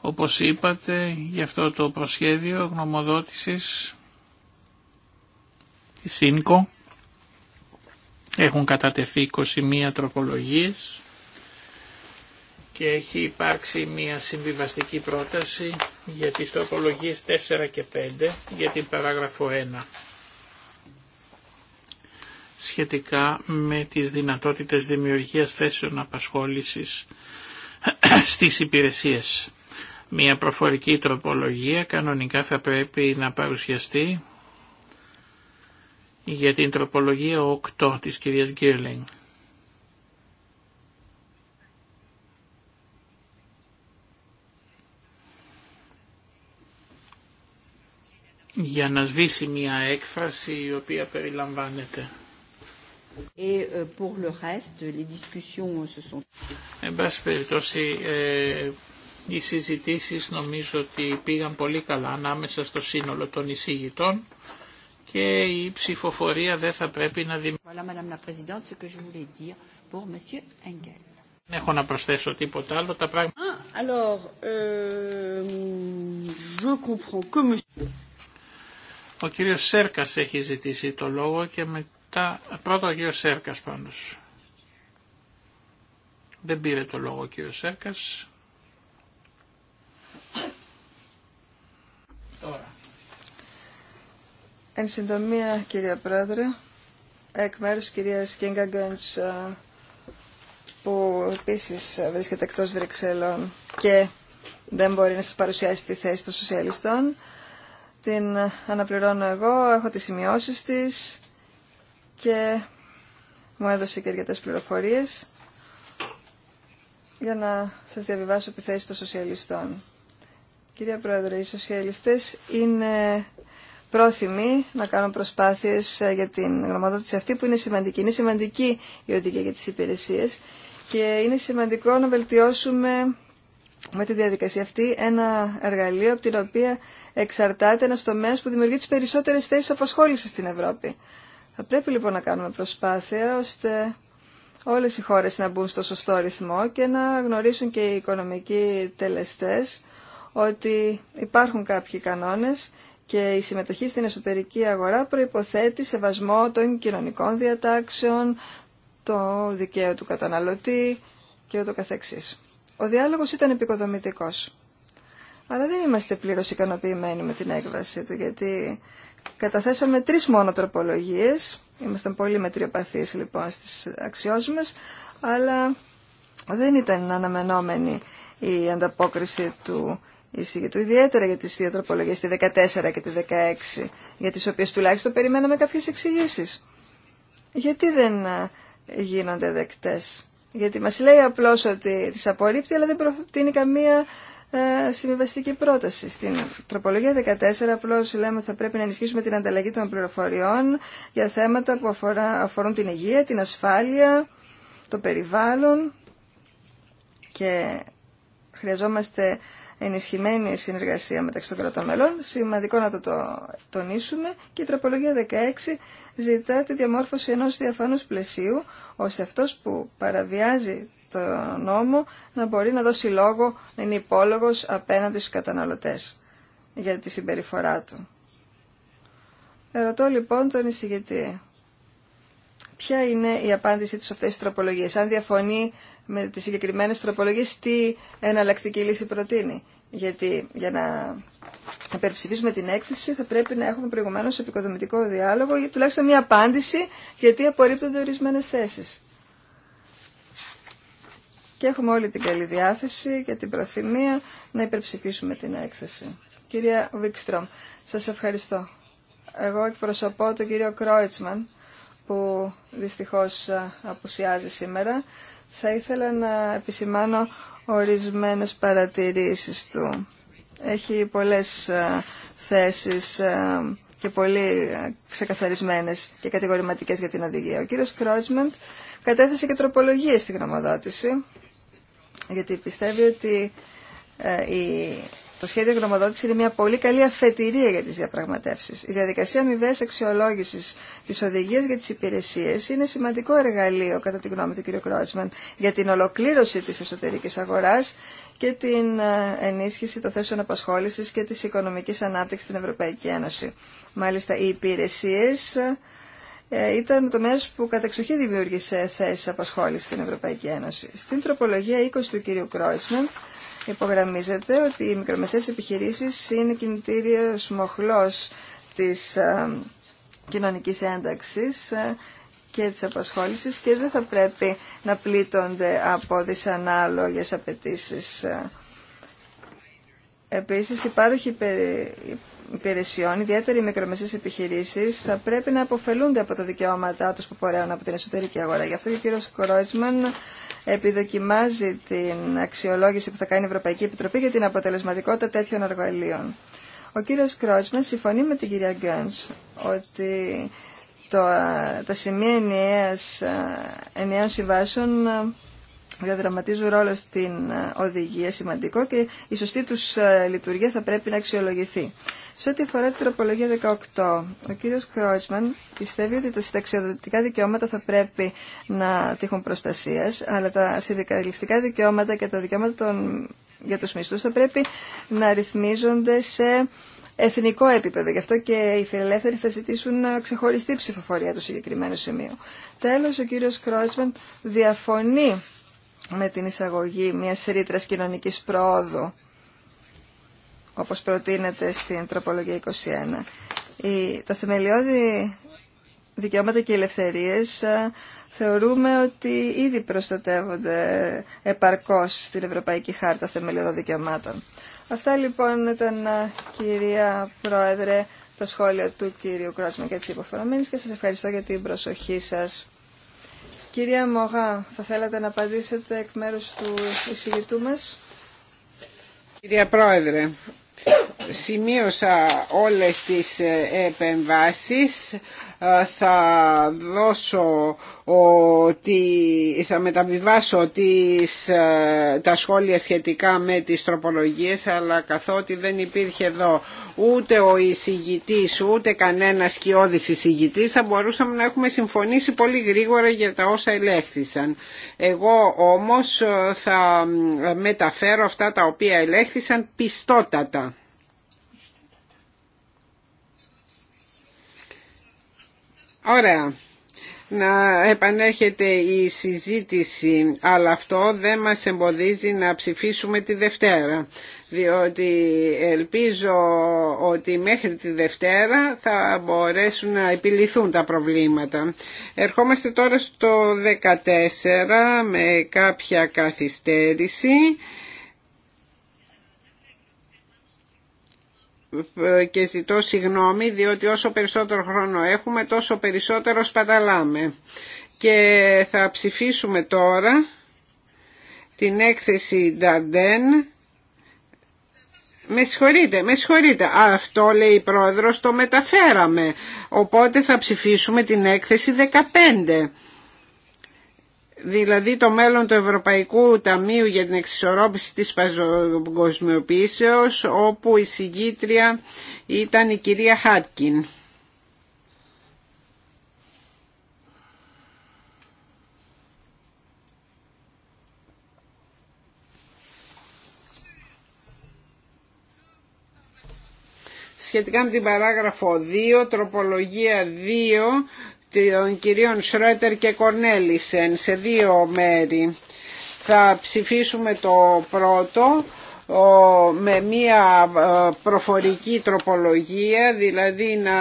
Όπως είπατε, γι' αυτό το προσχέδιο γνωμοδότησης τη ΣΥΝΚΟ έχουν κατατεθεί 21 τροπολογίες και έχει υπάρξει μια συμβιβαστική πρόταση για τις τροπολογίες 4 και 5 για την παράγραφο 1 σχετικά με τις δυνατότητες δημιουργίας θέσεων απασχόλησης στις υπηρεσίες. Μια προφορική τροπολογία κανονικά θα πρέπει να παρουσιαστεί για την τροπολογία 8 της κυρίας Γκίρλινγκ. για να σβήσει μια έκφραση η οποία περιλαμβάνεται. En euh, euh, πάση περιπτώσει, ε, οι συζητήσει νομίζω ότι πήγαν πολύ καλά ανάμεσα στο σύνολο των εισηγητών και η ψηφοφορία δεν θα πρέπει να δημιουργήσει. Δεν έχω να προσθέσω τίποτα άλλο. Τα πράγματα... Ah, alors, euh, je comprends que... Ο κύριος Σέρκας έχει ζητήσει το λόγο και με Πρώτα, πρώτα ο κύριος Σέρκας πάντως. Δεν πήρε το λόγο ο κύριος Σέρκας. Τώρα. Εν συντομία κυρία Πρόεδρε, εκ μέρους κυρίας Κίνγκα ε, που επίσης βρίσκεται εκτός Βρυξελών και δεν μπορεί να σας παρουσιάσει τη θέση των σοσιαλιστών, την αναπληρώνω εγώ, έχω τις σημειώσεις της και μου έδωσε και αρκετές πληροφορίες για να σας διαβιβάσω τη θέση των σοσιαλιστών. Κυρία Πρόεδρε, οι σοσιαλιστές είναι πρόθυμοι να κάνουν προσπάθειες ε, για την γνωμοδότηση αυτή που είναι σημαντική. Είναι σημαντική η οδηγία για τις υπηρεσίες και είναι σημαντικό να βελτιώσουμε με τη διαδικασία αυτή ένα εργαλείο από την οποία εξαρτάται ένα τομέα που δημιουργεί τι περισσότερε θέσει απασχόληση στην Ευρώπη. Θα πρέπει λοιπόν να κάνουμε προσπάθεια ώστε όλες οι χώρες να μπουν στο σωστό ρυθμό και να γνωρίσουν και οι οικονομικοί τελεστές ότι υπάρχουν κάποιοι κανόνες και η συμμετοχή στην εσωτερική αγορά προϋποθέτει σεβασμό των κοινωνικών διατάξεων, το δικαίωμα του καταναλωτή και ούτω καθεξής. Ο διάλογος ήταν επικοδομητικός. Αλλά δεν είμαστε πλήρως ικανοποιημένοι με την έκβαση του, γιατί Καταθέσαμε τρεις μόνο τροπολογίες. Ήμασταν πολύ μετριοπαθείς λοιπόν στις αξιώσεις μας, αλλά δεν ήταν αναμενόμενη η ανταπόκριση του εισηγητού, ιδιαίτερα για τις δύο τροπολογίες, τη 14 και τη 16, για τις οποίες τουλάχιστον περιμέναμε κάποιες εξηγήσει. Γιατί δεν ε, γίνονται δεκτές. Γιατί μας λέει απλώς ότι τις απορρίπτει, αλλά δεν προτείνει καμία ε, συμβιβαστική πρόταση. Στην τροπολογία 14 απλώ λέμε ότι θα πρέπει να ενισχύσουμε την ανταλλαγή των πληροφοριών για θέματα που αφορά, αφορούν την υγεία, την ασφάλεια, το περιβάλλον και χρειαζόμαστε ενισχυμένη συνεργασία μεταξύ των κρατών μελών. Σημαντικό να το, το τονίσουμε και η τροπολογία 16 ζητά τη διαμόρφωση ενός διαφανούς πλαισίου ώστε αυτός που παραβιάζει το νόμο να μπορεί να δώσει λόγο, να είναι υπόλογο απέναντι στους καταναλωτές για τη συμπεριφορά του. Ερωτώ λοιπόν τον εισηγητή. Ποια είναι η απάντησή του σε αυτές τις τροπολογίες. Αν διαφωνεί με τις συγκεκριμένες τροπολογίες, τι εναλλακτική λύση προτείνει. Γιατί για να υπερψηφίσουμε την έκθεση θα πρέπει να έχουμε προηγουμένως επικοδομητικό διάλογο, τουλάχιστον μια απάντηση γιατί απορρίπτονται ορισμένες θέσεις και έχουμε όλη την καλή διάθεση και την προθυμία να υπερψηφίσουμε την έκθεση. Κυρία Βίκστρομ, σας ευχαριστώ. Εγώ εκπροσωπώ τον κύριο Κρόιτσμαν που δυστυχώς απουσιάζει σήμερα. Θα ήθελα να επισημάνω ορισμένες παρατηρήσεις του. Έχει πολλές θέσεις και πολύ ξεκαθαρισμένες και κατηγορηματικές για την οδηγία. Ο κύριος Κρόιτσμαν κατέθεσε και τροπολογίες στη γραμμαδότηση γιατί πιστεύει ότι ε, το σχέδιο γνωμοδότηση είναι μια πολύ καλή αφετηρία για τις διαπραγματεύσεις. Η διαδικασία αμοιβέ αξιολόγηση της οδηγίας για τις υπηρεσίες είναι σημαντικό εργαλείο, κατά τη γνώμη του κ. Κρότσμαν, για την ολοκλήρωση της εσωτερικής αγοράς και την ε, ενίσχυση των θέσεων απασχόλησης και της οικονομικής ανάπτυξης στην Ευρωπαϊκή Ένωση. Μάλιστα, οι υπηρεσίες ε, ε, ήταν το μέσο που κατεξοχή δημιούργησε θέσεις απασχόλησης στην Ευρωπαϊκή Ένωση. Στην τροπολογία 20 του κ. Κρόισμεντ υπογραμμίζεται ότι οι μικρομεσαίες επιχειρήσεις είναι κινητήριος μοχλός της ε, κοινωνικής ένταξης ε, και της απασχόλησης και δεν θα πρέπει να πλήττονται από δυσανάλογες απαιτήσει. Επίσης υπάρχει, υπηρεσιών, ιδιαίτερα οι μικρομεσαίες επιχειρήσεις, θα πρέπει να αποφελούνται από τα δικαιώματά τους που πορεύουν από την εσωτερική αγορά. Γι' αυτό και ο κύριος Κρόισμαν επιδοκιμάζει την αξιολόγηση που θα κάνει η Ευρωπαϊκή Επιτροπή για την αποτελεσματικότητα τέτοιων εργαλείων. Ο κύριος Κρόισμαν συμφωνεί με την κυρία Γκέν ότι το, τα σημεία ενιαίας, ενιαίων συμβάσεων διαδραματίζουν ρόλο στην ε, οδηγία σημαντικό και η σωστή τους ε, λειτουργία θα πρέπει να αξιολογηθεί. Σε ό,τι αφορά την τροπολογία 18, ο κύριος Κρόσμαν πιστεύει ότι τα συνταξιοδοτικά δικαιώματα θα πρέπει να τύχουν προστασίας, αλλά τα συνδικαλιστικά δικαιώματα και τα δικαιώματα των... για τους μισθούς θα πρέπει να ρυθμίζονται σε εθνικό επίπεδο. Γι' αυτό και οι φιλελεύθεροι θα ζητήσουν ξεχωριστή ψηφοφορία του συγκεκριμένου σημείου. Τέλος, ο κύριος Κρόσμαν διαφωνεί με την εισαγωγή μιας ρήτρα κοινωνική πρόοδου, όπως προτείνεται στην τροπολογία 21. Η, τα θεμελιώδη δικαιώματα και ελευθερίες ε, θεωρούμε ότι ήδη προστατεύονται επαρκώς στην Ευρωπαϊκή Χάρτα Θεμελιώδων Δικαιωμάτων. Αυτά λοιπόν ήταν, ε, κυρία Πρόεδρε, τα σχόλια του κύριου Κρότσμα και τη υποφορομένης και σα ευχαριστώ για την προσοχή σας. Κυρία Μογά, θα θέλατε να απαντήσετε εκ μέρους του εισηγητού μας. Κυρία Πρόεδρε, σημείωσα όλες τις ε, επεμβάσεις ε, θα δώσω ότι θα μεταβιβάσω τις, ε, τα σχόλια σχετικά με τις τροπολογίες αλλά καθότι δεν υπήρχε εδώ ούτε ο εισηγητής ούτε κανένα σκιώδης εισηγητής θα μπορούσαμε να έχουμε συμφωνήσει πολύ γρήγορα για τα όσα ελέγχθησαν. Εγώ όμως ε, θα μεταφέρω αυτά τα οποία ελέγχθησαν πιστότατα. Ωραία. Να επανέρχεται η συζήτηση, αλλά αυτό δεν μας εμποδίζει να ψηφίσουμε τη Δευτέρα, διότι ελπίζω ότι μέχρι τη Δευτέρα θα μπορέσουν να επιληθούν τα προβλήματα. Ερχόμαστε τώρα στο 14 με κάποια καθυστέρηση. και ζητώ συγγνώμη διότι όσο περισσότερο χρόνο έχουμε τόσο περισσότερο σπαταλάμε. Και θα ψηφίσουμε τώρα την έκθεση Νταρντέν. Με συγχωρείτε, με συγχωρείτε. Αυτό λέει η πρόεδρος το μεταφέραμε. Οπότε θα ψηφίσουμε την έκθεση 15 δηλαδή το μέλλον του Ευρωπαϊκού Ταμείου για την εξισορρόπηση της παγκοσμιοποίησεως όπου η συγκήτρια ήταν η κυρία Χάτκιν. Σχετικά με την παράγραφο 2, τροπολογία 2, των κυρίων Σρότερ και Κορνέλισεν σε δύο μέρη. Θα ψηφίσουμε το πρώτο με μία ε, προφορική τροπολογία, δηλαδή να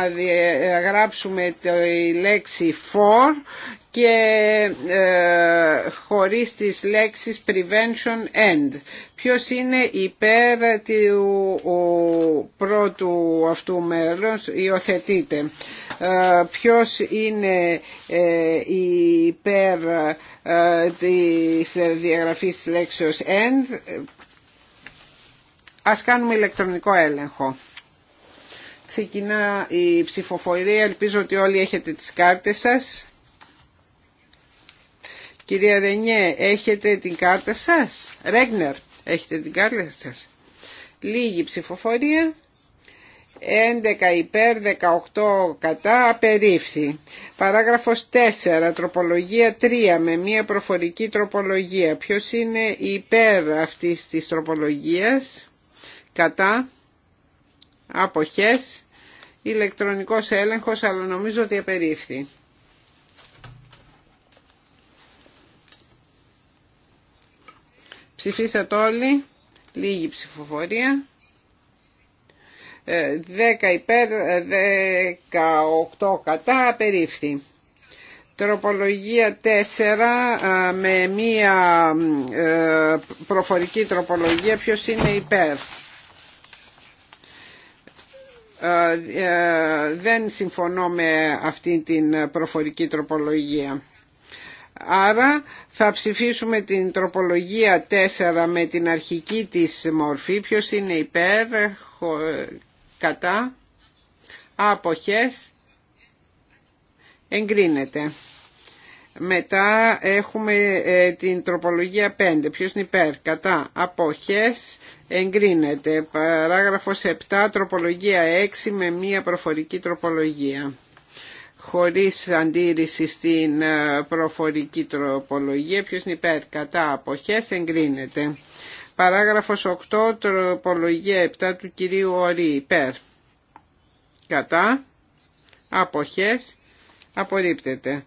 γράψουμε τη λέξη for και ε, χωρίς τις λέξεις prevention and. Ποιος είναι υπέρ του πρώτου αυτού μέρους υιοθετείται. Ε, ποιος είναι ε, υπέρ της διαγραφής της λέξεως end. Ας κάνουμε ηλεκτρονικό έλεγχο. Ξεκινά η ψηφοφορία. Ελπίζω ότι όλοι έχετε τις κάρτες σας. Κυρία Ρενιέ, έχετε την κάρτα σας. Ρέγνερ, έχετε την κάρτα σας. Λίγη ψηφοφορία. 11 υπέρ 18 κατά απερίφθη. Παράγραφος 4, τροπολογία 3 με μία προφορική τροπολογία. Ποιος είναι υπέρ αυτής της τροπολογίας, κατά, αποχές, ηλεκτρονικός έλεγχος, αλλά νομίζω ότι απερίφθη. Ψηφίσατε όλοι. Λίγη ψηφοφορία. 10 ε, υπέρ, 18 ε, κατά, απερίφθη. Τροπολογία 4 ε, με μία προφορική τροπολογία. Ποιος είναι υπέρ. Δεν συμφωνώ με αυτή την προφορική τροπολογία. Άρα θα ψηφίσουμε την τροπολογία 4 με την αρχική της μορφή. Ποιος είναι υπέρ, κατά, αποχές, εγκρίνεται. Μετά έχουμε ε, την τροπολογία 5. Ποιος είναι υπέρ, κατά, αποχές, εγκρίνεται. Παράγραφος 7, τροπολογία 6 με μία προφορική τροπολογία χωρίς αντίρρηση στην ε, προφορική τροπολογία. Ποιος είναι υπέρ, κατά, αποχές, εγκρίνεται. Παράγραφος 8, τροπολογία 7 του κυρίου Ορή, υπέρ, κατά, αποχές, απορρίπτεται.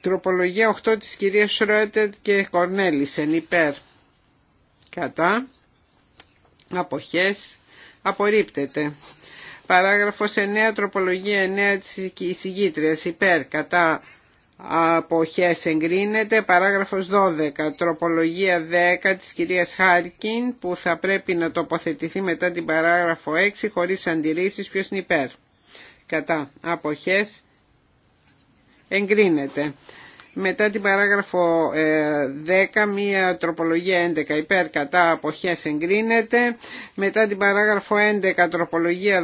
Τροπολογία 8 της κυρίας Σρότερ και Κορνέλισεν, υπέρ, κατά, αποχές, απορρίπτεται. Παράγραφος 9, τροπολογία 9 της εισηγήτριας, υπέρ, κατά αποχές εγκρίνεται. Παράγραφος 12, τροπολογία 10 της κυρίας Χάρκιν, που θα πρέπει να τοποθετηθεί μετά την παράγραφο 6, χωρίς αντιρρήσεις, ποιος είναι υπέρ. Κατά αποχές εγκρίνεται. Μετά την παράγραφο 10, ε, μία τροπολογία 11 υπέρ κατά αποχές εγκρίνεται. Μετά την παράγραφο 11, τροπολογία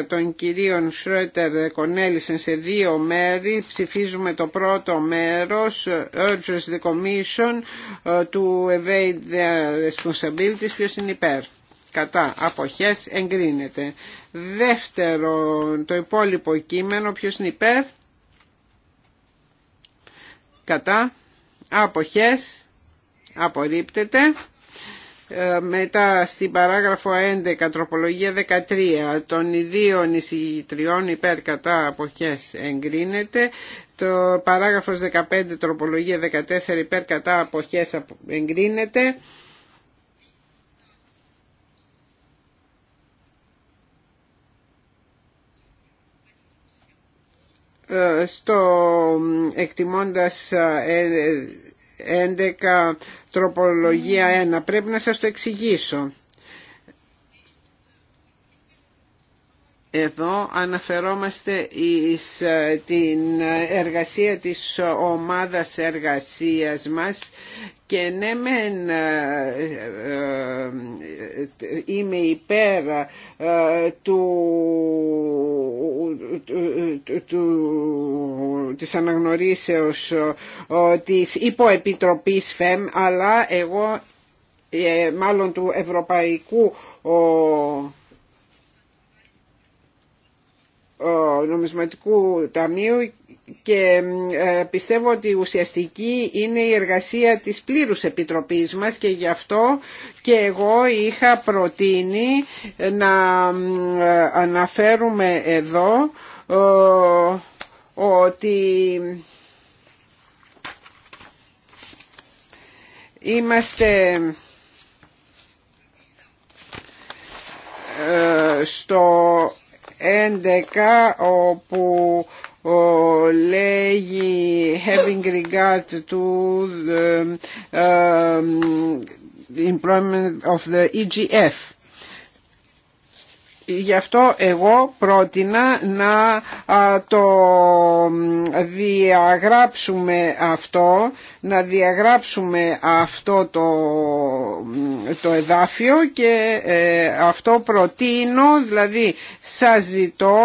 12 των κυρίων Σρότερ κονέλησαν σε δύο μέρη. Ψηφίζουμε το πρώτο μέρος, Urges the Commission, ε, to Evade the Responsibilities, ποιος είναι υπέρ. Κατά αποχές εγκρίνεται. Δεύτερο, το υπόλοιπο κείμενο, ποιος είναι υπέρ κατά αποχές απορρίπτεται ε, μετά στην παράγραφο 11 τροπολογία 13 των ιδίων εισηγητριών υπέρ κατά αποχές εγκρίνεται το παράγραφος 15 τροπολογία 14 υπέρ κατά αποχές εγκρίνεται στο εκτιμώντας 11 ε, ε, τροπολογία 1. Πρέπει να σας το εξηγήσω. Εδώ αναφερόμαστε εις ε, την εργασία της ομάδας εργασίας μας και ναι μεν ε, ε, είμαι υπέρ του, του, του, της αναγνωρίσεως της υποεπιτροπής ΦΕΜ αλλά εγώ μάλλον του Ευρωπαϊκού νομισματικού ταμείου και ε, πιστεύω ότι ουσιαστική είναι η εργασία της πλήρους επιτροπής μας και γι' αυτό και εγώ είχα προτείνει να ε, αναφέρουμε εδώ ότι είμαστε ε, στο 11 όπου λέγει having regard to the employment of the EGF Γι' αυτό εγώ πρότεινα να το διαγράψουμε αυτό, να διαγράψουμε αυτό το, το εδάφιο και ε, αυτό προτείνω, δηλαδή σας ζητώ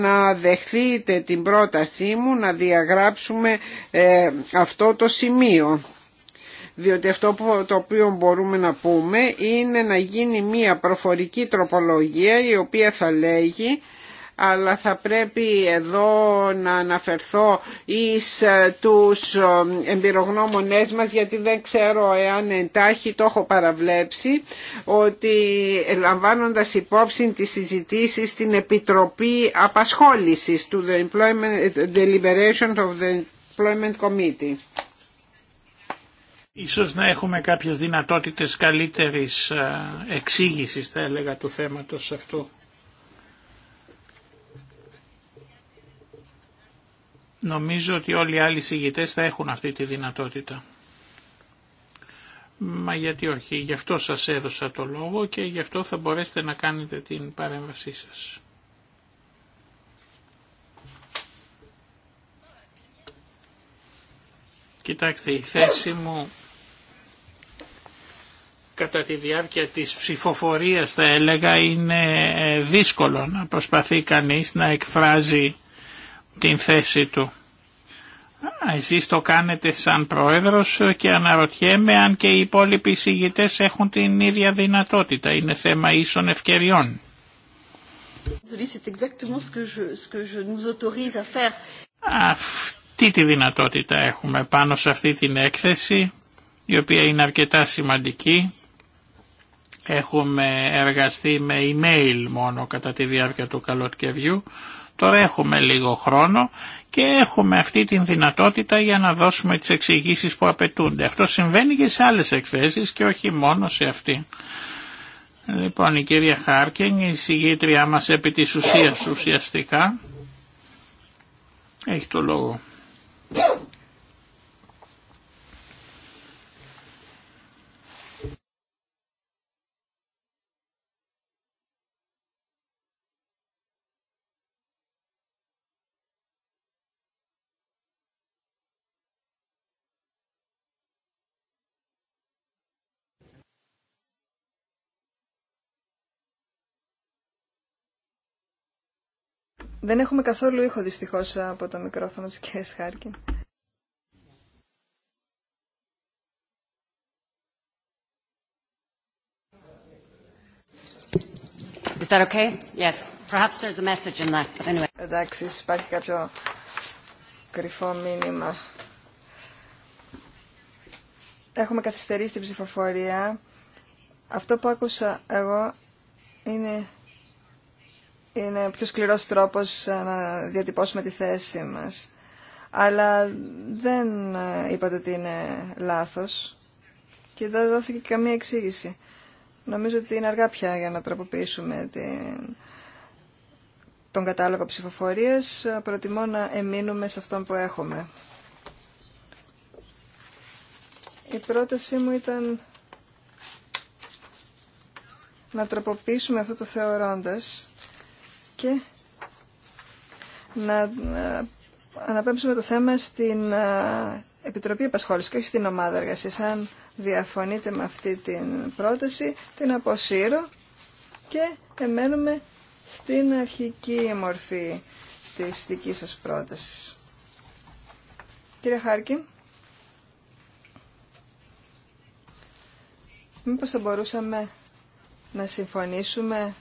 να δεχθείτε την πρότασή μου να διαγράψουμε ε, αυτό το σημείο διότι αυτό το οποίο μπορούμε να πούμε είναι να γίνει μία προφορική τροπολογία η οποία θα λέγει αλλά θα πρέπει εδώ να αναφερθώ εις ε, τους ε, εμπειρογνώμονές μας γιατί δεν ξέρω εάν εντάχει το έχω παραβλέψει ότι λαμβάνοντας υπόψη τις συζητήσεις στην Επιτροπή Απασχόλησης του The, Employment, Deliberation of the Employment Committee Ίσως να έχουμε κάποιες δυνατότητες καλύτερης ε, εξήγησης, θα έλεγα, του θέματος αυτού. Νομίζω ότι όλοι οι άλλοι συγητές θα έχουν αυτή τη δυνατότητα. Μα γιατί όχι, γι' αυτό σας έδωσα το λόγο και γι' αυτό θα μπορέσετε να κάνετε την παρέμβασή σας. Κοιτάξτε, η θέση μου κατά τη διάρκεια της ψηφοφορίας θα έλεγα είναι ε, δύσκολο να προσπαθεί κανείς να εκφράζει την θέση του. Εσείς το κάνετε σαν πρόεδρος και αναρωτιέμαι αν και οι υπόλοιποι συγητές έχουν την ίδια δυνατότητα. Είναι θέμα ίσων ευκαιριών. Αυτή τη δυνατότητα έχουμε πάνω σε αυτή την έκθεση η οποία είναι αρκετά σημαντική Έχουμε εργαστεί με email μόνο κατά τη διάρκεια του καλοκαιριού. Τώρα έχουμε λίγο χρόνο και έχουμε αυτή την δυνατότητα για να δώσουμε τις εξηγήσει που απαιτούνται. Αυτό συμβαίνει και σε άλλες εκθέσεις και όχι μόνο σε αυτή. Λοιπόν, η κυρία Χάρκεν, η συγγήτριά μας επί της ουσίας ουσιαστικά, έχει το λόγο. Δεν έχουμε καθόλου ήχο δυστυχώ από το μικρόφωνο της κυρίας Χάρκιν. Is that okay? Yes. Perhaps there's a message in that, anyway. Εντάξει, υπάρχει κάποιο κρυφό μήνυμα. Έχουμε καθυστερήσει την ψηφοφορία. Αυτό που άκουσα εγώ είναι είναι πιο σκληρός τρόπος ε, να διατυπώσουμε τη θέση μας. Αλλά δεν ε, είπατε ότι είναι λάθος και δεν δόθηκε καμία εξήγηση. Νομίζω ότι είναι αργά πια για να τροποποιήσουμε τον κατάλογο ψηφοφορίας. Προτιμώ να εμείνουμε σε αυτόν που έχουμε. Η πρότασή μου ήταν να τροποποιήσουμε αυτό το θεωρώντας και να ε, αναπέμψουμε το θέμα στην ε, Επιτροπή Επασχόλησης και όχι στην ομάδα εργασίας. Αν διαφωνείτε με αυτή την πρόταση, την αποσύρω και εμένουμε στην αρχική μορφή της δικής σας πρότασης. Κύριε Χάρκιν. Μήπως θα μπορούσαμε να συμφωνήσουμε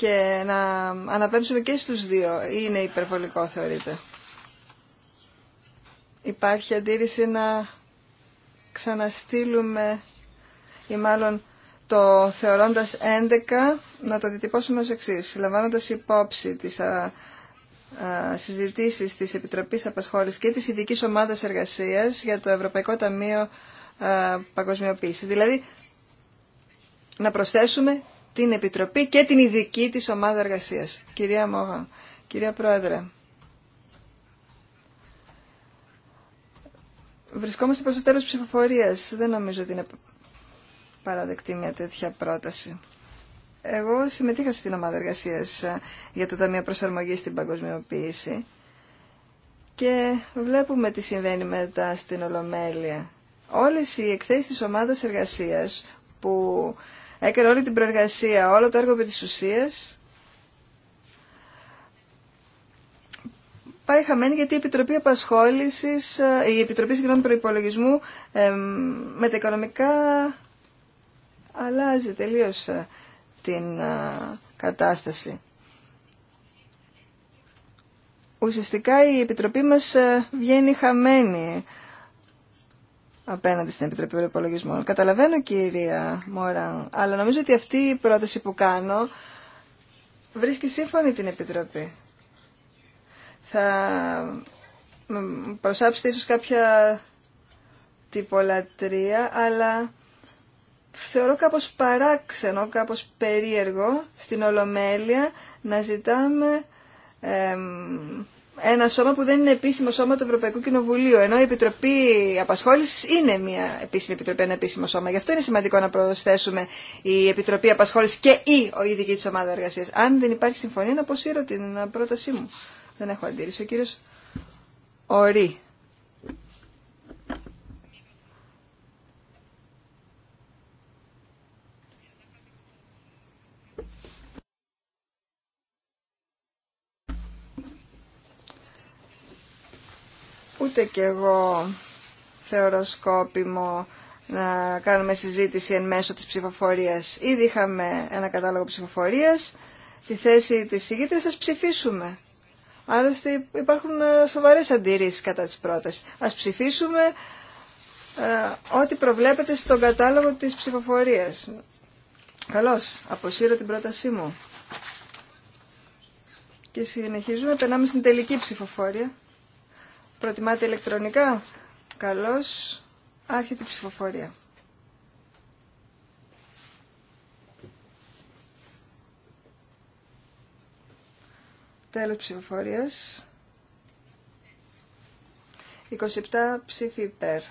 και να αναπέμψουμε και στους δύο είναι υπερβολικό θεωρείτε. Υπάρχει αντίρρηση να ξαναστείλουμε ή μάλλον το θεωρώντας 11 να το διτυπώσουμε ως εξής. Λαμβάνοντας υπόψη τις α, α, συζητήσεις της Επιτροπής Απασχόλης και της ειδική Ομάδας Εργασίας για το Ευρωπαϊκό Ταμείο παγκοσμιοποίηση. Δηλαδή να προσθέσουμε την Επιτροπή και την ειδική της ομάδα εργασίας. Κυρία Μόγα, κυρία Πρόεδρε. Βρισκόμαστε προς το τέλος ψηφοφορίας. Δεν νομίζω ότι είναι παραδεκτή μια τέτοια πρόταση. Εγώ συμμετείχα στην ομάδα Εργασίας για το Ταμείο Προσαρμογή στην Παγκοσμιοποίηση και βλέπουμε τι συμβαίνει μετά στην Ολομέλεια. Όλες οι εκθέσεις της ομάδας εργασίας που έκανε όλη την προεργασία, όλο το έργο με τις ουσίες. πάει χαμένη γιατί η Επιτροπή Απασχόλησης, ε, η Επιτροπή Συγγνώμη Προϋπολογισμού με τα οικονομικά αλλάζει τελείως ε, την ε, κατάσταση. Ουσιαστικά η Επιτροπή μας βγαίνει χαμένη απέναντι στην Επιτροπή Προπολογισμών. Καταλαβαίνω κυρία Μόρα, αλλά νομίζω ότι αυτή η πρόταση που κάνω βρίσκει σύμφωνη την Επιτροπή. Θα προσάψετε ίσως κάποια τυπολατρία, αλλά θεωρώ κάπως παράξενο, κάπως περίεργο στην Ολομέλεια να ζητάμε... Εμ, ένα σώμα που δεν είναι επίσημο σώμα του Ευρωπαϊκού Κοινοβουλίου, ενώ η Επιτροπή Απασχόληση είναι μια επίσημη επιτροπή, ένα επίσημο σώμα. Γι' αυτό είναι σημαντικό να προσθέσουμε η Επιτροπή Απασχόληση και η, η ειδικη τη ομάδα εργασία. Αν δεν υπάρχει συμφωνία, να αποσύρω την πρότασή μου. Δεν έχω αντίρρηση. Ο κύριο Ορή. ούτε κι εγώ θεωρώ σκόπιμο να κάνουμε συζήτηση εν μέσω της ψηφοφορίας. Ήδη είχαμε ένα κατάλογο ψηφοφορίας, τη θέση της ηγήτρια ας ψηφίσουμε. Άλλωστε υπάρχουν ε, σοβαρές αντιρρήσεις κατά της πρότασης. Ας ψηφίσουμε ε, ό,τι προβλέπεται στον κατάλογο της ψηφοφορίας. Καλώς, αποσύρω την πρότασή μου. Και συνεχίζουμε, περνάμε στην τελική ψηφοφορία. Προτιμάτε ηλεκτρονικά. Καλώς. Άρχεται η ψηφοφορία. Τέλος ψηφοφορίας. 27 ψήφοι υπέρ.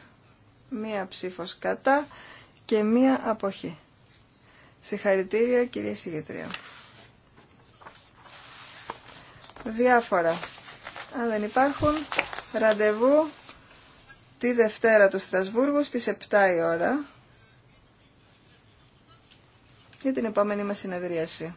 Μία ψήφος κατά και μία αποχή. Συγχαρητήρια κυρία Συγγετρία. Διάφορα. Αν δεν υπάρχουν, ραντεβού τη Δευτέρα του Στρασβούργου στις 7 η ώρα για την επόμενη μας συνεδρίαση.